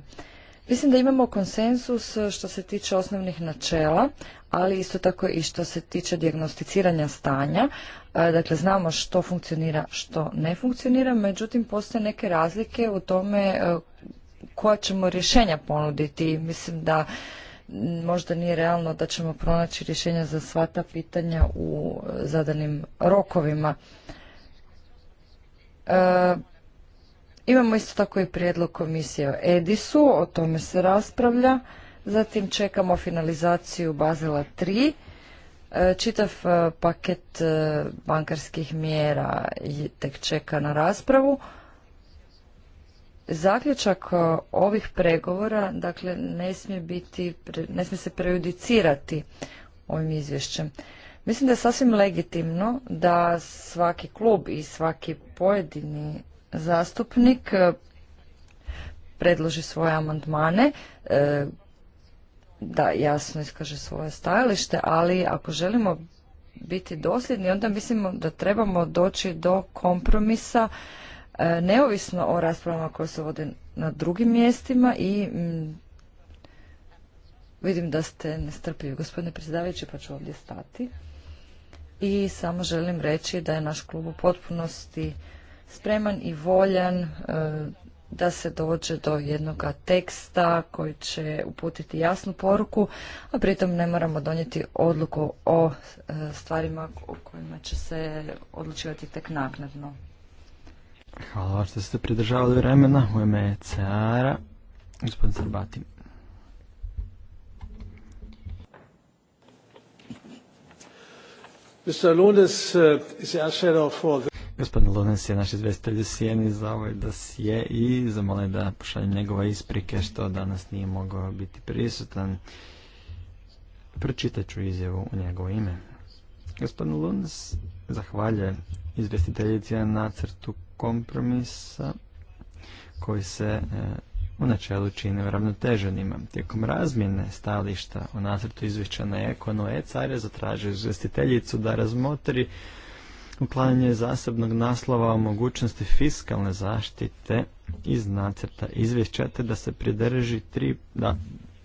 Mislim da imamo konsensus e, što se tiče osnovnih načela, ali isto tako i što se tiče dijagnosticiranja stanja. E, dakle, znamo što funkcionira, što ne funkcionira, međutim, postoje neke razlike u tome e, koja ćemo rješenja ponuditi. Mislim da možda nije realno da ćemo pronaći rješenja za sva ta pitanja u zadanim rokovima. Imamo isto tako i prijedlog komisije o Edisu, o tome se raspravlja. Zatim čekamo finalizaciju Bazela 3. E, čitav e, paket e, bankarskih mjera tek čeka na raspravu. Zaključak ovih pregovora dakle, ne, smije biti, ne smije se prejudicirati ovim izvješćem. Mislim da je sasvim legitimno da svaki klub i svaki pojedini zastupnik e, predloži svoje amandmane, e, da jasno iskaže svoje stajalište, ali ako želimo biti dosljedni, onda mislimo da trebamo doći do kompromisa e, neovisno o raspravama koje se vode na drugim mjestima i mm, vidim da ste nestrpljivi gospodine predsjedavajući pa ću ovdje stati i samo želim reći da je naš klub u potpunosti spreman i voljan e, da se dođe do jednoga teksta koji će uputiti jasnu poruku, a pritom ne moramo donijeti odluku o e, stvarima o kojima će se odlučivati tek naknadno. Hvala što ste pridržavali vremena. U ime e gospodin Mr. is for Gospodin Lunas je naš izvestitelj u Sijeni za ovaj dosije i zamole da pošaljem njegove isprike što danas nije mogao biti prisutan. Pročitat ću izjavu u njegovo ime. Gospodin Lunas zahvalja izvestiteljici na nacrtu kompromisa koji se e, u načelu čine ravnoteženima. Tijekom razmjene stališta u nacrtu izvješća na Ekonu, E-car je zatražio izvestiteljicu da razmotri uklanjanje zasebnog naslova o mogućnosti fiskalne zaštite iz nacrta izvješća te da se pridrži tri, da,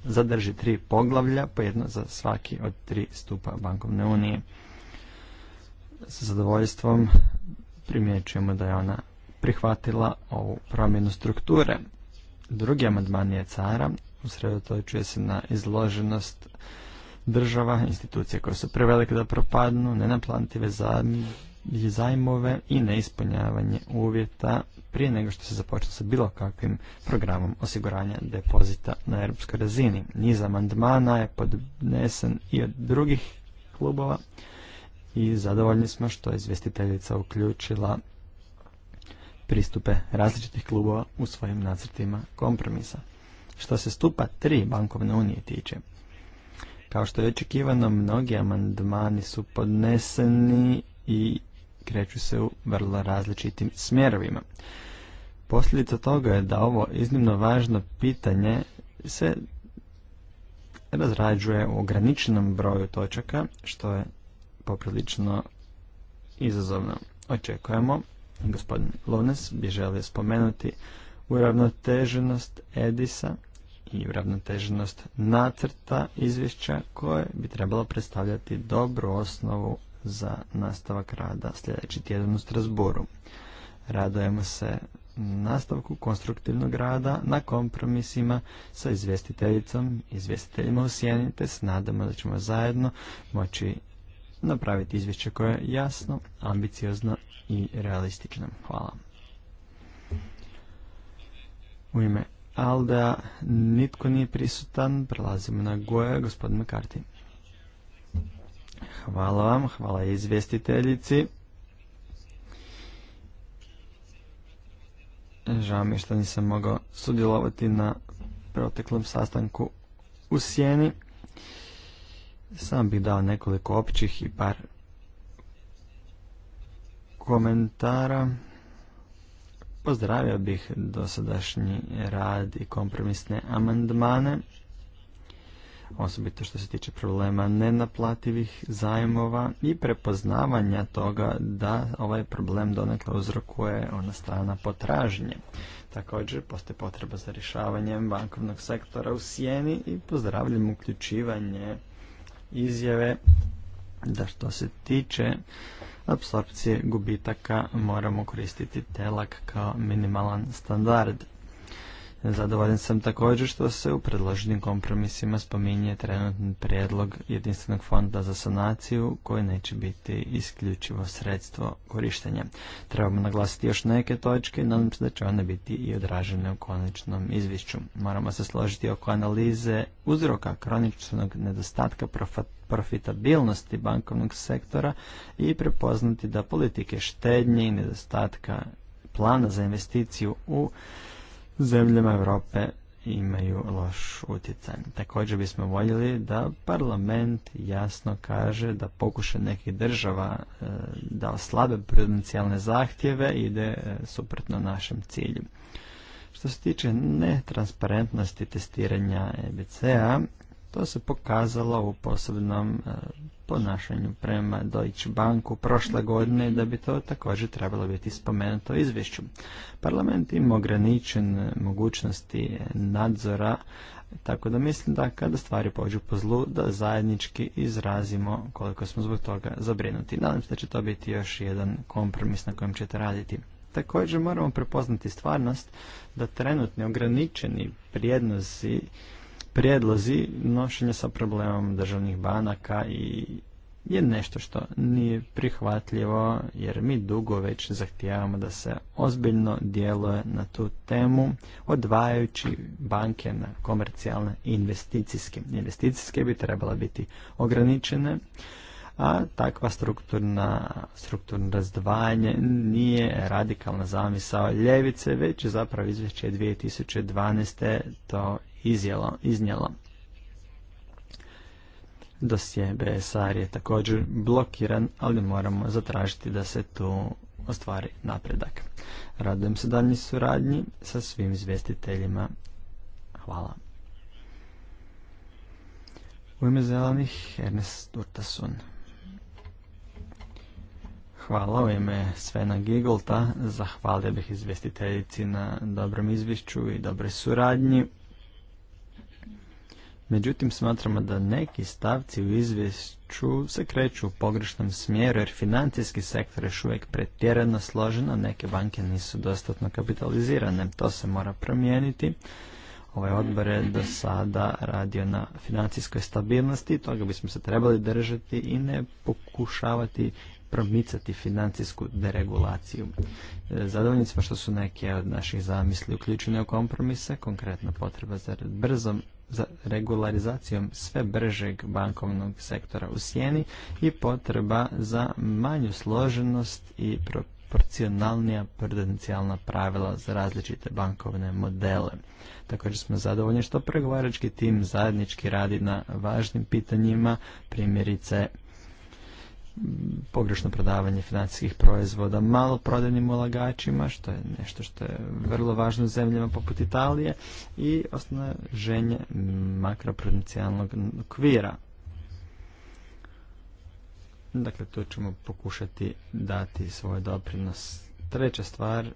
zadrži tri poglavlja, po jedno za svaki od tri stupa bankovne unije. Sa zadovoljstvom primjećujemo da je ona prihvatila ovu promjenu strukture. Drugi amandman je cara, usredotočuje se na izloženost država, institucije koje su prevelike da propadnu, zadnje zajmove i neispunjavanje uvjeta prije nego što se započne sa bilo kakvim programom osiguranja depozita na europskoj razini. Niz amandmana je podnesen i od drugih klubova i zadovoljni smo što je izvjestiteljica uključila pristupe različitih klubova u svojim nacrtima kompromisa. Što se stupa tri bankovne unije tiče, kao što je očekivano, mnogi amandmani su podneseni i kreću se u vrlo različitim smjerovima. Posljedica toga je da ovo iznimno važno pitanje se razrađuje u ograničenom broju točaka, što je poprilično izazovno. Očekujemo, gospodin Lunes bi želio spomenuti uravnoteženost Edisa i uravnoteženost nacrta izvješća koje bi trebalo predstavljati dobru osnovu za nastavak rada sljedeći tjedan u Strasboru. Radujemo se nastavku konstruktivnog rada na kompromisima sa izvjestiteljicom, izvjestiteljima u Sjeni, te s nadamo da ćemo zajedno moći napraviti izvješće koje je jasno, ambiciozno i realistično. Hvala. U ime Aldea nitko nije prisutan, prelazimo na Goja, gospodin McCarthy. Hvala vam, hvala izvjestiteljici. Žao mi što nisam mogao sudjelovati na proteklom sastanku u Sjeni. Sam bih dao nekoliko općih i par komentara. Pozdravio bih dosadašnji rad i kompromisne amandmane osobito što se tiče problema nenaplativih zajmova i prepoznavanja toga da ovaj problem donekle uzrokuje ona strana potražnje. Također postoji potreba za rješavanjem bankovnog sektora u sjeni i pozdravljam uključivanje izjave da što se tiče apsorpcije gubitaka moramo koristiti telak kao minimalan standard. Zadovoljan sam također što se u predloženim kompromisima spominje trenutni prijedlog jedinstvenog fonda za sanaciju koji neće biti isključivo sredstvo korištenja. Trebamo naglasiti još neke točke i nadam se da će one biti i odražene u konačnom izvješću. Moramo se složiti oko analize uzroka kroničnog nedostatka profitabilnosti bankovnog sektora i prepoznati da politike štednje i nedostatka plana za investiciju u zemljama Europe imaju loš utjecaj. Također bismo voljeli da parlament jasno kaže da pokuša nekih država e, da oslabe prudencijalne zahtjeve ide e, suprotno našem cilju. Što se tiče netransparentnosti testiranja EBC-a, to se pokazalo u posebnom e, ponašanju prema Deutsche Banku prošle godine da bi to također trebalo biti spomenuto u izvješću. Parlament ima ograničen mogućnosti nadzora, tako da mislim da kada stvari pođu po zlu, da zajednički izrazimo koliko smo zbog toga zabrinuti. Nadam se da će to biti još jedan kompromis na kojem ćete raditi. Također moramo prepoznati stvarnost da trenutni ograničeni prijednosi prijedlozi nošenja sa problemom državnih banaka i je nešto što nije prihvatljivo jer mi dugo već zahtijevamo da se ozbiljno djeluje na tu temu odvajajući banke na komercijalne investicijske. Investicijske bi trebala biti ograničene, a takva strukturna, strukturno razdvajanje nije radikalna zamisao ljevice, već zapravo izvješće 2012. to izjela, iznijela. Dosje BSR je također blokiran, ali moramo zatražiti da se tu ostvari napredak. Radujem se daljnjoj suradnji sa svim izvjestiteljima. Hvala. U ime zelanih Ernest Urtasun. Hvala u ime Svena Gigolta. Zahvalio bih izvjestiteljici na dobrom izvješću i dobre suradnji. Međutim, smatramo da neki stavci u izvješću se kreću u pogrešnom smjeru jer financijski sektor je još uvijek pretjerano složen, a neke banke nisu dostatno kapitalizirane. To se mora promijeniti. Ovaj odbor je do sada radio na financijskoj stabilnosti toga bismo se trebali držati i ne pokušavati promicati financijsku deregulaciju. E, zadovoljni smo što su neke od naših zamisli uključene u kompromise, konkretna potreba za brzom za regularizacijom sve bržeg bankovnog sektora u sjeni i potreba za manju složenost i proporcionalnija prudencijalna pravila za različite bankovne modele. Također smo zadovoljni što pregovarački tim zajednički radi na važnim pitanjima, primjerice pogrešno prodavanje financijskih proizvoda malo ulagačima, što je nešto što je vrlo važno u zemljama poput Italije i osnaženje makroprudencijalnog okvira. Dakle, tu ćemo pokušati dati svoj doprinos. Treća stvar,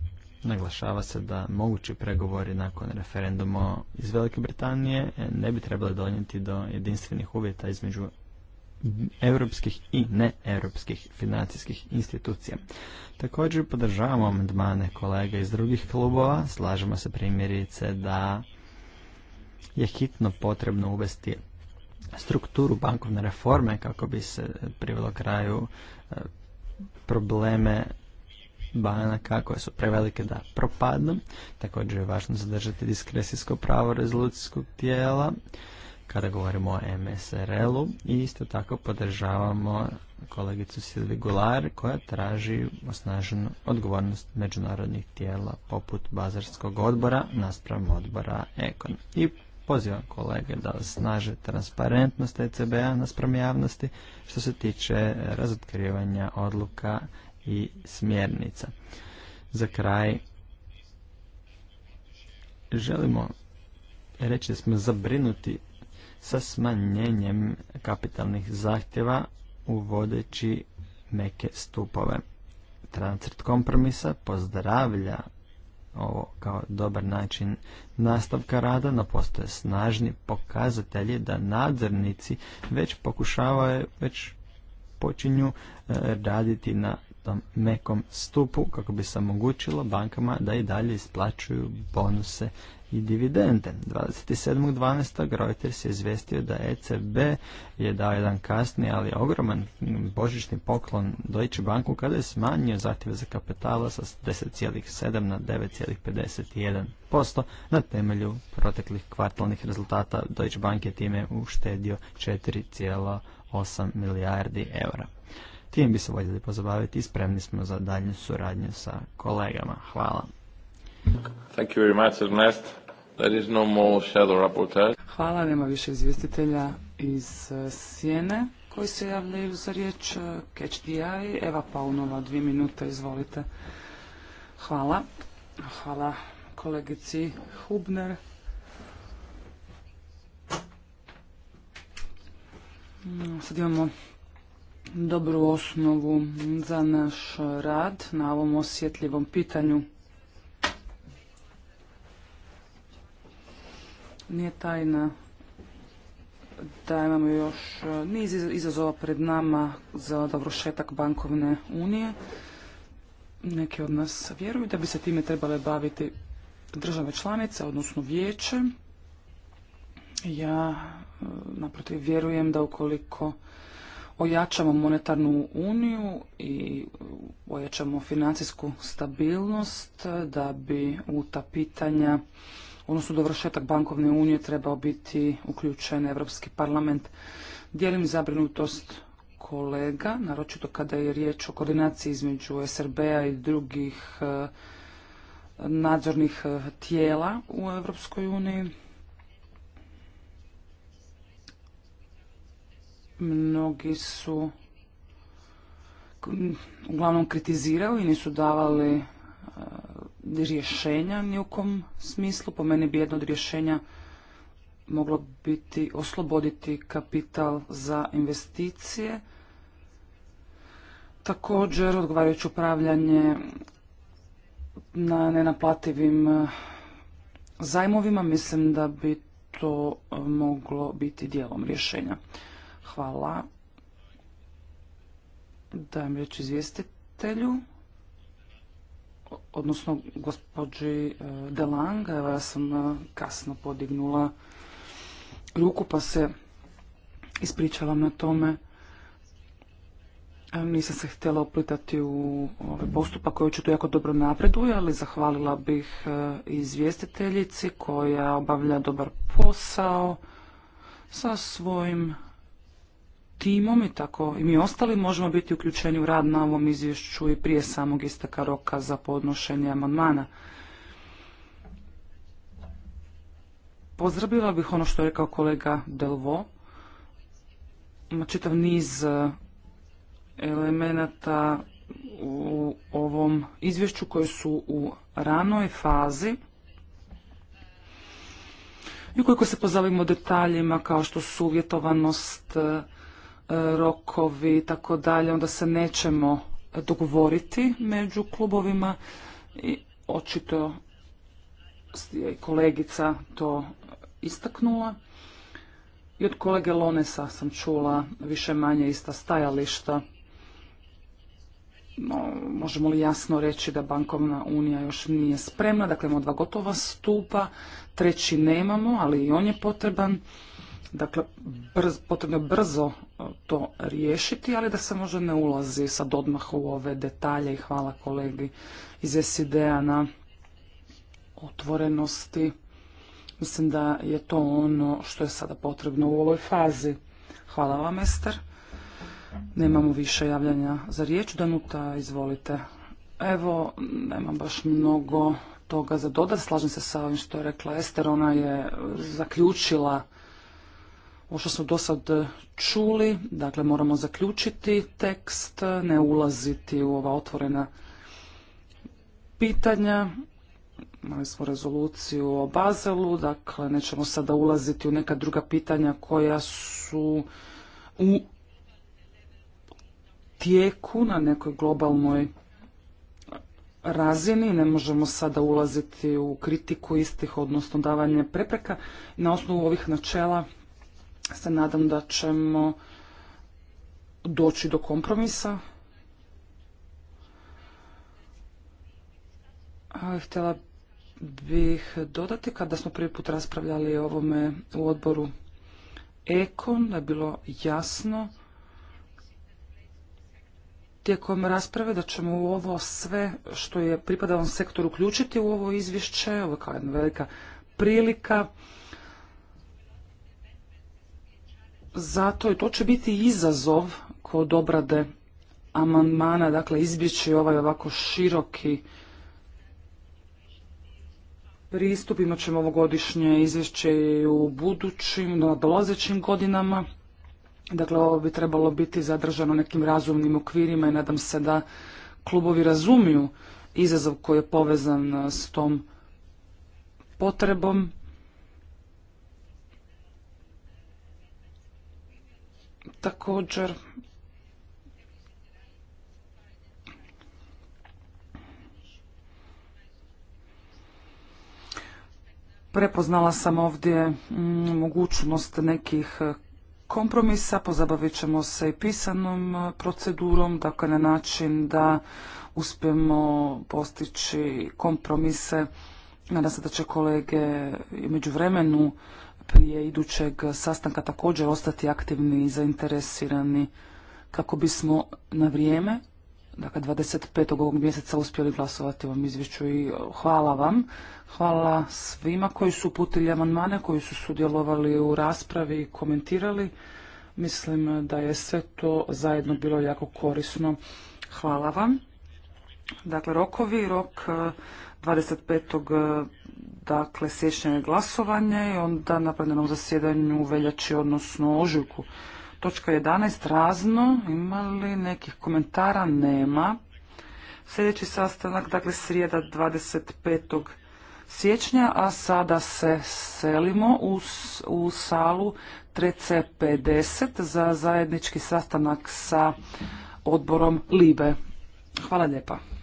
naglašava se da mogući pregovori nakon referenduma iz Velike Britanije ne bi trebali donijeti do jedinstvenih uvjeta između europskih i neeuropskih financijskih institucija. Također podržavamo amandmane kolega iz drugih klubova, slažemo se primjerice da je hitno potrebno uvesti strukturu bankovne reforme kako bi se privelo kraju e, probleme banaka koje su prevelike da propadnu. Također je važno zadržati diskresijsko pravo rezolucijskog tijela kada govorimo o MSRL-u i isto tako podržavamo kolegicu Silvi Gular koja traži osnaženu odgovornost međunarodnih tijela poput Bazarskog odbora naspram odbora Ekon. I pozivam kolege da snaže transparentnost ECB-a naspram javnosti što se tiče razotkrivanja odluka i smjernica. Za kraj želimo reći da smo zabrinuti sa smanjenjem kapitalnih zahtjeva uvodeći neke stupove. Transport kompromisa pozdravlja ovo kao dobar način nastavka rada, no postoje snažni pokazatelji da nadzornici već pokušavaju, već počinju e, raditi na tom mekom stupu kako bi se omogućilo bankama da i dalje isplaćuju bonuse i dividende. 27.12. Reuters je izvestio da ECB je dao jedan kasni, ali ogroman božični poklon Deutsche Banku kada je smanjio zahtjeve za kapitala sa 10,7 na 9,51% na temelju proteklih kvartalnih rezultata Deutsche Bank je time uštedio 4,8 milijardi eura. Tim bi se voljeli pozabaviti i spremni smo za daljnju suradnju sa kolegama. Hvala. Thank you very much, Ernest. There is no more shadow Hvala, nema više izvjestitelja iz e, Sjene koji se javljaju za riječ e, Catch the Eye. Eva Paunova, dvije minute, izvolite. Hvala. Hvala kolegici Hubner. Mm, sad imamo dobru osnovu za naš rad na ovom osjetljivom pitanju. Nije tajna da imamo još e, niz izazova pred nama za dovršetak bankovne unije. Neki od nas vjeruju da bi se time trebale baviti države članice, odnosno vijeće. Ja e, naprotiv vjerujem da ukoliko ojačamo monetarnu uniju i ojačamo financijsku stabilnost, da bi u ta pitanja odnosno dovršetak bankovne unije trebao biti uključen Europski parlament. Dijelim zabrinutost kolega, naročito kada je riječ o koordinaciji između SRB-a i drugih eh, nadzornih eh, tijela u Europskoj uniji. Mnogi su uglavnom kritizirali i nisu davali eh, rješenja ni u kom smislu. Po meni bi jedno od rješenja moglo biti osloboditi kapital za investicije. Također odgovarajuće upravljanje na nenaplativim eh, zajmovima mislim da bi to eh, moglo biti dijelom rješenja. Hvala. Dajem reći izvjestitelju odnosno gospođi e, Delang, evo ja sam e, kasno podignula ruku pa se ispričavam na tome. E, nisam se htjela oplitati u ovaj postupak koji očito jako dobro napreduje, ali zahvalila bih izvjestiteljici koja obavlja dobar posao sa svojim timom i tako i mi ostali možemo biti uključeni u rad na ovom izvješću i prije samog isteka roka za podnošenje amandmana. Pozdravila bih ono što je rekao kolega Delvo. Ima čitav niz e, elemenata u ovom izvješću koji su u ranoj fazi. I ukoliko se pozavimo detaljima kao što su uvjetovanost e, rokovi i tako dalje, onda se nećemo dogovoriti među klubovima i očito je kolegica to istaknula. I od kolege Lonesa sam čula više manje ista stajališta. No, možemo li jasno reći da bankovna unija još nije spremna, dakle imamo dva gotova stupa, treći nemamo, ali i on je potreban. Dakle, brz, potrebno je brzo e, to riješiti, ali da se možda ne ulazi sad odmah u ove detalje i hvala kolegi iz SID-a na otvorenosti. Mislim da je to ono što je sada potrebno u ovoj fazi. Hvala vam, Ester. Nemamo više javljanja za riječ. Danuta, izvolite. Evo, nemam baš mnogo toga za dodat. Slažem se sa ovim što je rekla Ester. Ona je zaključila ovo što smo do sad e, čuli, dakle moramo zaključiti tekst, ne ulaziti u ova otvorena pitanja. Imali smo rezoluciju o Bazelu, dakle nećemo sada ulaziti u neka druga pitanja koja su u tijeku na nekoj globalnoj razini, ne možemo sada ulaziti u kritiku istih, odnosno davanje prepreka. Na osnovu ovih načela se nadam da ćemo doći do kompromisa. Htjela bih dodati, kada smo prvi put raspravljali o ovome u odboru Ekon, da je bilo jasno tijekom rasprave da ćemo u ovo sve što je pripada sektoru uključiti u ovo izvješće. Ovo je kao jedna velika prilika Zato je to će biti izazov kod obrade amandmana, dakle izbjeći ovaj ovako široki pristup. Imat ćemo ovogodišnje izvješće i u budućim, nadolazećim godinama. Dakle, ovo bi trebalo biti zadržano nekim razumnim okvirima i nadam se da klubovi razumiju izazov koji je povezan s tom potrebom Također, prepoznala sam ovdje mm, mogućnost nekih kompromisa, pozabavit ćemo se i pisanom e, procedurom, dakle na način da uspijemo postići kompromise. Nadam se da će kolege među vremenu prije idućeg sastanka također ostati aktivni i zainteresirani kako bismo na vrijeme, dakle 25. ovog mjeseca uspjeli glasovati ovom izvješću i e, hvala vam. Hvala svima koji su uputili amandmane, koji su sudjelovali u raspravi i komentirali. Mislim da je sve to zajedno bilo jako korisno. Hvala vam. Dakle, rokovi, rok e, 25. Eh, dakle siječnja je glasovanje i onda na plenarnom zasjedanju u veljači odnosno ožujku. Točka 11. razno, ima li nekih komentara? Nema. Sljedeći sastanak, dakle srijeda 25. siječnja, a sada se selimo u, u salu 3C50 za zajednički sastanak sa odborom LIBE. Hvala lijepa.